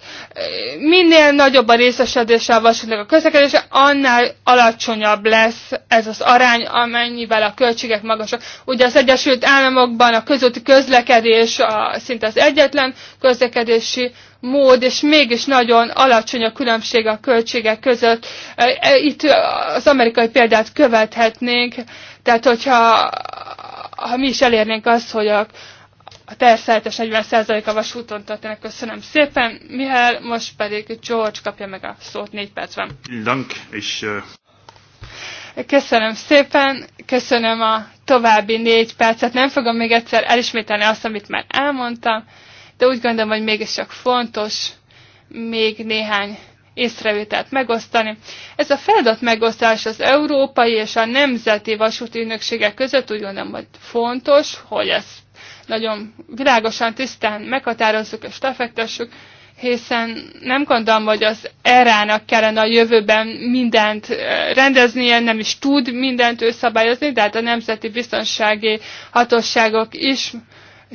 Minél nagyobb a részesedése a vasútnak a közlekedése, annál alacsonyabb lesz ez az arány, amennyivel a költségek magasak. Ugye az Egyesült Államokban a közúti közlekedés a, szinte az egyetlen közlekedési mód, és mégis nagyon alacsony a különbség a költségek között. E, e, itt az amerikai példát követhetnénk, tehát hogyha ha mi is elérnénk azt, hogy a, a terszállítás 40%-a vasúton történik. Köszönöm szépen, Mihály, most pedig George kapja meg a szót 4 percben. Dank, és... Köszönöm szépen, köszönöm a további négy percet. Nem fogom még egyszer elismételni azt, amit már elmondtam de úgy gondolom, hogy mégis csak fontos még néhány észrevételt megosztani. Ez a feladat megosztás az európai és a nemzeti vasúti ügynökségek között úgy gondolom, hogy fontos, hogy ezt nagyon világosan, tisztán meghatározzuk és lefektessük, hiszen nem gondolom, hogy az erának kellene a jövőben mindent eh, rendeznie, nem is tud mindent ő szabályozni, de hát a nemzeti biztonsági hatóságok is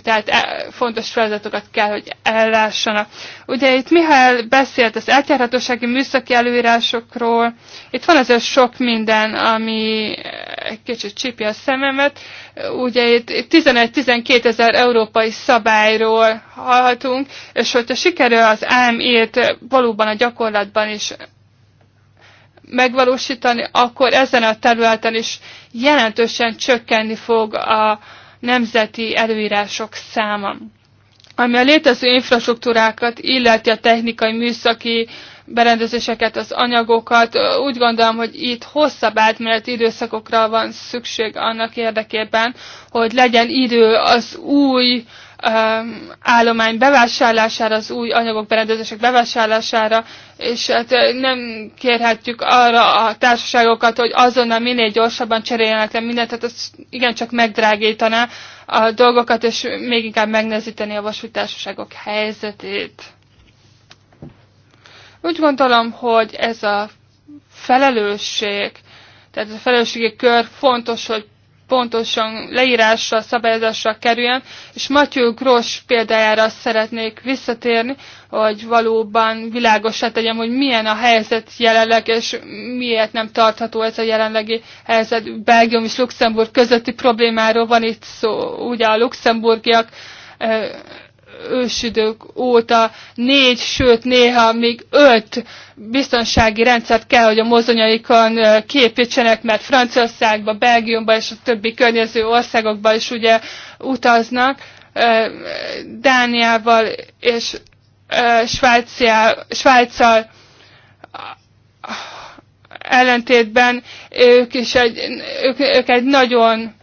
tehát e, fontos feladatokat kell, hogy ellássanak. Ugye itt Mihály beszélt az eltérhatósági műszaki előírásokról, itt van azért sok minden, ami egy kicsit csípi a szememet, ugye itt 11-12 ezer európai szabályról hallhatunk, és hogyha sikerül az AMI-t valóban a gyakorlatban is megvalósítani, akkor ezen a területen is jelentősen csökkenni fog a, nemzeti előírások száma. Ami a létező infrastruktúrákat, illeti a technikai, műszaki berendezéseket, az anyagokat, úgy gondolom, hogy itt hosszabb átmeneti időszakokra van szükség annak érdekében, hogy legyen idő az új uh, Um, állomány bevásárlására, az új anyagok, berendezések bevásárlására, és hát nem kérhetjük arra a társaságokat, hogy azonnal minél gyorsabban cseréljenek le mindent, tehát az igencsak megdrágítaná a dolgokat, és még inkább megnezíteni a vasútársaságok helyzetét. Úgy gondolom, hogy ez a felelősség, tehát ez a felelősségi kör fontos, hogy pontosan leírásra, szabályozásra kerüljön, és Matthew Gross példájára szeretnék visszatérni, hogy valóban világosá tegyem, hogy milyen a helyzet jelenleg, és miért nem tartható ez a jelenlegi helyzet. Belgium és Luxemburg közötti problémáról van itt szó, ugye a luxemburgiak ősidők óta négy, sőt néha még öt biztonsági rendszert kell, hogy a mozonyaikon képítsenek, mert Franciaországba, Belgiumba és a többi környező országokba is ugye utaznak, Dániával és Svájccal ellentétben ők is egy, ők, ők egy nagyon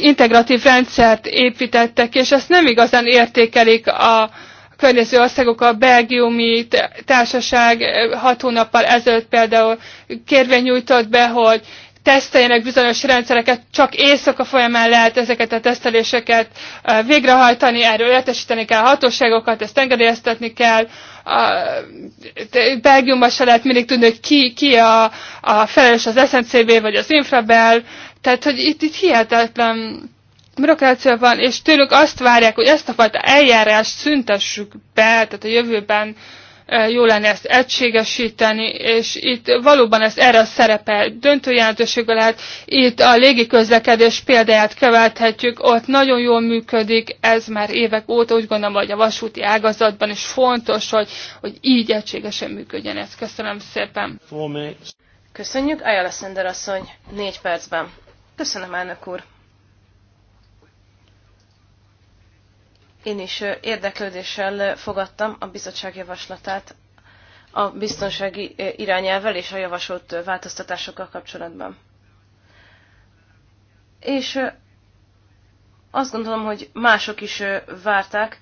integratív rendszert építettek, és ezt nem igazán értékelik a környező országok, a belgiumi társaság hat hónappal ezelőtt például kérve nyújtott be, hogy teszteljenek bizonyos rendszereket, csak éjszaka folyamán lehet ezeket a teszteléseket végrehajtani, erről értesíteni kell hatóságokat, ezt engedélyeztetni kell. A, Belgiumban se lehet mindig tudni, hogy ki, ki a, a felelős az SNCB vagy az Infrabel, tehát, hogy itt, itt hihetetlen bürokrácia van, és tőlük azt várják, hogy ezt a fajta eljárást szüntessük be, tehát a jövőben jó lenne ezt egységesíteni, és itt valóban ez erre a szerepe döntő jelentősége lehet. Itt a légiközlekedés példáját követhetjük, ott nagyon jól működik, ez már évek óta úgy gondolom, hogy a vasúti ágazatban is fontos, hogy, hogy így egységesen működjen ez. Köszönöm szépen. Köszönjük, Ayala Szender asszony, négy percben. Köszönöm, elnök úr. Én is érdeklődéssel fogadtam a bizottság javaslatát a biztonsági irányelvel és a javasolt változtatásokkal kapcsolatban. És azt gondolom, hogy mások is várták,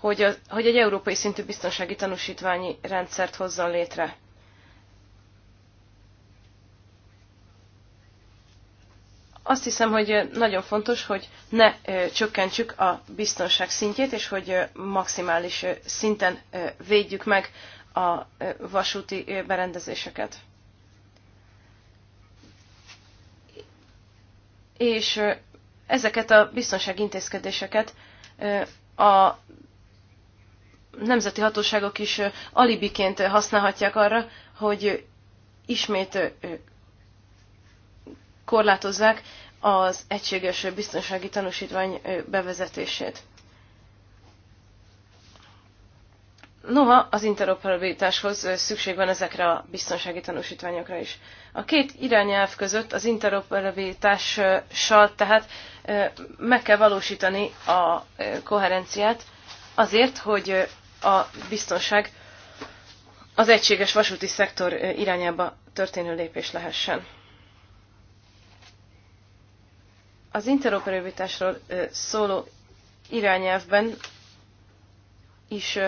hogy, a, hogy egy európai szintű biztonsági tanúsítványi rendszert hozzon létre. azt hiszem, hogy nagyon fontos, hogy ne csökkentsük a biztonság szintjét, és hogy maximális szinten védjük meg a vasúti berendezéseket. És ezeket a biztonsági intézkedéseket a nemzeti hatóságok is alibiként használhatják arra, hogy ismét korlátozzák az egységes biztonsági tanúsítvány bevezetését. Noha az interoperabilitáshoz szükség van ezekre a biztonsági tanúsítványokra is. A két irányelv között az interoperabilitással tehát meg kell valósítani a koherenciát azért, hogy a biztonság az egységes vasúti szektor irányába történő lépés lehessen. Az interoperabilitásról szóló irányelvben is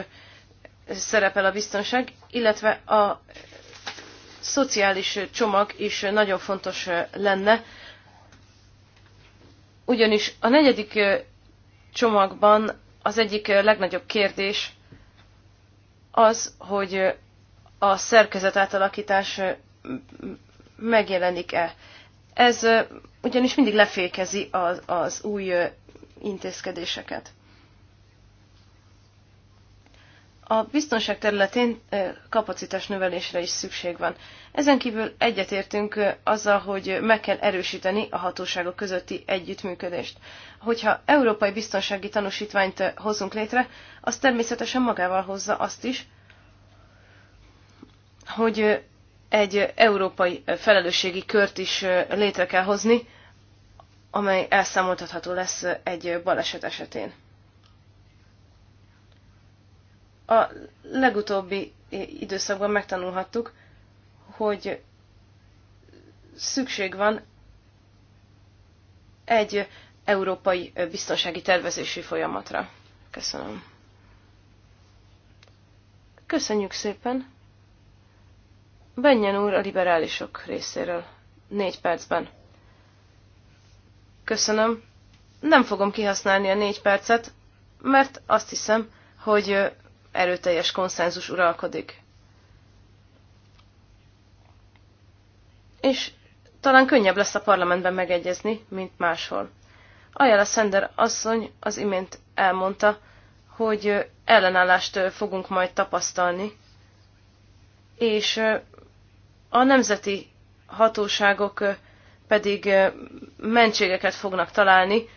szerepel a biztonság, illetve a szociális csomag is nagyon fontos lenne, ugyanis a negyedik csomagban az egyik legnagyobb kérdés az, hogy a szerkezet átalakítás megjelenik-e. Ez ugyanis mindig lefékezi az, az új intézkedéseket. A biztonság területén kapacitás növelésre is szükség van. Ezen kívül egyetértünk azzal, hogy meg kell erősíteni a hatóságok közötti együttműködést. Hogyha európai biztonsági tanúsítványt hozunk létre, az természetesen magával hozza azt is, hogy egy európai felelősségi kört is létre kell hozni, amely elszámoltatható lesz egy baleset esetén. A legutóbbi időszakban megtanulhattuk, hogy szükség van egy európai biztonsági tervezési folyamatra. Köszönöm. Köszönjük szépen! Benjen úr a liberálisok részéről. Négy percben. Köszönöm. Nem fogom kihasználni a négy percet, mert azt hiszem, hogy erőteljes konszenzus uralkodik. És talán könnyebb lesz a parlamentben megegyezni, mint máshol. Ajala Szender asszony az imént elmondta, hogy ellenállást fogunk majd tapasztalni, és a nemzeti hatóságok pedig mentségeket fognak találni,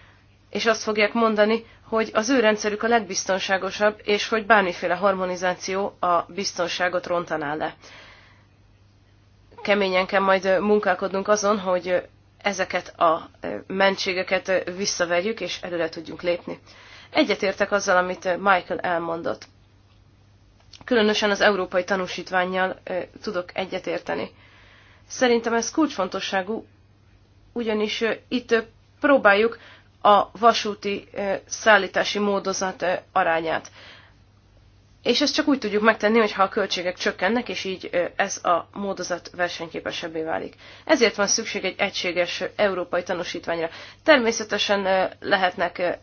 és azt fogják mondani, hogy az ő rendszerük a legbiztonságosabb, és hogy bármiféle harmonizáció a biztonságot rontaná le. Keményen kell majd munkálkodnunk azon, hogy ezeket a mentségeket visszaverjük, és előre tudjunk lépni. Egyetértek azzal, amit Michael elmondott különösen az európai tanúsítványjal tudok egyetérteni. Szerintem ez kulcsfontosságú, ugyanis itt próbáljuk a vasúti szállítási módozat arányát. És ezt csak úgy tudjuk megtenni, hogyha a költségek csökkennek, és így ez a módozat versenyképesebbé válik. Ezért van szükség egy egységes európai tanúsítványra. Természetesen lehetnek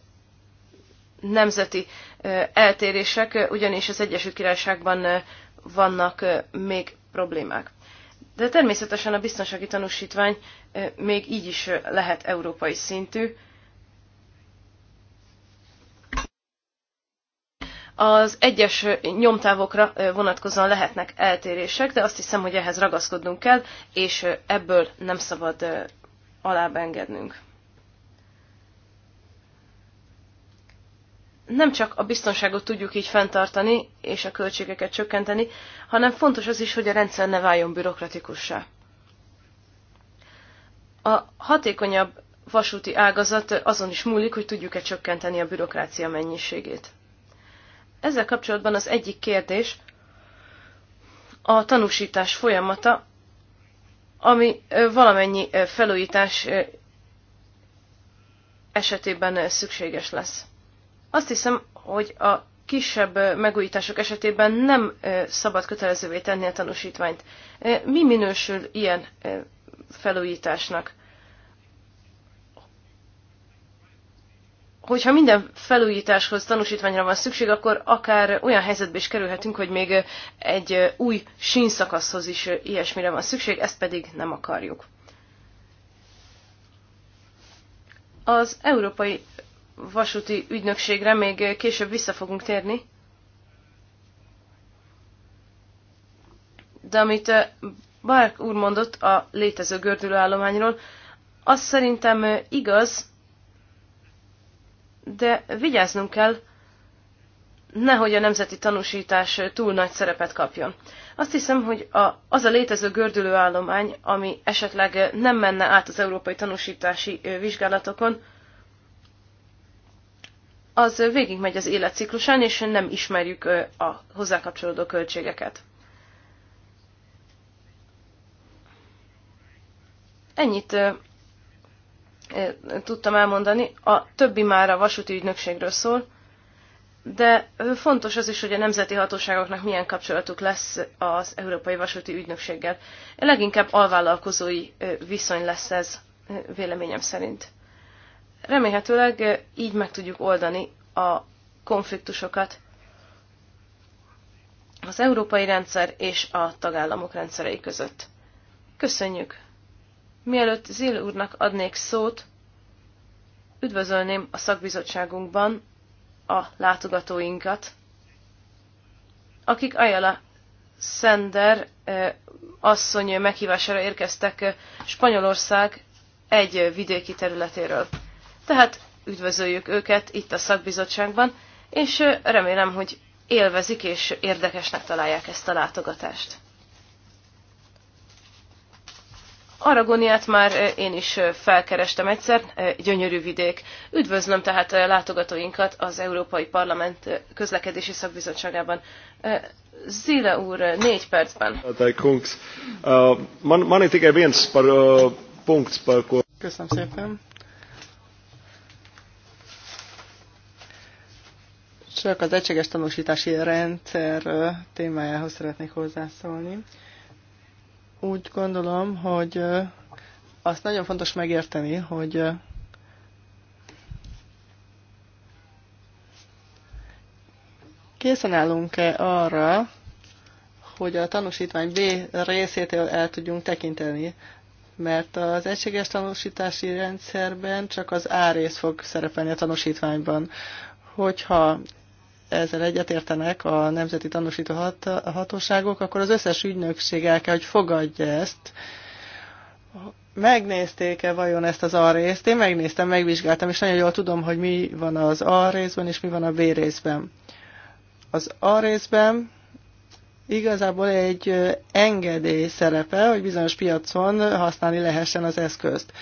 nemzeti eltérések, ugyanis az Egyesült Királyságban vannak még problémák. De természetesen a biztonsági tanúsítvány még így is lehet európai szintű. Az egyes nyomtávokra vonatkozóan lehetnek eltérések, de azt hiszem, hogy ehhez ragaszkodnunk kell, és ebből nem szabad alábengednünk. nem csak a biztonságot tudjuk így fenntartani és a költségeket csökkenteni, hanem fontos az is, hogy a rendszer ne váljon bürokratikussá. A hatékonyabb vasúti ágazat azon is múlik, hogy tudjuk-e csökkenteni a bürokrácia mennyiségét. Ezzel kapcsolatban az egyik kérdés a tanúsítás folyamata, ami valamennyi felújítás esetében szükséges lesz. Azt hiszem, hogy a kisebb megújítások esetében nem szabad kötelezővé tenni a tanúsítványt. Mi minősül ilyen felújításnak? Hogyha minden felújításhoz tanúsítványra van szükség, akkor akár olyan helyzetbe is kerülhetünk, hogy még egy új sínszakaszhoz is ilyesmire van szükség, ezt pedig nem akarjuk. Az Európai vasúti ügynökségre még később vissza fogunk térni. De amit eh, Bark úr mondott a létező gördülőállományról, az szerintem eh, igaz, de vigyáznunk kell, nehogy a nemzeti tanúsítás eh, túl nagy szerepet kapjon. Azt hiszem, hogy a, az a létező gördülőállomány, ami esetleg nem menne át az európai tanúsítási vizsgálatokon, az végigmegy az életciklusán, és nem ismerjük a hozzákapcsolódó költségeket. Ennyit tudtam elmondani. A többi már a vasúti ügynökségről szól, de fontos az is, hogy a nemzeti hatóságoknak milyen kapcsolatuk lesz az Európai Vasúti Ügynökséggel. Leginkább alvállalkozói viszony lesz ez, véleményem szerint remélhetőleg eh, így meg tudjuk oldani a konfliktusokat az európai rendszer és a tagállamok rendszerei között. Köszönjük! Mielőtt Zil úrnak adnék szót, üdvözölném a szakbizottságunkban a látogatóinkat, akik Ayala Szender eh, asszony meghívására érkeztek eh, Spanyolország egy vidéki területéről. Tehát üdvözöljük őket itt a szakbizottságban, és remélem, hogy élvezik és érdekesnek találják ezt a látogatást. Aragoniát már én is felkerestem egyszer, gyönyörű vidék. Üdvözlöm tehát a látogatóinkat az Európai Parlament közlekedési szakbizottságában. Zile úr, négy percben. Köszönöm szépen. Csak az egységes tanúsítási rendszer témájához szeretnék hozzászólni. Úgy gondolom, hogy azt nagyon fontos megérteni, hogy készen állunk-e arra, hogy a tanúsítvány B részétől el tudjunk tekinteni, mert az egységes tanúsítási rendszerben csak az A rész fog szerepelni a tanúsítványban. Hogyha ezzel egyetértenek a nemzeti tanúsító hat hatóságok, akkor az összes ügynökség el kell, hogy fogadja ezt. Megnézték-e vajon ezt az A részt? Én megnéztem, megvizsgáltam, és nagyon jól tudom, hogy mi van az A részben, és mi van a B részben. Az A részben igazából egy engedély szerepe, hogy bizonyos piacon használni lehessen az eszközt.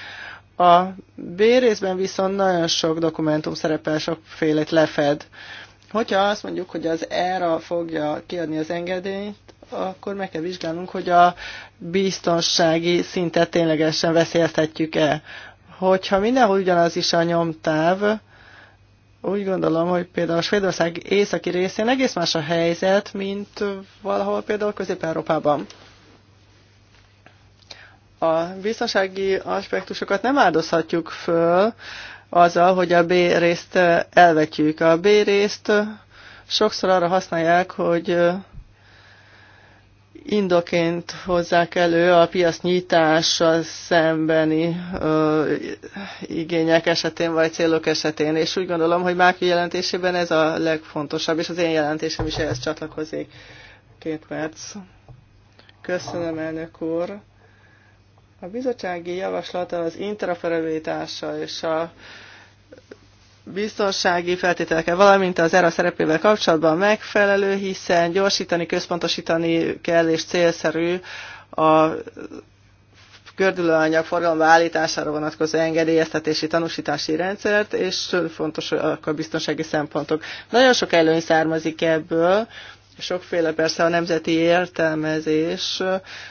A B részben viszont nagyon sok dokumentum szerepel, sokfélét lefed. Hogyha azt mondjuk, hogy az ERA fogja kiadni az engedélyt, akkor meg kell vizsgálnunk, hogy a biztonsági szintet ténylegesen veszélyeztetjük-e. Hogyha mindenhol ugyanaz is a nyomtáv, úgy gondolom, hogy például a Svédország északi részén egész más a helyzet, mint valahol például Közép-Európában. A biztonsági aspektusokat nem áldozhatjuk föl, azzal, hogy a B részt elvetjük. A B részt sokszor arra használják, hogy indoként hozzák elő a piac nyitása szembeni ö, igények esetén, vagy célok esetén, és úgy gondolom, hogy Máki jelentésében ez a legfontosabb, és az én jelentésem is ehhez csatlakozik. Két perc. Köszönöm, elnök úr. A bizottsági javaslata az interoperabilitással és a biztonsági feltételekkel, valamint az ERA szerepével kapcsolatban megfelelő, hiszen gyorsítani, központosítani kell és célszerű a gördülőanyag forgalomba állítására vonatkozó engedélyeztetési tanúsítási rendszert, és fontos a biztonsági szempontok. Nagyon sok előny származik ebből, Sokféle persze a nemzeti értelmezés,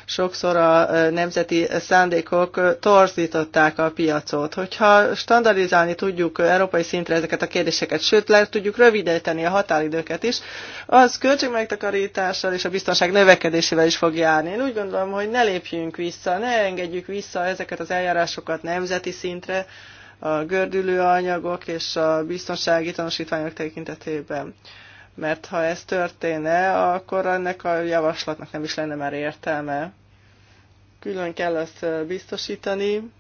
sokszor a nemzeti szándékok torzították a piacot. Hogyha standardizálni tudjuk európai szintre ezeket a kérdéseket, sőt le tudjuk rövidíteni a határidőket is, az költségmegtakarítással és a biztonság növekedésével is fog járni. Én úgy gondolom, hogy ne lépjünk vissza, ne engedjük vissza ezeket az eljárásokat nemzeti szintre, a gördülő anyagok és a biztonsági tanúsítványok tekintetében mert ha ez történne, akkor ennek a javaslatnak nem is lenne már értelme. Külön kell azt biztosítani,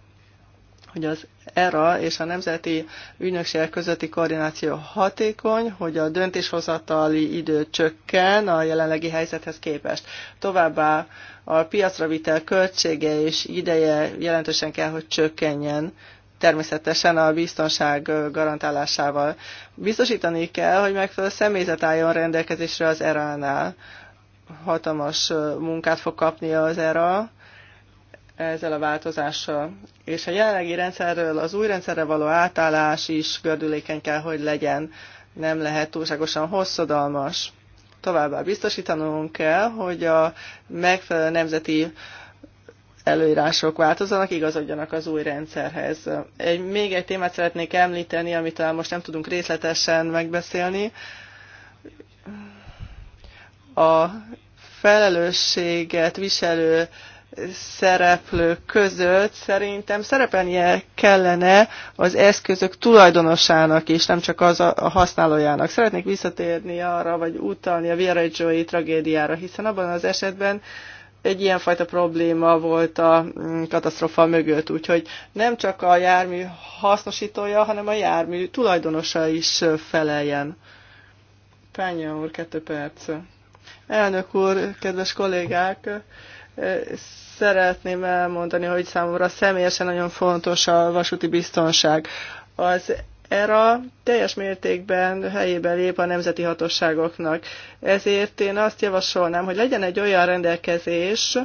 hogy az ERA és a Nemzeti Ügynökség közötti koordináció hatékony, hogy a döntéshozatali idő csökken a jelenlegi helyzethez képest. Továbbá a piacra vitel költsége és ideje jelentősen kell, hogy csökkenjen természetesen a biztonság garantálásával. Biztosítani kell, hogy megfelelő személyzet álljon rendelkezésre az ERA-nál. Hatalmas munkát fog kapni az ERA ezzel a változással. És a jelenlegi rendszerről az új rendszerre való átállás is gördülékeny kell, hogy legyen. Nem lehet túlságosan hosszadalmas. Továbbá biztosítanunk kell, hogy a megfelelő nemzeti uh, előírások változanak, igazodjanak az új rendszerhez. Egy, még egy témát szeretnék említeni, amit talán most nem tudunk részletesen megbeszélni. A felelősséget viselő szereplők között szerintem szerepelnie kellene az eszközök tulajdonosának is, nem csak az a, a használójának. Szeretnék visszatérni arra, vagy utalni a viareggio tragédiára, hiszen abban az esetben uh, egy ilyenfajta probléma volt a mm, katasztrofa mögött, úgyhogy nem csak a jármű hasznosítója, hanem a jármű tulajdonosa is feleljen. Pánya úr, kettő perc. Elnök úr, kedves kollégák, eh, szeretném elmondani, hogy számomra személyesen nagyon fontos a vasúti biztonság. Az ERA teljes mértékben helyébe lép a nemzeti hatóságoknak. Ezért én azt javasolnám, hogy legyen egy olyan rendelkezés,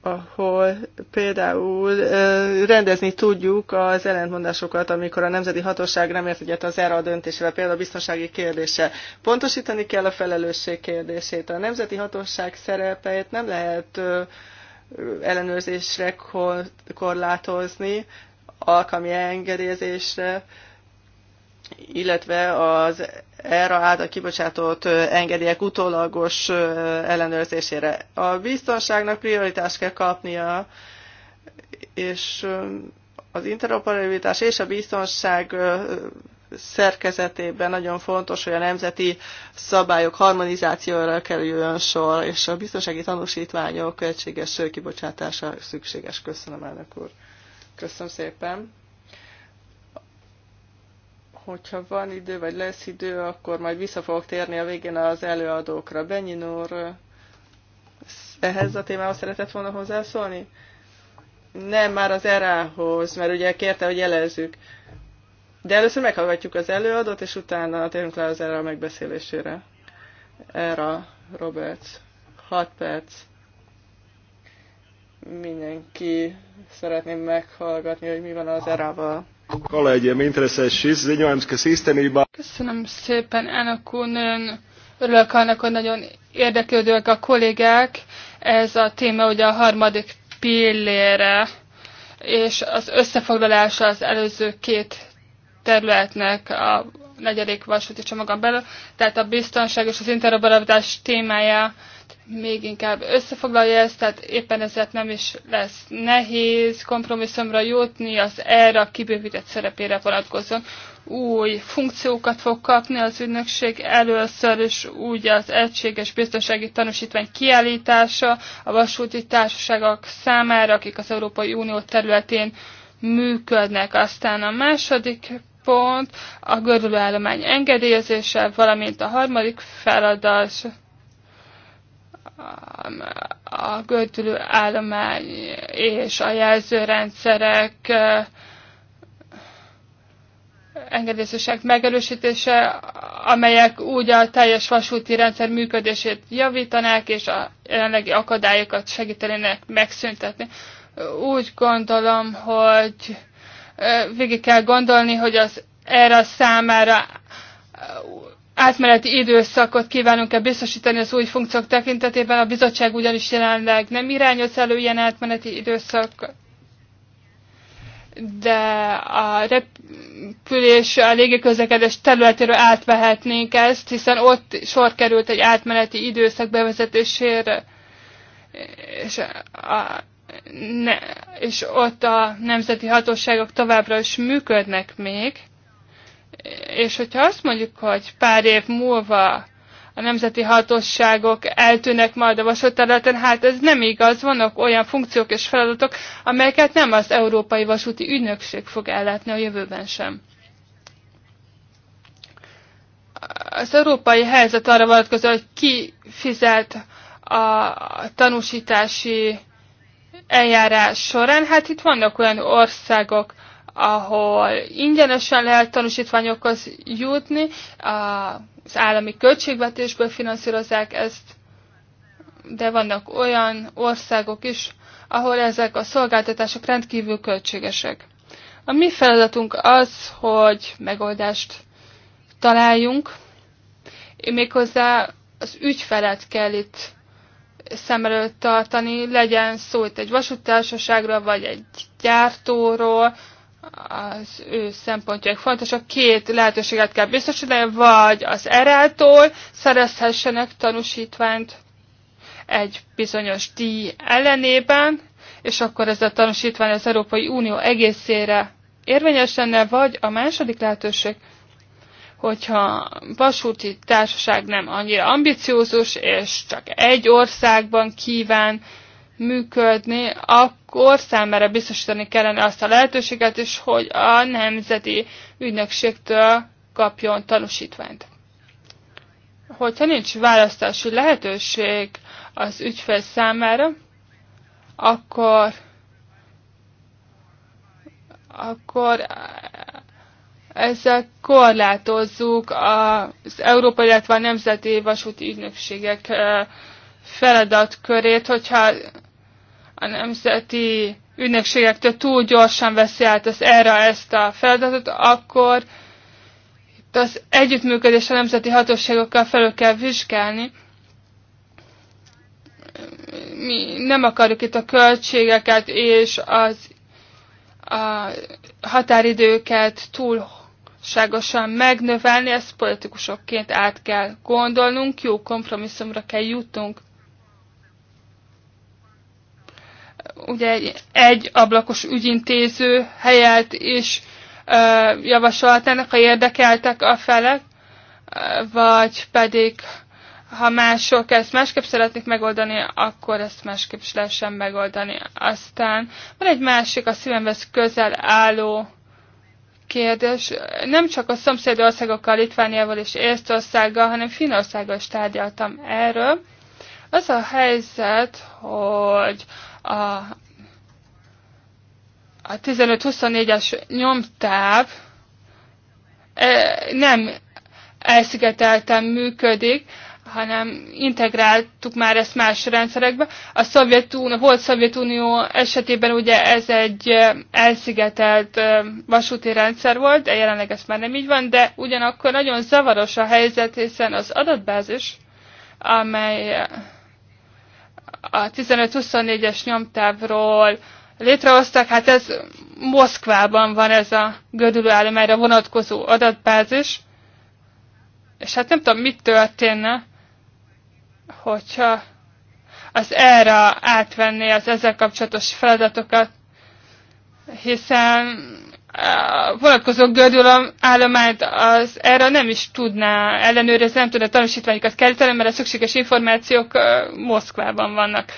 ahol például rendezni tudjuk az ellentmondásokat, amikor a nemzeti hatóság nem ért egyet az ERA döntésével, például a biztonsági kérdése. Pontosítani kell a felelősség kérdését. A nemzeti hatóság szerepeit nem lehet ellenőrzésre korlátozni, alkalmi engedélyezésre, illetve az erre által kibocsátott engedélyek utólagos ellenőrzésére. A biztonságnak prioritást kell kapnia, és az interoperabilitás és a biztonság szerkezetében nagyon fontos, hogy a nemzeti szabályok harmonizációra kerüljön sor, és a biztonsági tanúsítványok egységes kibocsátása szükséges. Köszönöm, elnök úr. Köszönöm szépen. Hogyha van idő, vagy lesz idő, akkor majd vissza fogok térni a végén az előadókra. Benyin úr, ehhez a témához szeretett volna hozzászólni? Nem, már az erához, mert ugye kérte, hogy jelezzük. De először meghallgatjuk az előadót, és utána térünk le az erre a megbeszélésére. Erra, Robert, 6 perc mindenki szeretném meghallgatni, hogy mi van az erával. Kolēģiem interesēs šis ziņojums, kas īstenībā... Köszönöm szépen, elnök úr, nagyon örülök annak, hogy nagyon érdeklődőek a kollégák. Ez a téma ugye a harmadik pillére, és az összefoglalása az előző két területnek a negyedik vasúti csomagon belül, tehát a biztonság és az interoperabilitás témája még inkább összefoglalja ezt, tehát éppen ezért nem is lesz nehéz kompromisszumra jutni, az erre a kibővített szerepére vonatkozóan új funkciókat fog kapni az ügynökség. Először is úgy az egységes biztonsági tanúsítvány kiállítása a vasúti társaságok számára, akik az Európai Unió területén működnek. Aztán a második pont a görülőállomány engedélyezése, valamint a harmadik feladat a gördülőállomány és a jelzőrendszerek eh, engedélyezések megerősítése, amelyek úgy a teljes vasúti rendszer működését javítanák, és a jelenlegi akadályokat segítenének megszüntetni. Úgy gondolom, hogy végig kell gondolni, hogy az erre a számára átmeneti időszakot kívánunk-e biztosítani az új funkciók tekintetében. A bizottság ugyanis jelenleg nem irányoz elő ilyen átmeneti időszak, de a repülés, a légiközlekedés területéről átvehetnénk ezt, hiszen ott sor került egy átmeneti időszak bevezetésére, és a ne, és ott a nemzeti hatóságok továbbra is működnek még, és hogyha azt mondjuk, hogy pár év múlva a nemzeti hatóságok eltűnnek majd a vasútterületen, hát ez nem igaz, vannak olyan funkciók és feladatok, amelyeket nem az Európai Vasúti Ügynökség fog ellátni a jövőben sem. Az európai helyzet arra vonatkozó, hogy ki fizet a tanúsítási eljárás során. Hát itt vannak olyan országok, ahol ingyenesen lehet tanúsítványokhoz jutni, az állami költségvetésből finanszírozzák ezt, de vannak olyan országok is, ahol ezek a szolgáltatások rendkívül költségesek. A mi feladatunk az, hogy megoldást találjunk, méghozzá az ügyfelet kell itt szem előtt tartani, legyen szó itt egy vasútársaságról, vagy egy gyártóról, az ő szempontjaik fontosak. Két lehetőséget kell biztosítani, vagy az ereltól szerezhessenek tanúsítványt egy bizonyos díj ellenében, és akkor ez a tanúsítvány az Európai Unió egészére érvényes lenne, vagy a második lehetőség – hogyha vasúti társaság nem annyira ambiciózus, és csak egy országban kíván működni, akkor számára biztosítani kellene azt a lehetőséget is, hogy a nemzeti ügynökségtől kapjon tanúsítványt. Hogyha nincs választási lehetőség az ügyfél számára, akkor akkor ezzel korlátozzuk az Európai, illetve a Nemzeti Vasúti Ügynökségek feladatkörét, hogyha a Nemzeti Ügynökségektől túl gyorsan veszi át az erre ezt a feladatot, akkor itt az együttműködés a nemzeti hatóságokkal felül kell vizsgálni. Mi nem akarjuk itt a költségeket és az a határidőket túl ságosan megnövelni, ezt politikusokként át kell gondolnunk, jó kompromisszumra kell jutnunk. Ugye egy, egy ablakos ügyintéző helyelt is ö, javasoltának, ha érdekeltek a felek, vagy pedig ha mások ezt másképp szeretnék megoldani, akkor ezt másképp is lehessen megoldani. Aztán van egy másik a szívemhez közel álló kérdés. Nem csak a országokkal, Litvániával és Észtországgal, hanem Finországgal is tárgyaltam erről. Az a helyzet, hogy a, a 15-24-es nyomtáv e, nem elszigetelten működik, hanem integráltuk már ezt más rendszerekbe. A Szovjetunió, volt Szovjetunió esetében ugye ez egy elszigetelt vasúti rendszer volt, de jelenleg ez már nem így van, de ugyanakkor nagyon zavaros a helyzet, hiszen az adatbázis, amely a 15-24-es nyomtávról létrehoztak, hát ez Moszkvában van ez a gödülő állományra vonatkozó adatbázis, és hát nem tudom, mit történne, hogyha az erre átvenné az ezzel kapcsolatos feladatokat, hiszen a eh, vonatkozó gördülöm állományt az erre nem is tudná ellenőrizni, nem tudna tanúsítványokat kelteni, mert a szükséges információk eh, Moszkvában vannak.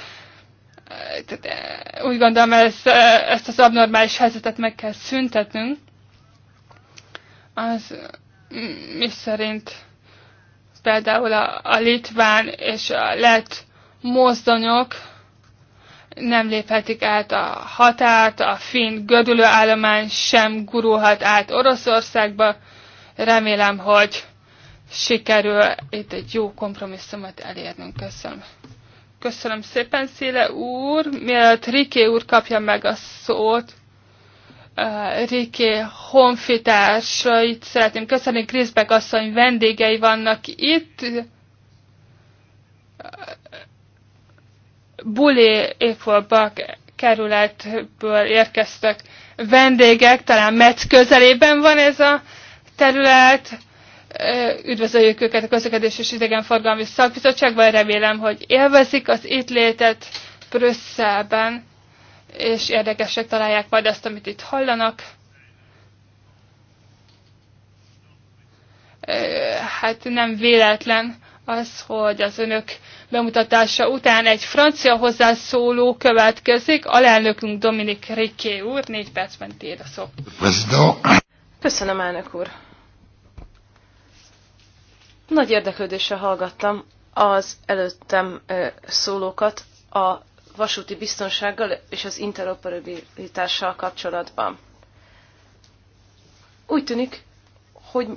Eh, úgy gondolom, ezt, ezt az abnormális helyzetet meg kell szüntetnünk. Az mm, mi szerint például a, a litván és a lett mozdonyok nem léphetik át a határt, a finn gödülő állomány sem gurulhat át Oroszországba. Remélem, hogy sikerül itt egy jó kompromisszumot elérnünk. Köszönöm. Köszönöm szépen, Széle úr. Mielőtt Riké úr kapja meg a szót, Riki honfitársait szeretném köszönni. Kriszbek asszony vendégei vannak itt. Buli évfordba kerületből érkeztek vendégek, talán Metz közelében van ez a terület. Üdvözöljük őket a közlekedés és idegenforgalmi szakbizottságban, remélem, hogy élvezik az itt létet Brüsszelben és érdekesek találják majd azt, amit itt hallanak. Hát nem véletlen az, hogy az önök bemutatása után egy francia hozzászóló következik, alelnökünk Dominik Riké úr, négy percben tér a szó. Köszönöm, elnök úr. Nagy érdeklődéssel hallgattam az előttem szólókat a vasúti biztonsággal és az interoperabilitással kapcsolatban. Úgy tűnik, hogy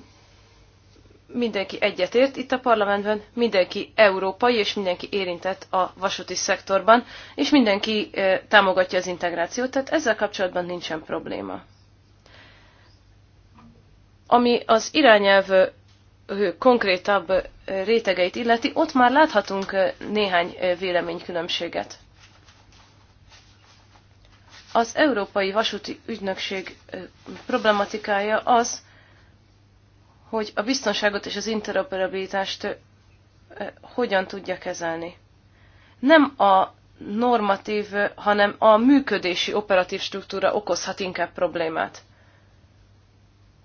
mindenki egyetért itt a parlamentben, mindenki európai és mindenki érintett a vasúti szektorban, és mindenki eh, támogatja az integrációt, tehát ezzel kapcsolatban nincsen probléma. Ami az irányelv eh, konkrétabb eh, rétegeit illeti, ott már láthatunk néhány véleménykülönbséget. Az Európai Vasúti Ügynökség problematikája az, hogy a biztonságot és az interoperabilitást hogyan tudja kezelni. Nem a normatív, hanem a működési operatív struktúra okozhat inkább problémát.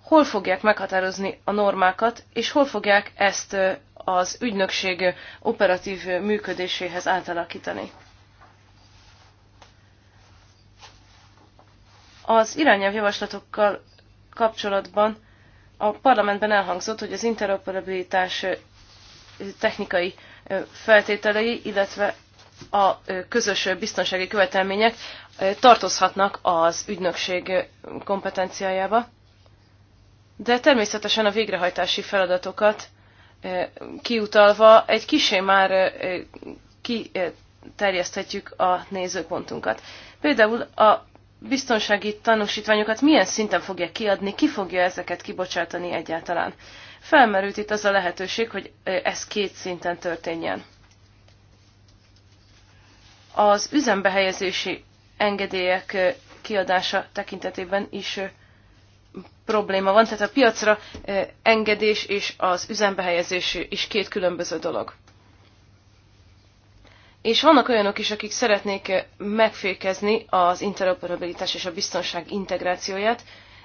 Hol fogják meghatározni a normákat, és hol fogják ezt az ügynökség operatív működéséhez átalakítani? Az irányelvjavaslatokkal kapcsolatban a parlamentben elhangzott, hogy az interoperabilitás technikai feltételei, illetve a közös biztonsági követelmények tartozhatnak az ügynökség kompetenciájába, de természetesen a végrehajtási feladatokat kiutalva egy kisé már kiterjeszthetjük a nézőpontunkat. Például a biztonsági tanúsítványokat milyen szinten fogja kiadni, ki fogja ezeket kibocsátani egyáltalán. Felmerült itt az a lehetőség, hogy ez két szinten történjen. Az üzembehelyezési engedélyek kiadása tekintetében is probléma van, tehát a piacra engedés és az üzembehelyezés is két különböző dolog. És vannak olyanok is, akik szeretnék eh, megfékezni az interoperabilitás és a biztonság integrációját,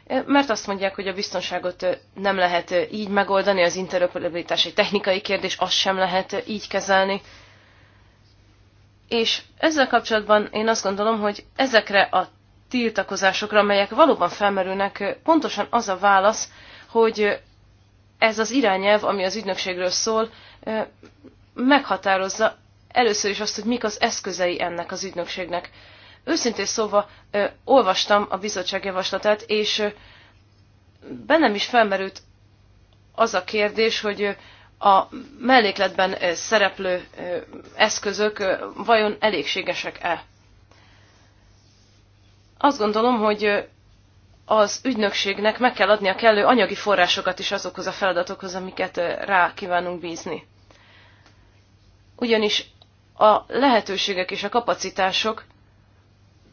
eh, mert azt mondják, hogy a biztonságot eh, nem lehet így megoldani, az interoperabilitás egy technikai kérdés, azt sem lehet így kezelni. És ezzel kapcsolatban én azt gondolom, hogy ezekre a tiltakozásokra, amelyek valóban felmerülnek, pontosan az a válasz, hogy ez az irányelv, ami az ügynökségről szól, meghatározza először is azt, hogy mik az eszközei ennek az ügynökségnek. Őszintén szóval olvastam a bizottság javaslatát, és bennem is felmerült az a kérdés, hogy a mellékletben szereplő eszközök vajon elégségesek-e? Azt gondolom, hogy az ügynökségnek meg kell adnia kellő anyagi forrásokat is azokhoz a feladatokhoz, amiket rá kívánunk bízni. Ugyanis a lehetőségek és a kapacitások,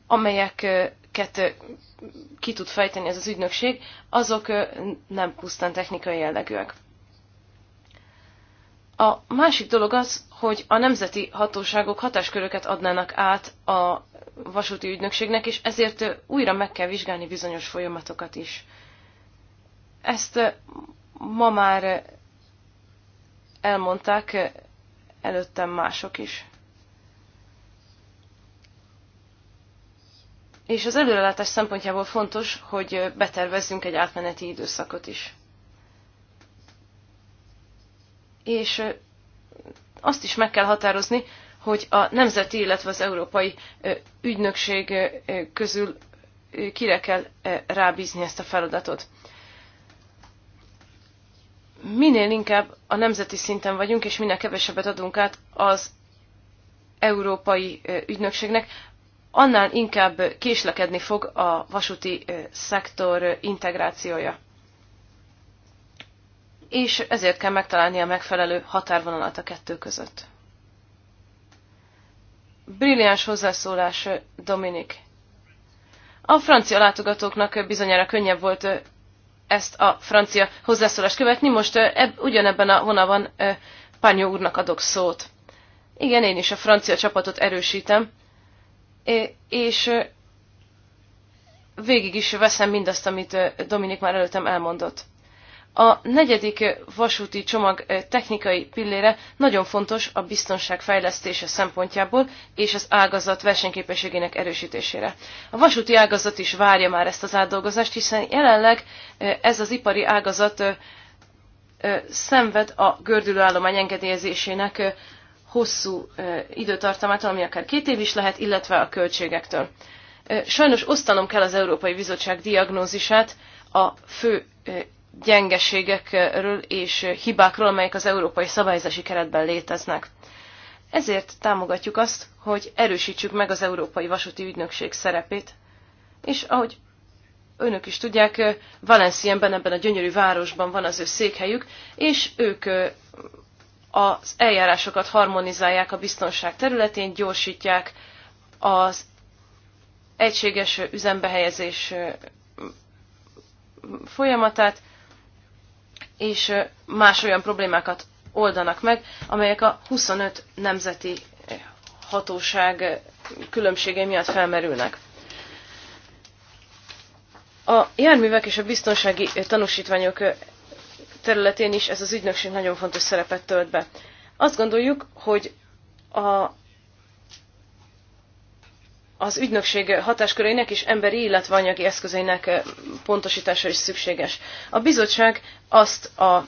amelyeket ki tud fejteni ez az ügynökség, azok nem pusztán technikai jellegűek. A másik dolog az, hogy a nemzeti hatóságok hatásköröket adnának át a vasúti ügynökségnek, és ezért újra meg kell vizsgálni bizonyos folyamatokat is. Ezt ma már elmondták előttem mások is. és az előrelátás szempontjából fontos, hogy betervezzünk egy átmeneti időszakot is. És azt is meg kell határozni, hogy a nemzeti, illetve az európai ügynökség közül kire kell rábízni ezt a feladatot. Minél inkább a nemzeti szinten vagyunk, és minél kevesebbet adunk át az európai ügynökségnek, annál inkább késlekedni fog a vasúti szektor integrációja. És ezért kell megtalálni a megfelelő határvonalat a kettő között. Brilliáns hozzászólás, Dominik. A francia látogatóknak bizonyára könnyebb volt ezt a francia hozzászólást követni, most eb, ugyanebben a vonalban Pányó úrnak adok szót. Igen, én is a francia csapatot erősítem és végig is veszem mindazt, amit Dominik már előttem elmondott. A negyedik vasúti csomag technikai pillére nagyon fontos a biztonság fejlesztése szempontjából és az ágazat versenyképességének erősítésére. A vasúti ágazat is várja már ezt az átdolgozást, hiszen jelenleg ez az ipari ágazat szenved a gördülőállomány engedélyezésének hosszú időtartamától, ami akár két év is lehet, illetve a költségektől. Sajnos osztanom kell az Európai Bizottság diagnózisát a fő gyengeségekről és hibákról, amelyek az európai szabályozási keretben léteznek. Ezért támogatjuk azt, hogy erősítsük meg az Európai Vasúti Ügynökség szerepét, és ahogy önök is tudják, Valencienben, ebben a gyönyörű városban van az ő székhelyük, és ők az eljárásokat harmonizálják a biztonság területén, gyorsítják az egységes üzembehelyezés folyamatát, és más olyan problémákat oldanak meg, amelyek a 25 nemzeti hatóság különbsége miatt felmerülnek. A járművek és a biztonsági tanúsítványok területén is ez az ügynökség nagyon fontos szerepet tölt be. Azt gondoljuk, hogy a, az ügynökség hatáskörének és emberi, illetve anyagi eszközeinek pontosítása is szükséges. A bizottság azt a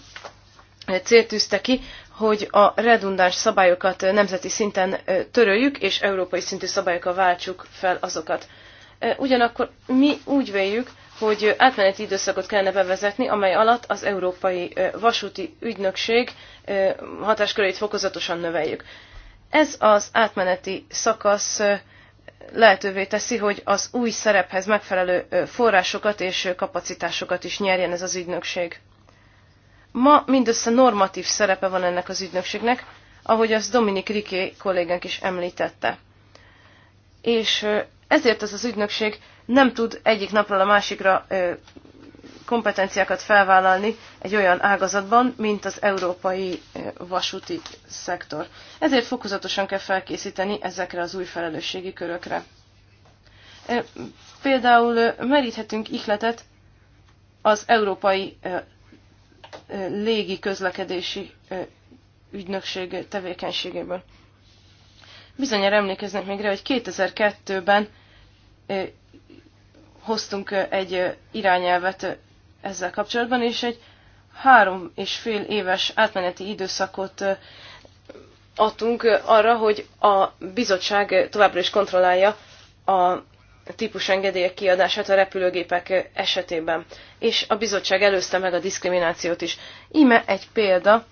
célt tűzte ki, hogy a redundáns szabályokat nemzeti szinten töröljük, és európai szintű szabályokkal váltsuk fel azokat. Ugyanakkor mi úgy véljük, hogy átmeneti időszakot kellene bevezetni, amely alatt az Európai Vasúti Ügynökség hatáskörét fokozatosan növeljük. Ez az átmeneti szakasz lehetővé teszi, hogy az új szerephez megfelelő forrásokat és kapacitásokat is nyerjen ez az ügynökség. Ma mindössze normatív szerepe van ennek az ügynökségnek, ahogy az Dominik Riké kollégánk is említette. És ezért ez az ügynökség nem tud egyik napról a másikra kompetenciákat felvállalni egy olyan ágazatban, mint az európai vasúti szektor. Ezért fokozatosan kell felkészíteni ezekre az új felelősségi körökre. Például meríthetünk ihletet az európai légi közlekedési ügynökség tevékenységéből. Bizonyára emlékeznek még rá, hogy 2002-ben hoztunk egy irányelvet ezzel kapcsolatban, és egy három és fél éves átmeneti időszakot adtunk arra, hogy a bizottság továbbra is kontrollálja a típusengedélyek kiadását a repülőgépek esetében. És a bizottság előzte meg a diszkriminációt is. Íme egy példa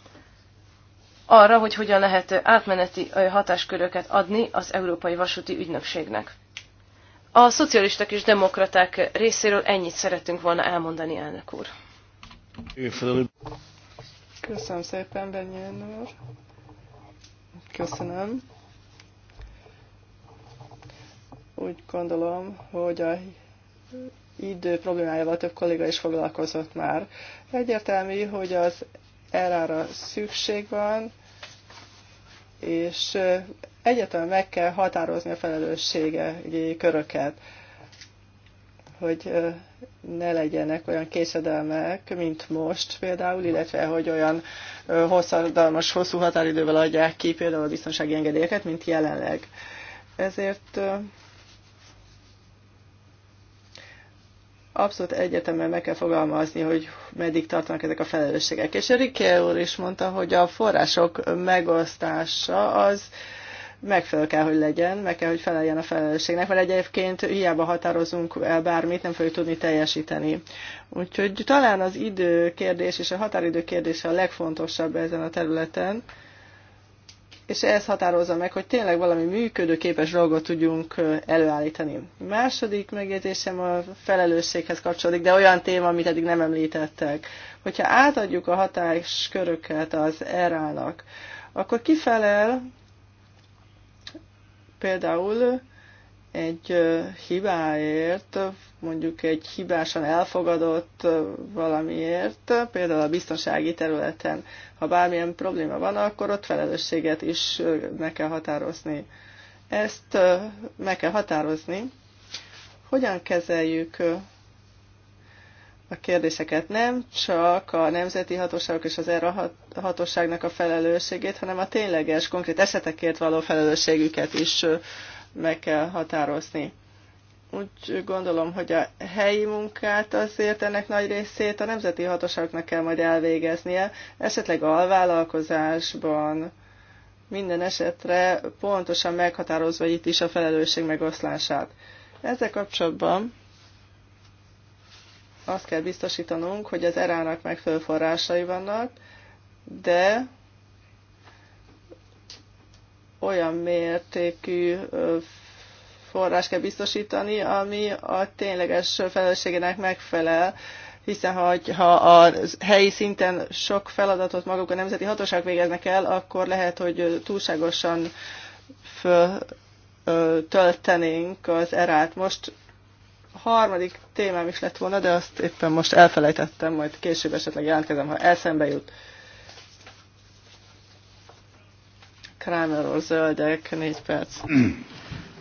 arra, hogy hogyan lehet átmeneti hatásköröket adni az Európai Vasúti Ügynökségnek. A szocialisták és demokraták részéről ennyit szeretünk volna elmondani, elnök úr. Köszönöm szépen, Benyén úr. Köszönöm. Úgy gondolom, hogy a idő problémájával több kolléga is foglalkozott már. Egyértelmű, hogy az erre szükség van, és egyetlen meg kell határozni a felelősségi köröket, hogy ne legyenek olyan késedelmek, mint most például, illetve hogy olyan hosszadalmas, hosszú határidővel adják ki például a biztonsági engedélyeket, mint jelenleg. Ezért abszolút egyetemben meg kell fogalmazni, hogy meddig tartanak ezek a felelősségek. És Rike úr is mondta, hogy a források megosztása az megfelelő kell, hogy legyen, meg kell, hogy feleljen a felelősségnek, mert egyébként hiába határozunk el bármit, nem fogjuk tudni teljesíteni. Úgyhogy talán az idő és a határidő kérdése a legfontosabb ezen a területen, és ez határozza meg, hogy tényleg valami működőképes dolgot tudjunk előállítani. Második megjegyzésem a felelősséghez kapcsolódik, de olyan téma, amit eddig nem említettek. Hogyha átadjuk a hatásköröket az erának, akkor kifelel például egy hibáért mondjuk egy hibásan elfogadott valamiért, például a biztonsági területen, ha bármilyen probléma van, akkor ott felelősséget is meg kell határozni. Ezt meg kell határozni, hogyan kezeljük a kérdéseket, nem csak a nemzeti hatóságok és az ERA hatóságnak a felelősségét, hanem a tényleges, konkrét esetekért való felelősségüket is meg kell határozni úgy gondolom, hogy a helyi munkát azért ennek nagy részét a nemzeti hatóságoknak kell majd elvégeznie, esetleg alvállalkozásban, minden esetre pontosan meghatározva itt is a felelősség megoszlását. Ezzel kapcsolatban azt kell biztosítanunk, hogy az erának megfelelő forrásai vannak, de olyan mértékű forrás kell biztosítani, ami a tényleges felelősségének megfelel, hiszen ha, ha a helyi szinten sok feladatot maguk a nemzeti hatóság végeznek el, akkor lehet, hogy túlságosan föltöltenénk töltenénk az erát. Most harmadik témám is lett volna, de azt éppen most elfelejtettem, majd később esetleg jelentkezem, ha eszembe jut. Kramer zöldek, négy perc. [CLEARS THROAT]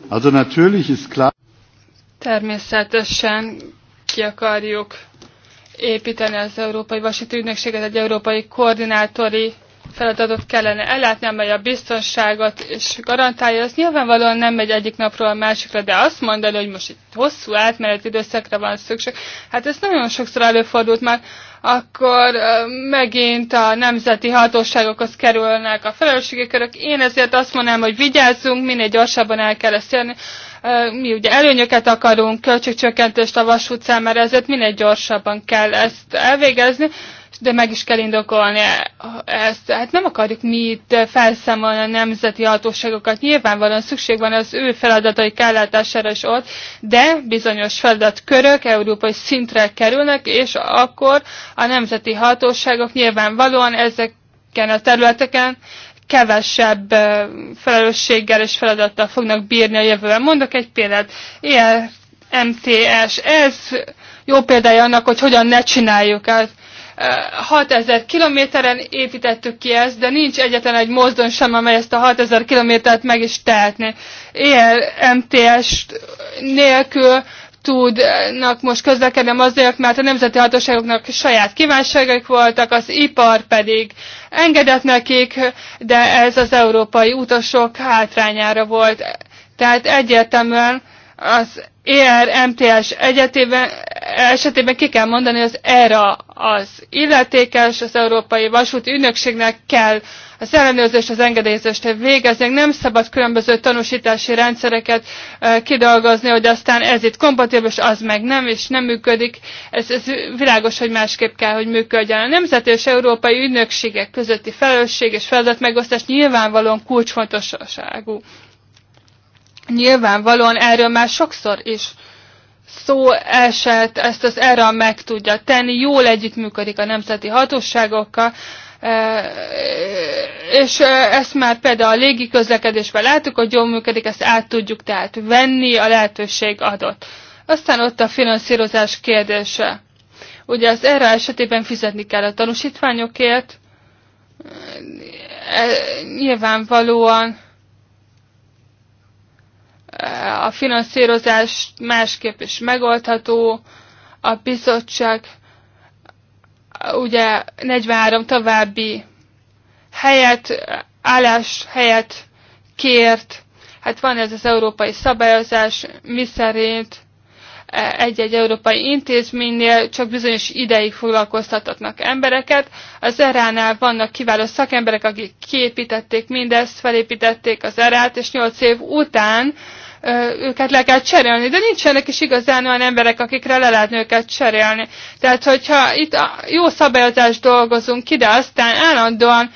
Also natürlich ist klar. Természetesen ki akarjuk építeni az Európai Vasúti Ügynökséget egy európai koordinátori feladatot kellene ellátni, amely a biztonságot és garantálja, az nyilvánvalóan nem megy egyik napról a másikra, de azt mondani, hogy most itt hosszú átmeneti időszakra van szükség, hát ez nagyon sokszor előfordult már, akkor megint a nemzeti hatóságokhoz kerülnek a felelősségi körök. Én ezért azt mondanám, hogy vigyázzunk, minél gyorsabban el kell ezt érni. Mi ugye előnyöket akarunk, költségcsökkentést a vasút számára, ezért minél gyorsabban kell ezt elvégezni, de meg is kell indokolni ezt. Hát nem akarjuk mi itt felszámolni a nemzeti hatóságokat. Nyilvánvalóan szükség van az ő feladataik ellátására is ott, de bizonyos feladatkörök európai szintre kerülnek, és akkor a nemzeti hatóságok nyilvánvalóan ezeken a területeken kevesebb felelősséggel és feladattal fognak bírni a jövőben. Mondok egy példát. Ilyen MTS, ez jó példája annak, hogy hogyan ne csináljuk ezt 6000 eh, kilométeren építettük ki ezt, de nincs egyetlen egy mozdon sem, amely ezt a 6000 kilométert meg is tehetné. Ilyen e MTS nélkül tudnak most közlekedni a mozdonyok, mert a nemzeti hatóságoknak saját kívánságaik voltak, az ipar pedig engedett nekik, de ez az európai utasok hátrányára volt. Tehát egyértelműen az ERMTS esetében ki kell mondani, hogy az ERA az illetékes, az Európai Vasúti Ügynökségnek kell az ellenőrzést, az engedélyezést végezni. Nem szabad különböző tanúsítási rendszereket kidolgozni, hogy aztán ez itt kompatibilis, az meg nem, és nem működik. Ez, ez világos, hogy másképp kell, hogy működjön. A nemzeti és európai ügynökségek közötti felelősség és feladatmegosztás nyilvánvalóan kulcsfontosságú. Nyilvánvalóan erről már sokszor is szó eset, ezt az erre meg tudja tenni, jól együttműködik a nemzeti hatóságokkal, e, és e, ezt már például a légi közlekedésben láttuk, hogy jól működik, ezt át tudjuk tehát venni, a lehetőség adott. Aztán ott a finanszírozás kérdése. Ugye az erre esetében fizetni kell a tanúsítványokért, e, nyilvánvalóan a finanszírozás másképp is megoldható, a bizottság ugye 43 további helyet, állás helyet kért, hát van ez az európai szabályozás, mi szerint e, egy-egy európai intézménynél csak bizonyos ideig foglalkoztatnak embereket. Az eránál vannak kiváló szakemberek, akik kiépítették mindezt, felépítették az erát, és 8 év után őket le kell cserélni, de nincsenek is igazán olyan emberek, akikre le lehetne őket cserélni. Tehát, hogyha itt a jó szabályozást dolgozunk ki, de aztán állandóan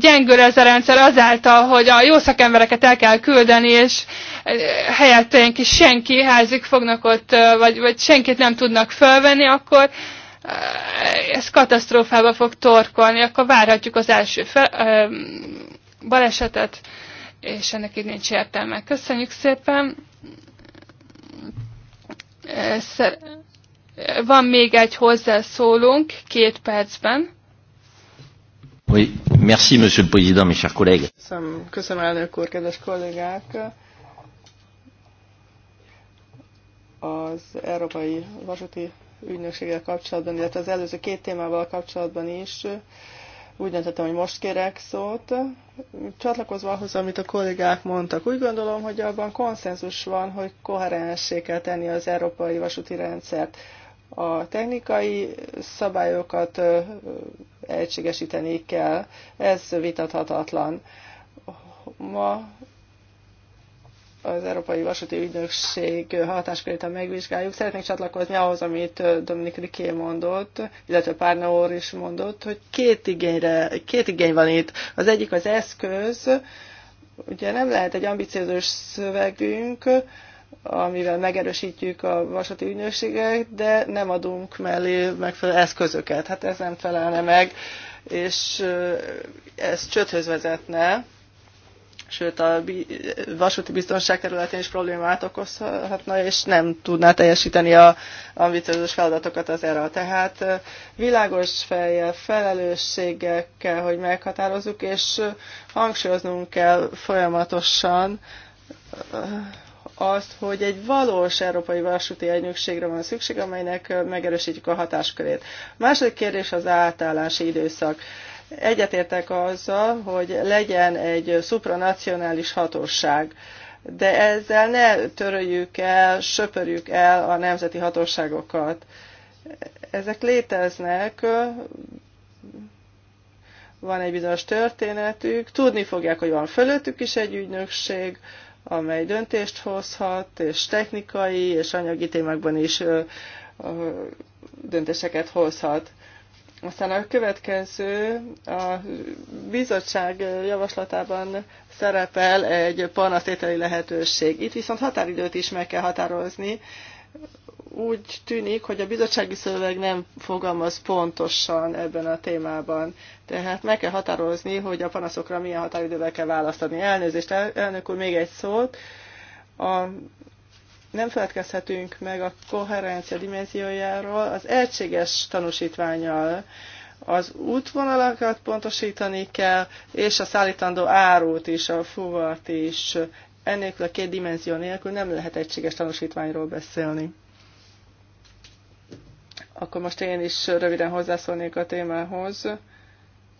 gyengül ez a rendszer azáltal, hogy a jó szakembereket el kell küldeni, és helyett helyette kis senki házik fognak ott, vagy, vagy senkit nem tudnak fölvenni, akkor ez katasztrófába fog torkolni, akkor várhatjuk az első fel, balesetet és ennek így nincs értelme. Köszönjük szépen! Van még egy hozzászólónk két percben. Oui, merci, monsieur le président, mes chers collègues. Köszönöm, köszönöm elnök úr, kedves kollégák! Az Európai Vasúti Ügynökséggel kapcsolatban, illetve az előző két témával kapcsolatban is úgy döntöttem, hogy most kérek szót. Csatlakozva ahhoz, amit a kollégák mondtak, úgy gondolom, hogy abban konszenzus van, hogy koherenssé kell tenni az európai vasúti rendszert. A technikai szabályokat egységesíteni kell, ez vitathatatlan. Ma az Európai Vasúti Ügynökség hatáskörét, ha megvizsgáljuk, szeretnék csatlakozni ahhoz, amit Dominik Riké mondott, illetve Párna Orr is mondott, hogy két, igényre, két igény van itt. Az egyik az eszköz, ugye nem lehet egy ambiciózus szövegünk, amivel megerősítjük a vasúti ügynökséget, de nem adunk mellé megfelelő eszközöket. Hát ez nem felelne meg, és ez csődhöz vezetne sőt a vasúti biztonság területén is problémát okozhatna, és nem tudná teljesíteni a ambiciózus feladatokat az erre. Tehát világos fejjel, felelősséggel kell, hogy meghatározzuk, és hangsúlyoznunk kell folyamatosan, azt, hogy egy valós európai vasúti egynökségre van szükség, amelynek megerősítjük a hatáskörét. A második kérdés az átállási időszak. Egyetértek azzal, hogy legyen egy supranacionális hatóság, de ezzel ne töröljük el, söpörjük el a nemzeti hatóságokat. Ezek léteznek, van egy bizonyos történetük, tudni fogják, hogy van fölöttük is egy ügynökség, amely döntést hozhat, és technikai és anyagi témákban is döntéseket hozhat. Aztán a következő, a bizottság javaslatában szerepel egy panasztételi lehetőség. Itt viszont határidőt is meg kell határozni. Úgy tűnik, hogy a bizottsági szöveg nem fogalmaz pontosan ebben a témában. Tehát meg kell határozni, hogy a panaszokra milyen határidővel kell választani. Elnézést, elnök úr, még egy szót. A nem feledkezhetünk meg a koherencia dimenziójáról, az egységes tanúsítványal az útvonalakat pontosítani kell, és a szállítandó árut is, a fuvart is. Ennélkül a két dimenzió nélkül nem lehet egységes tanúsítványról beszélni. Akkor most én is röviden hozzászólnék a témához,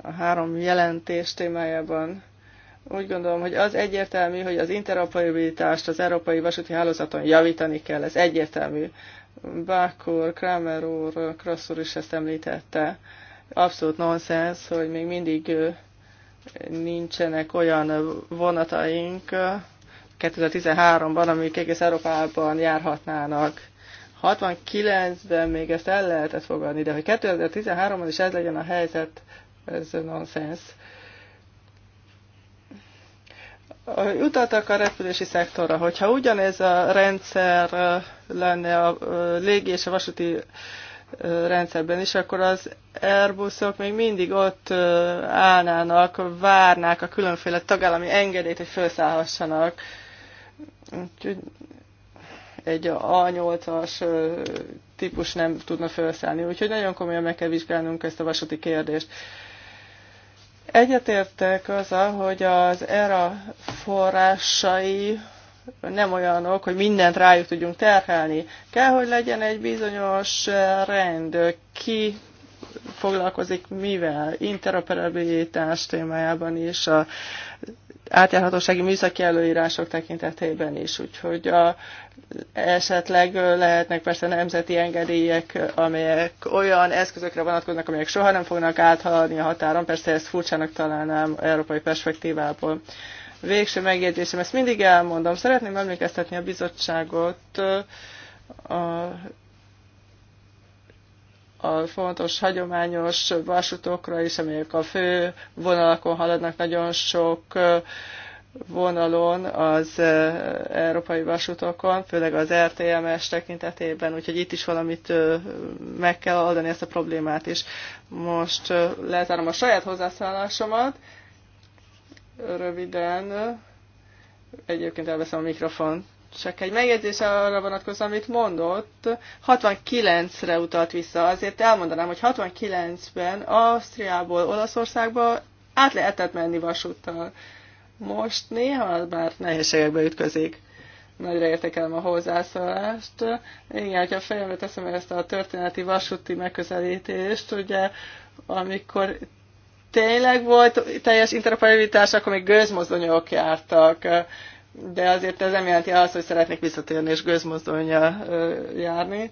a három jelentés témájában. Úgy gondolom, hogy az egyértelmű, hogy az interoperabilitást az európai vasúti hálózaton javítani kell, ez egyértelmű. Bákor, Kramer úr, Krassz úr is ezt említette. Abszolút nonsens, hogy még mindig nincsenek olyan vonataink 2013-ban, amik egész Európában járhatnának. 69-ben még ezt el lehetett fogadni, de hogy 2013-ban is ez legyen a helyzet, ez nonsens. Utaltak a repülési szektorra, hogyha ugyanez a rendszer lenne a légi és a vasúti rendszerben is, akkor az Airbusok még mindig ott állnának, várnák a különféle tagállami engedélyt, hogy felszállhassanak. Úgyhogy egy A8-as típus nem tudna felszállni. Úgyhogy nagyon komolyan meg kell vizsgálnunk ezt a vasúti kérdést. Egyetértek azzal, hogy az ERA forrásai nem olyanok, hogy mindent rájuk tudjunk terhelni. Kell, hogy legyen egy bizonyos rend, ki foglalkozik mivel, interoperabilitás témájában is, a átjárhatósági műszaki előírások tekintetében is. Úgyhogy a, esetleg lehetnek persze nemzeti engedélyek, amelyek olyan eszközökre vonatkoznak, amelyek soha nem fognak áthaladni a határon. Persze ezt furcsának találnám európai perspektívából. Végső megjegyzésem, ezt mindig elmondom. Szeretném emlékeztetni a bizottságot a a fontos hagyományos vasutokra is, amelyek a fő vonalakon haladnak nagyon sok vonalon az európai vasutokon, főleg az RTMS tekintetében, úgyhogy itt is valamit meg kell oldani ezt a problémát is. Most lezárom a saját hozzászállásomat. Röviden. Egyébként elveszem a mikrofont csak egy megjegyzés arra vonatkozóan, amit mondott, 69-re utalt vissza. Azért elmondanám, hogy 69-ben Ausztriából Olaszországba át lehetett menni vasúttal. Most néha már nehézségekbe ütközik. Nagyra értékelem a hozzászólást. Igen, hogyha fejembe teszem ezt a történeti vasúti megközelítést, ugye, amikor tényleg volt teljes interoperabilitás, akkor még gőzmozdonyok jártak de azért ez nem jelenti azt, hogy szeretnék visszatérni és gőzmozdonyra járni.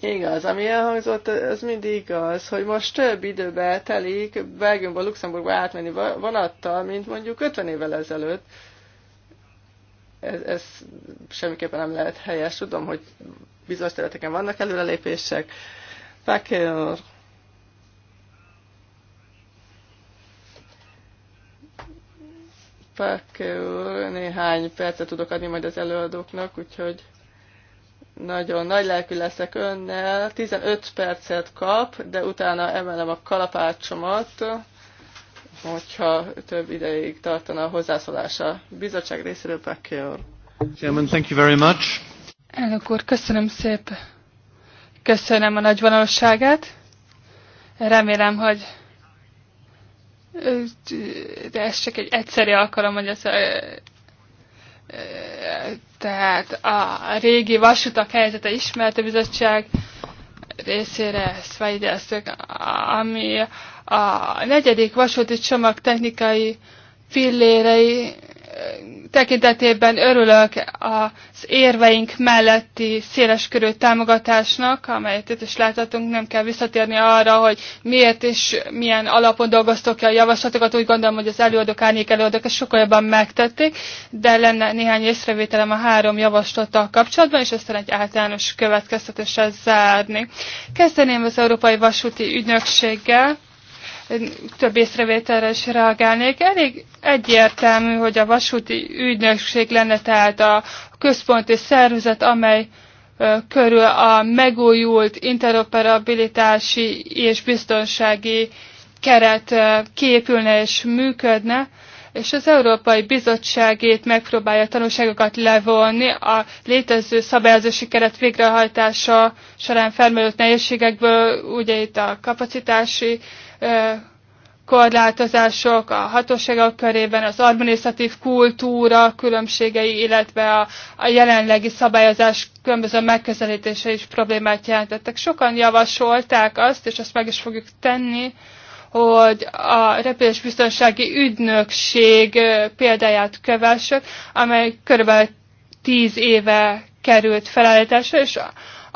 Igaz, ami elhangzott, ez mindig igaz, hogy most több időbe telik Belgiumból Luxemburgba átmenni vonattal, mint mondjuk 50 évvel ezelőtt. Ez, ez semmiképpen nem lehet helyes. Tudom, hogy bizonyos területeken vannak előrelépések. Fekér. Pak úr, néhány percet tudok adni majd az előadóknak, úgyhogy nagyon nagy lelkű leszek önnel. 15 percet kap, de utána emelem a kalapácsomat, hogyha több ideig tartana a hozzászólása. Bizottság részéről Pakke úr. Chairman, thank you very much. Elnök úr, köszönöm szépen. Köszönöm a nagy valóságát. Remélem, hogy de ez csak egy egyszeri alkalom, hogy ez tehát a régi vasutak helyzete ismert a bizottság részére ezt felidéztük, ami a negyedik vasúti csomag technikai pillérei tekintetében örülök az érveink melletti széleskörű támogatásnak, amelyet itt is láthatunk, nem kell visszatérni arra, hogy miért és milyen alapon dolgoztok ki a javaslatokat. Úgy gondolom, hogy az előadók, árnyék előadók ezt sokkal jobban megtették, de lenne néhány észrevételem a három javaslattal kapcsolatban, és aztán egy általános következtetéssel zárni. Kezdeném az Európai Vasúti Ügynökséggel több észrevételre is reagálnék. Elég egyértelmű, hogy a vasúti ügynökség lenne tehát a központi szervezet, amely körül a megújult interoperabilitási és biztonsági keret képülne és működne, és az Európai Bizottságét megpróbálja tanulságokat levonni a létező szabályozási keret végrehajtása során felmerült nehézségekből, ugye itt a kapacitási korlátozások a hatóságok körében, az administratív kultúra különbségei, illetve a, a jelenlegi szabályozás különböző megközelítése is problémát jelentettek. Sokan javasolták azt, és azt meg is fogjuk tenni, hogy a repülésbiztonsági ügynökség példáját kövessük, amely körülbelül tíz éve került felállításra, és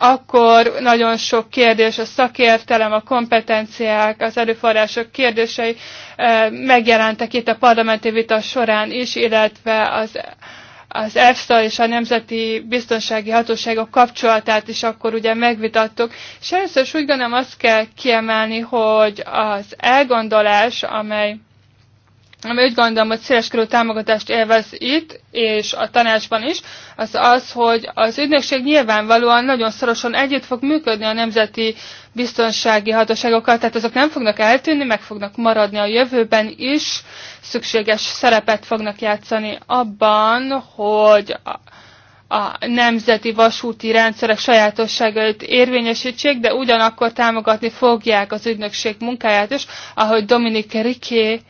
akkor nagyon sok kérdés, a szakértelem, a kompetenciák, az erőforrások kérdései eh, megjelentek itt a parlamenti vita során is, illetve az az EFSA és a Nemzeti Biztonsági Hatóságok kapcsolatát is akkor ugye megvitattuk. És először is úgy gondolom azt kell kiemelni, hogy az elgondolás, amely ami úgy gondolom, hogy széleskörű támogatást élvez itt, és a tanácsban is, az az, hogy az ügynökség nyilvánvalóan nagyon szorosan együtt fog működni a nemzeti biztonsági hatóságokkal, tehát azok nem fognak eltűnni, meg fognak maradni a jövőben is, szükséges szerepet fognak játszani abban, hogy a nemzeti vasúti rendszerek sajátosságait érvényesítsék, de ugyanakkor támogatni fogják az ügynökség munkáját is, ahogy Dominik Riké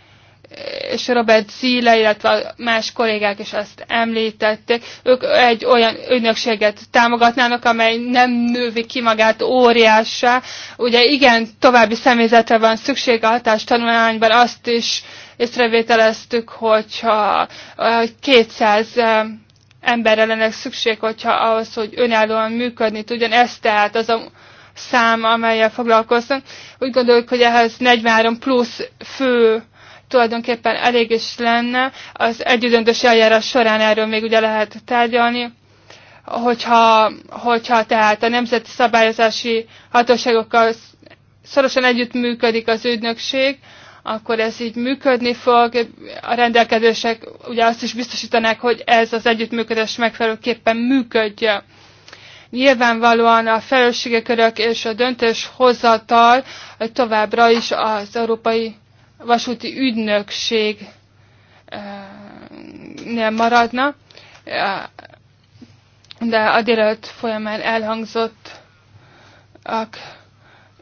és Robert Zile, illetve más kollégák is azt említették, ők egy olyan ügynökséget támogatnának, amely nem nővi ki magát óriássá. Ugye igen, további személyzetre van szükség a hatástanulmányban, azt is észrevételeztük, hogyha 200 eh, emberre lenne szükség, hogyha ahhoz, hogy önállóan működni tudjon, ez tehát az a szám, amelyel foglalkoztunk. Úgy gondoljuk, hogy ehhez 43 plusz fő tulajdonképpen elég is lenne. Az együttdöntős eljárás során erről még ugye lehet tárgyalni. Hogyha, hogyha tehát a nemzeti szabályozási hatóságokkal szorosan együttműködik az ügynökség, akkor ez így működni fog. A rendelkezések ugye azt is biztosítanák, hogy ez az együttműködés megfelelőképpen működje. Nyilvánvalóan a felelősségekörök és a döntéshozatal továbbra is az Európai vasúti ügynökség eh, nem maradna, eh, de a délelőtt folyamán elhangzottak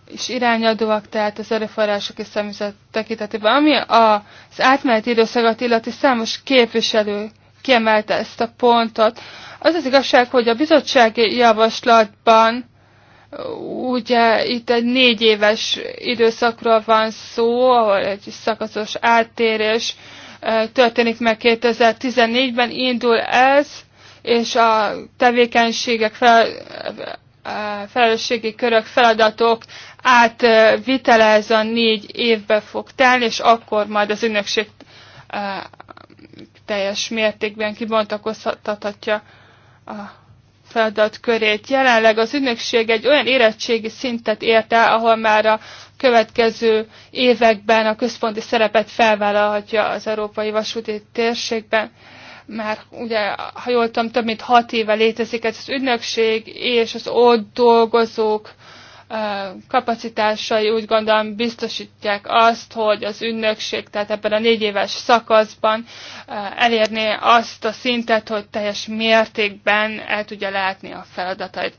és irányadóak, tehát az erőforrások és személyzet tekintetében. Ami az átmeneti időszakot illeti számos képviselő kiemelte ezt a pontot. Az az igazság, hogy a bizottsági javaslatban Ugye itt egy négy éves időszakról van szó, ahol egy szakaszos áttérés történik meg 2014-ben, indul ez, és a tevékenységek, fel, felelősségi körök, feladatok átvitele ez a négy évbe fog telni, és akkor majd az ünnökség teljes mértékben kibontakoztathatja a feladatkörét. Jelenleg az ügynökség egy olyan érettségi szintet ért el, ahol már a következő években a központi szerepet felvállalhatja az európai vasúti térségben. Már ugye, ha jól tudom, több mint hat éve létezik ez az ügynökség, és az ott dolgozók kapacitásai úgy gondolom biztosítják azt, hogy az ünnökség, tehát ebben a négy éves szakaszban elérné azt a szintet, hogy teljes mértékben el tudja látni a feladatait.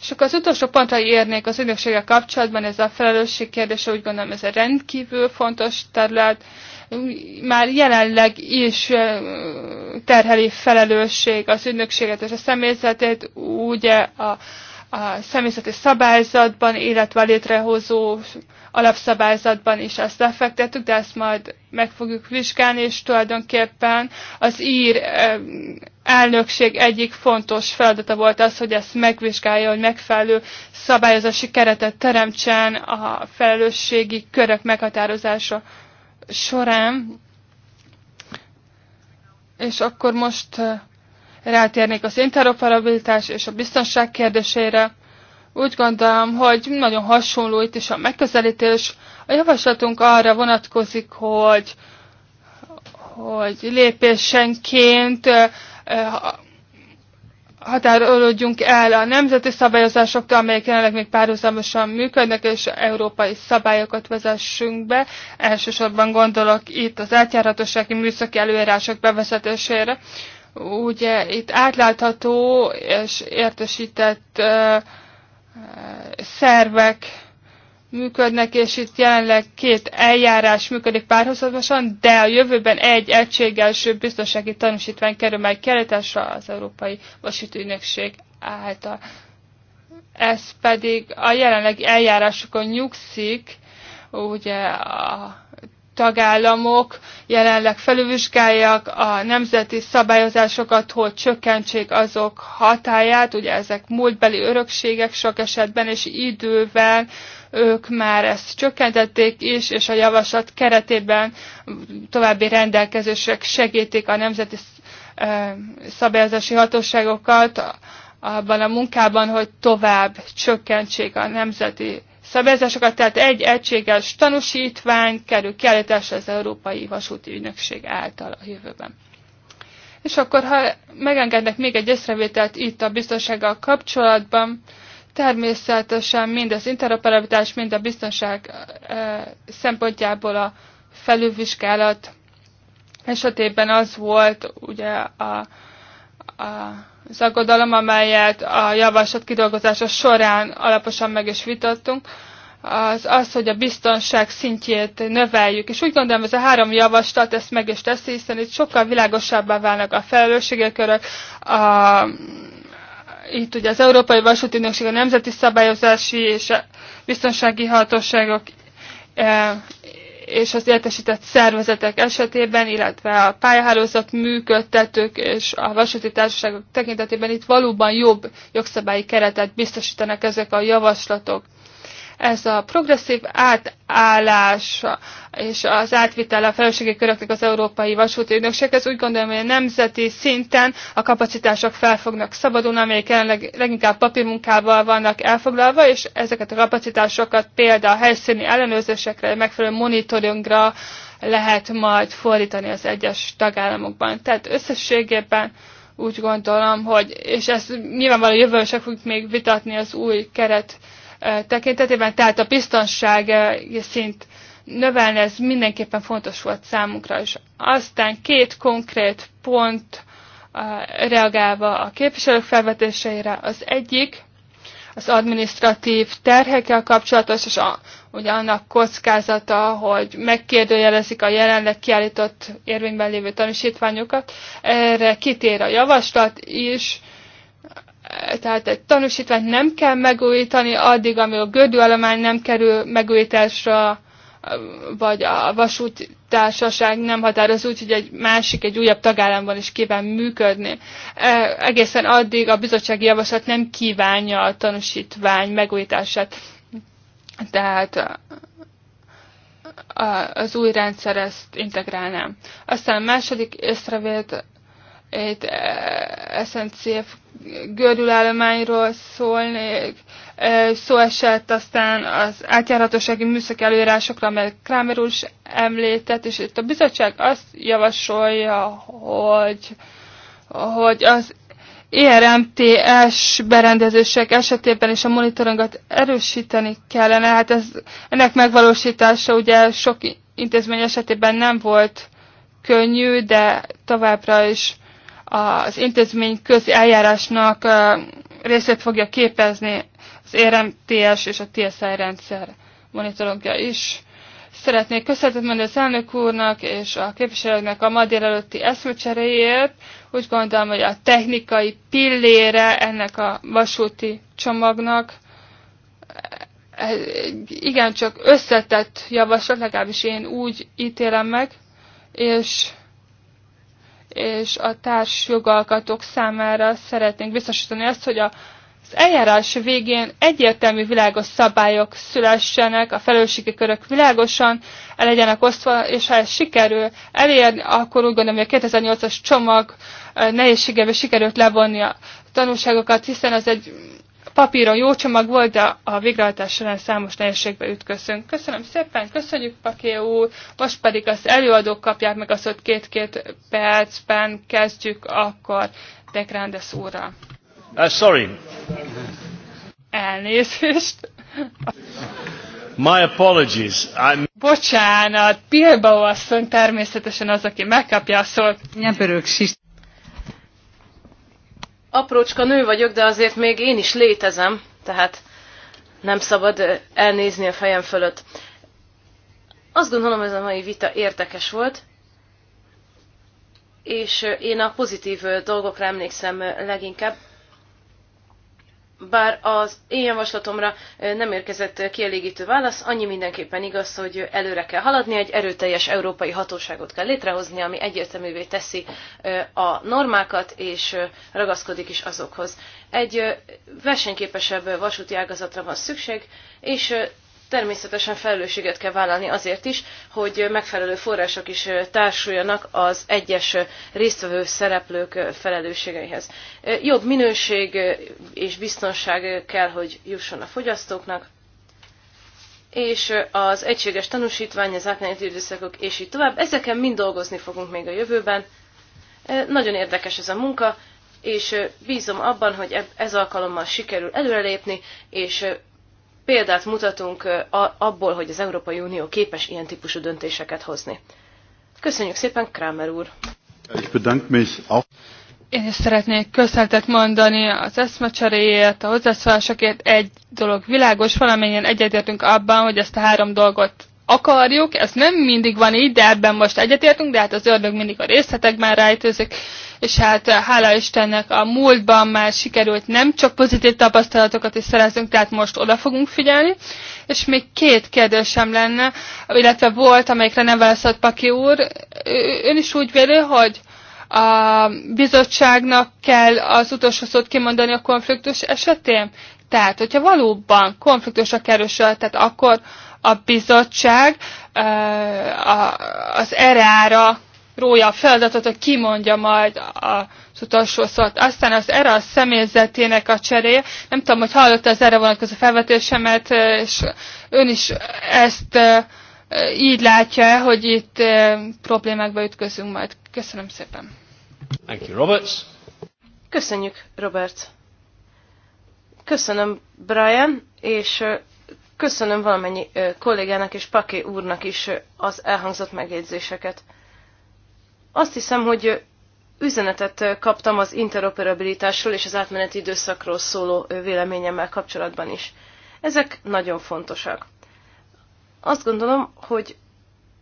És akkor az utolsó pontra érnék az ügynökséggel kapcsolatban, ez a felelősség kérdése, úgy gondolom ez egy rendkívül fontos terület, már jelenleg is terheli felelősség az ünnökséget és a személyzetét, ugye a, a személyzeti szabályzatban, illetve a létrehozó alapszabályzatban is ezt lefektettük, de ezt majd meg fogjuk vizsgálni, és tulajdonképpen az ír elnökség egyik fontos feladata volt az, hogy ezt megvizsgálja, hogy megfelelő szabályozási keretet teremtsen a felelősségi körök meghatározása során. És akkor most rátérnék az interoperabilitás és a biztonság kérdésére. Úgy gondolom, hogy nagyon hasonló itt is a megközelítés. A javaslatunk arra vonatkozik, hogy, hogy lépésenként határolódjunk el a nemzeti szabályozásoktól, amelyek jelenleg még párhuzamosan működnek, és európai szabályokat vezessünk be. Elsősorban gondolok itt az átjárhatósági műszaki előírások bevezetésére ugye itt átlátható és értesített szervek működnek, és itt jelenleg két eljárás működik párhuzamosan, de a jövőben egy egységes biztonsági tanúsítvány kerül majd keretesre az Európai Vasúti Ügynökség által. Ez pedig a jelenlegi eljárásokon nyugszik, ugye a tagállamok jelenleg felülvizsgálják a nemzeti szabályozásokat, hogy csökkentsék azok hatáját, ugye ezek múltbeli örökségek sok esetben, és idővel ők már ezt csökkentették is, és a javaslat keretében további rendelkezések segítik a nemzeti szabályozási hatóságokat abban a munkában, hogy tovább csökkentsék a nemzeti szabályozásokat, tehát egy egységes tanúsítvány kerül kiállításra az Európai Vasúti Ügynökség által a jövőben. És akkor, ha megengednek még egy észrevételt itt a biztonsággal kapcsolatban, természetesen mind az interoperabilitás, mind a biztonság eh, szempontjából a felülvizsgálat esetében az volt ugye a, a az aggodalom, amelyet a javaslat kidolgozása során alaposan meg is vitattunk, az az, hogy a biztonság szintjét növeljük. És úgy gondolom, ez a három javaslat ezt meg is teszi, hiszen itt sokkal világosabbá válnak a felelősségekörök, a, itt ugye az Európai Vasúti Ügynökség, a Nemzeti Szabályozási és a Biztonsági Hatóságok eh, és az értesített szervezetek esetében, illetve a pályahálózat működtetők és a vasúti társaságok tekintetében itt valóban jobb jogszabályi keretet biztosítanak ezek a javaslatok. Ez a progresszív átállás és az átvitel a felelősségi köröknek az Európai Vasúti Ügynökséghez úgy gondolom, hogy a nemzeti szinten a kapacitások fel fognak szabadulni, amelyek jelenleg leginkább papírmunkával vannak elfoglalva, és ezeket a kapacitásokat például a helyszíni ellenőrzésekre, megfelelő monitoringra lehet majd fordítani az egyes tagállamokban. Tehát összességében úgy gondolom, hogy, és ezt nyilvánvalóan jövőn sem fogjuk még vitatni az új keret tekintetében, tehát a biztonság szint növelni, ez mindenképpen fontos volt számunkra is. Aztán két konkrét pont reagálva a képviselők felvetéseire. Az egyik az administratív terhekkel kapcsolatos, és a, ugye annak kockázata, hogy megkérdőjelezik a jelenleg kiállított érvényben lévő tanúsítványokat. Erre kitér a javaslat is, tehát egy tanúsítványt nem kell megújítani addig, amíg a gödőállomány nem kerül megújításra, vagy a vasút társaság nem határoz úgy, hogy egy másik, egy újabb tagállamban is kíván működni. E, egészen addig a bizottsági javaslat nem kívánja a tanúsítvány megújítását. Tehát e, az új rendszer ezt integrálnám. Aztán a második észrevét egy eh, SNCF gördülállományról szólnék, eh, szó esett aztán az átjárhatósági műszak előírásokra, amelyet Krámer úr is említett, és itt a bizottság azt javasolja, hogy, hogy az ERMTS berendezések esetében is a monitoringot erősíteni kellene. Hát ez, ennek megvalósítása ugye sok intézmény esetében nem volt könnyű, de továbbra is az intézmény közi eljárásnak részét fogja képezni az RMTS és a TSI rendszer monitorokja is. Szeretnék köszönetet mondani az elnök úrnak és a képviselőknek a ma délelőtti eszmecseréjét. Úgy gondolom, hogy a technikai pillére ennek a vasúti csomagnak e, igencsak összetett javaslat, legalábbis én úgy ítélem meg, és és a társ jogalkatók számára szeretnénk biztosítani azt, hogy a az eljárás végén egyértelmű világos szabályok szülessenek, a felelősségi körök világosan el legyenek osztva, és ha ez sikerül elérni, akkor úgy gondolom, hogy a 2008-as csomag nehézségebe sikerült levonni a tanulságokat, hiszen az egy papíron jó csomag volt, de a végrehajtás során számos nehézségbe ütközünk. Köszönöm szépen, köszönjük Paké úr, most pedig az előadók kapják meg azt, hogy két-két percben kezdjük akkor de úrral. Uh, sorry. Elnézést. My apologies. I'm... Bocsánat, Bilbao asszony természetesen az, aki megkapja a szót aprócska nő vagyok, de azért még én is létezem, tehát nem szabad elnézni a fejem fölött. Azt gondolom, ez a mai vita érdekes volt, és én a pozitív dolgokra emlékszem leginkább bár az én javaslatomra nem érkezett kielégítő válasz, annyi mindenképpen igaz, hogy előre kell haladni, egy erőteljes európai hatóságot kell létrehozni, ami egyértelművé teszi a normákat, és ragaszkodik is azokhoz. Egy versenyképesebb vasúti ágazatra van szükség, és természetesen felelősséget kell vállalni azért is, hogy megfelelő források is társuljanak az egyes résztvevő szereplők felelősségeihez. Jobb minőség és biztonság kell, hogy jusson a fogyasztóknak, és az egységes tanúsítvány, az átmeneti időszakok, és így tovább. Ezeken mind dolgozni fogunk még a jövőben. Nagyon érdekes ez a munka, és bízom abban, hogy ez alkalommal sikerül előrelépni, és példát mutatunk abból, hogy az Európai Unió képes ilyen típusú döntéseket hozni. Köszönjük szépen, Kramer úr! Én is szeretnék köszöntet mondani az eszmecseréért, a hozzászólásokért. Egy dolog világos, valamennyien egyetértünk abban, hogy ezt a három dolgot akarjuk. Ez nem mindig van így, de ebben most egyetértünk, de hát az ördög mindig a részletekben rejtőzik és hát eh, hála Istennek a múltban már sikerült nem csak pozitív tapasztalatokat is szerezünk, tehát most oda fogunk figyelni. És még két kérdésem lenne, illetve volt, amelyikre nem válaszolt Paki úr. Ön is úgy véli, hogy a bizottságnak kell az utolsó szót kimondani a konfliktus esetén? Tehát, hogyha valóban konfliktusra kerül, tehát akkor a bizottság eh, az erára rója a feladatot, hogy kimondja majd az utolsó szót. Aztán az erre a személyzetének a cseréje, nem tudom, hogy hallotta az erre vonatkozó felvetésemet, és ön is ezt így látja, hogy itt problémákba ütközünk majd. Köszönöm szépen. Thank you, Robert. Köszönjük, Robert. Köszönöm, Brian, és köszönöm valamennyi kollégának és Paké úrnak is az elhangzott megjegyzéseket. Azt hiszem, hogy üzenetet kaptam az interoperabilitásról és az átmeneti időszakról szóló véleményemmel kapcsolatban is. Ezek nagyon fontosak. Azt gondolom, hogy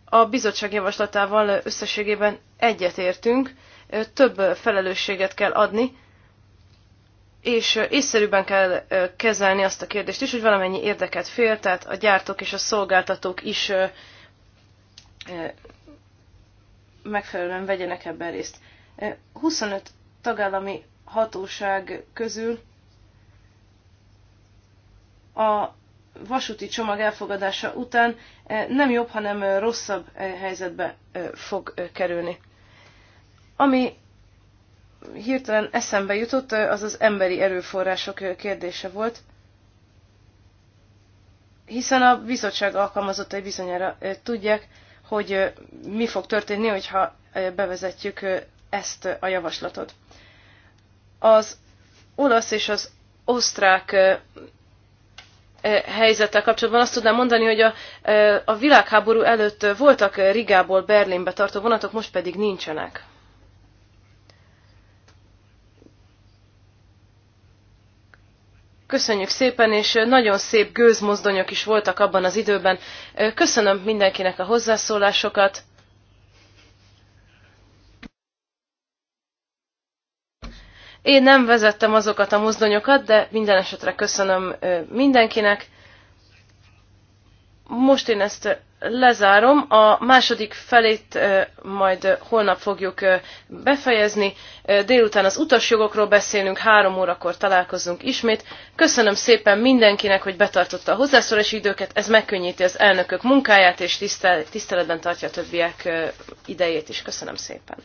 a bizottság javaslatával összességében egyetértünk, több felelősséget kell adni, és észszerűbben kell kezelni azt a kérdést is, hogy valamennyi érdeket fél, tehát a gyártók és a szolgáltatók is megfelelően vegyenek ebben részt. 25 tagállami hatóság közül a vasúti csomag elfogadása után nem jobb, hanem rosszabb helyzetbe fog kerülni. Ami hirtelen eszembe jutott, az az emberi erőforrások kérdése volt, hiszen a bizottság alkalmazottai bizonyára tudják, hogy mi fog történni, hogyha bevezetjük ezt a javaslatot. Az olasz és az osztrák helyzettel kapcsolatban azt tudnám mondani, hogy a, a világháború előtt voltak Rigából Berlinbe tartó vonatok, most pedig nincsenek. Köszönjük szépen, és nagyon szép gőzmozdonyok is voltak abban az időben. Köszönöm mindenkinek a hozzászólásokat. Én nem vezettem azokat a mozdonyokat, de minden esetre köszönöm mindenkinek most én ezt lezárom, a második felét majd holnap fogjuk befejezni. Délután az utasjogokról beszélünk, három órakor találkozunk ismét. Köszönöm szépen mindenkinek, hogy betartotta a hozzászólási időket, ez megkönnyíti az elnökök munkáját, és tiszteletben tartja a többiek idejét is. Köszönöm szépen.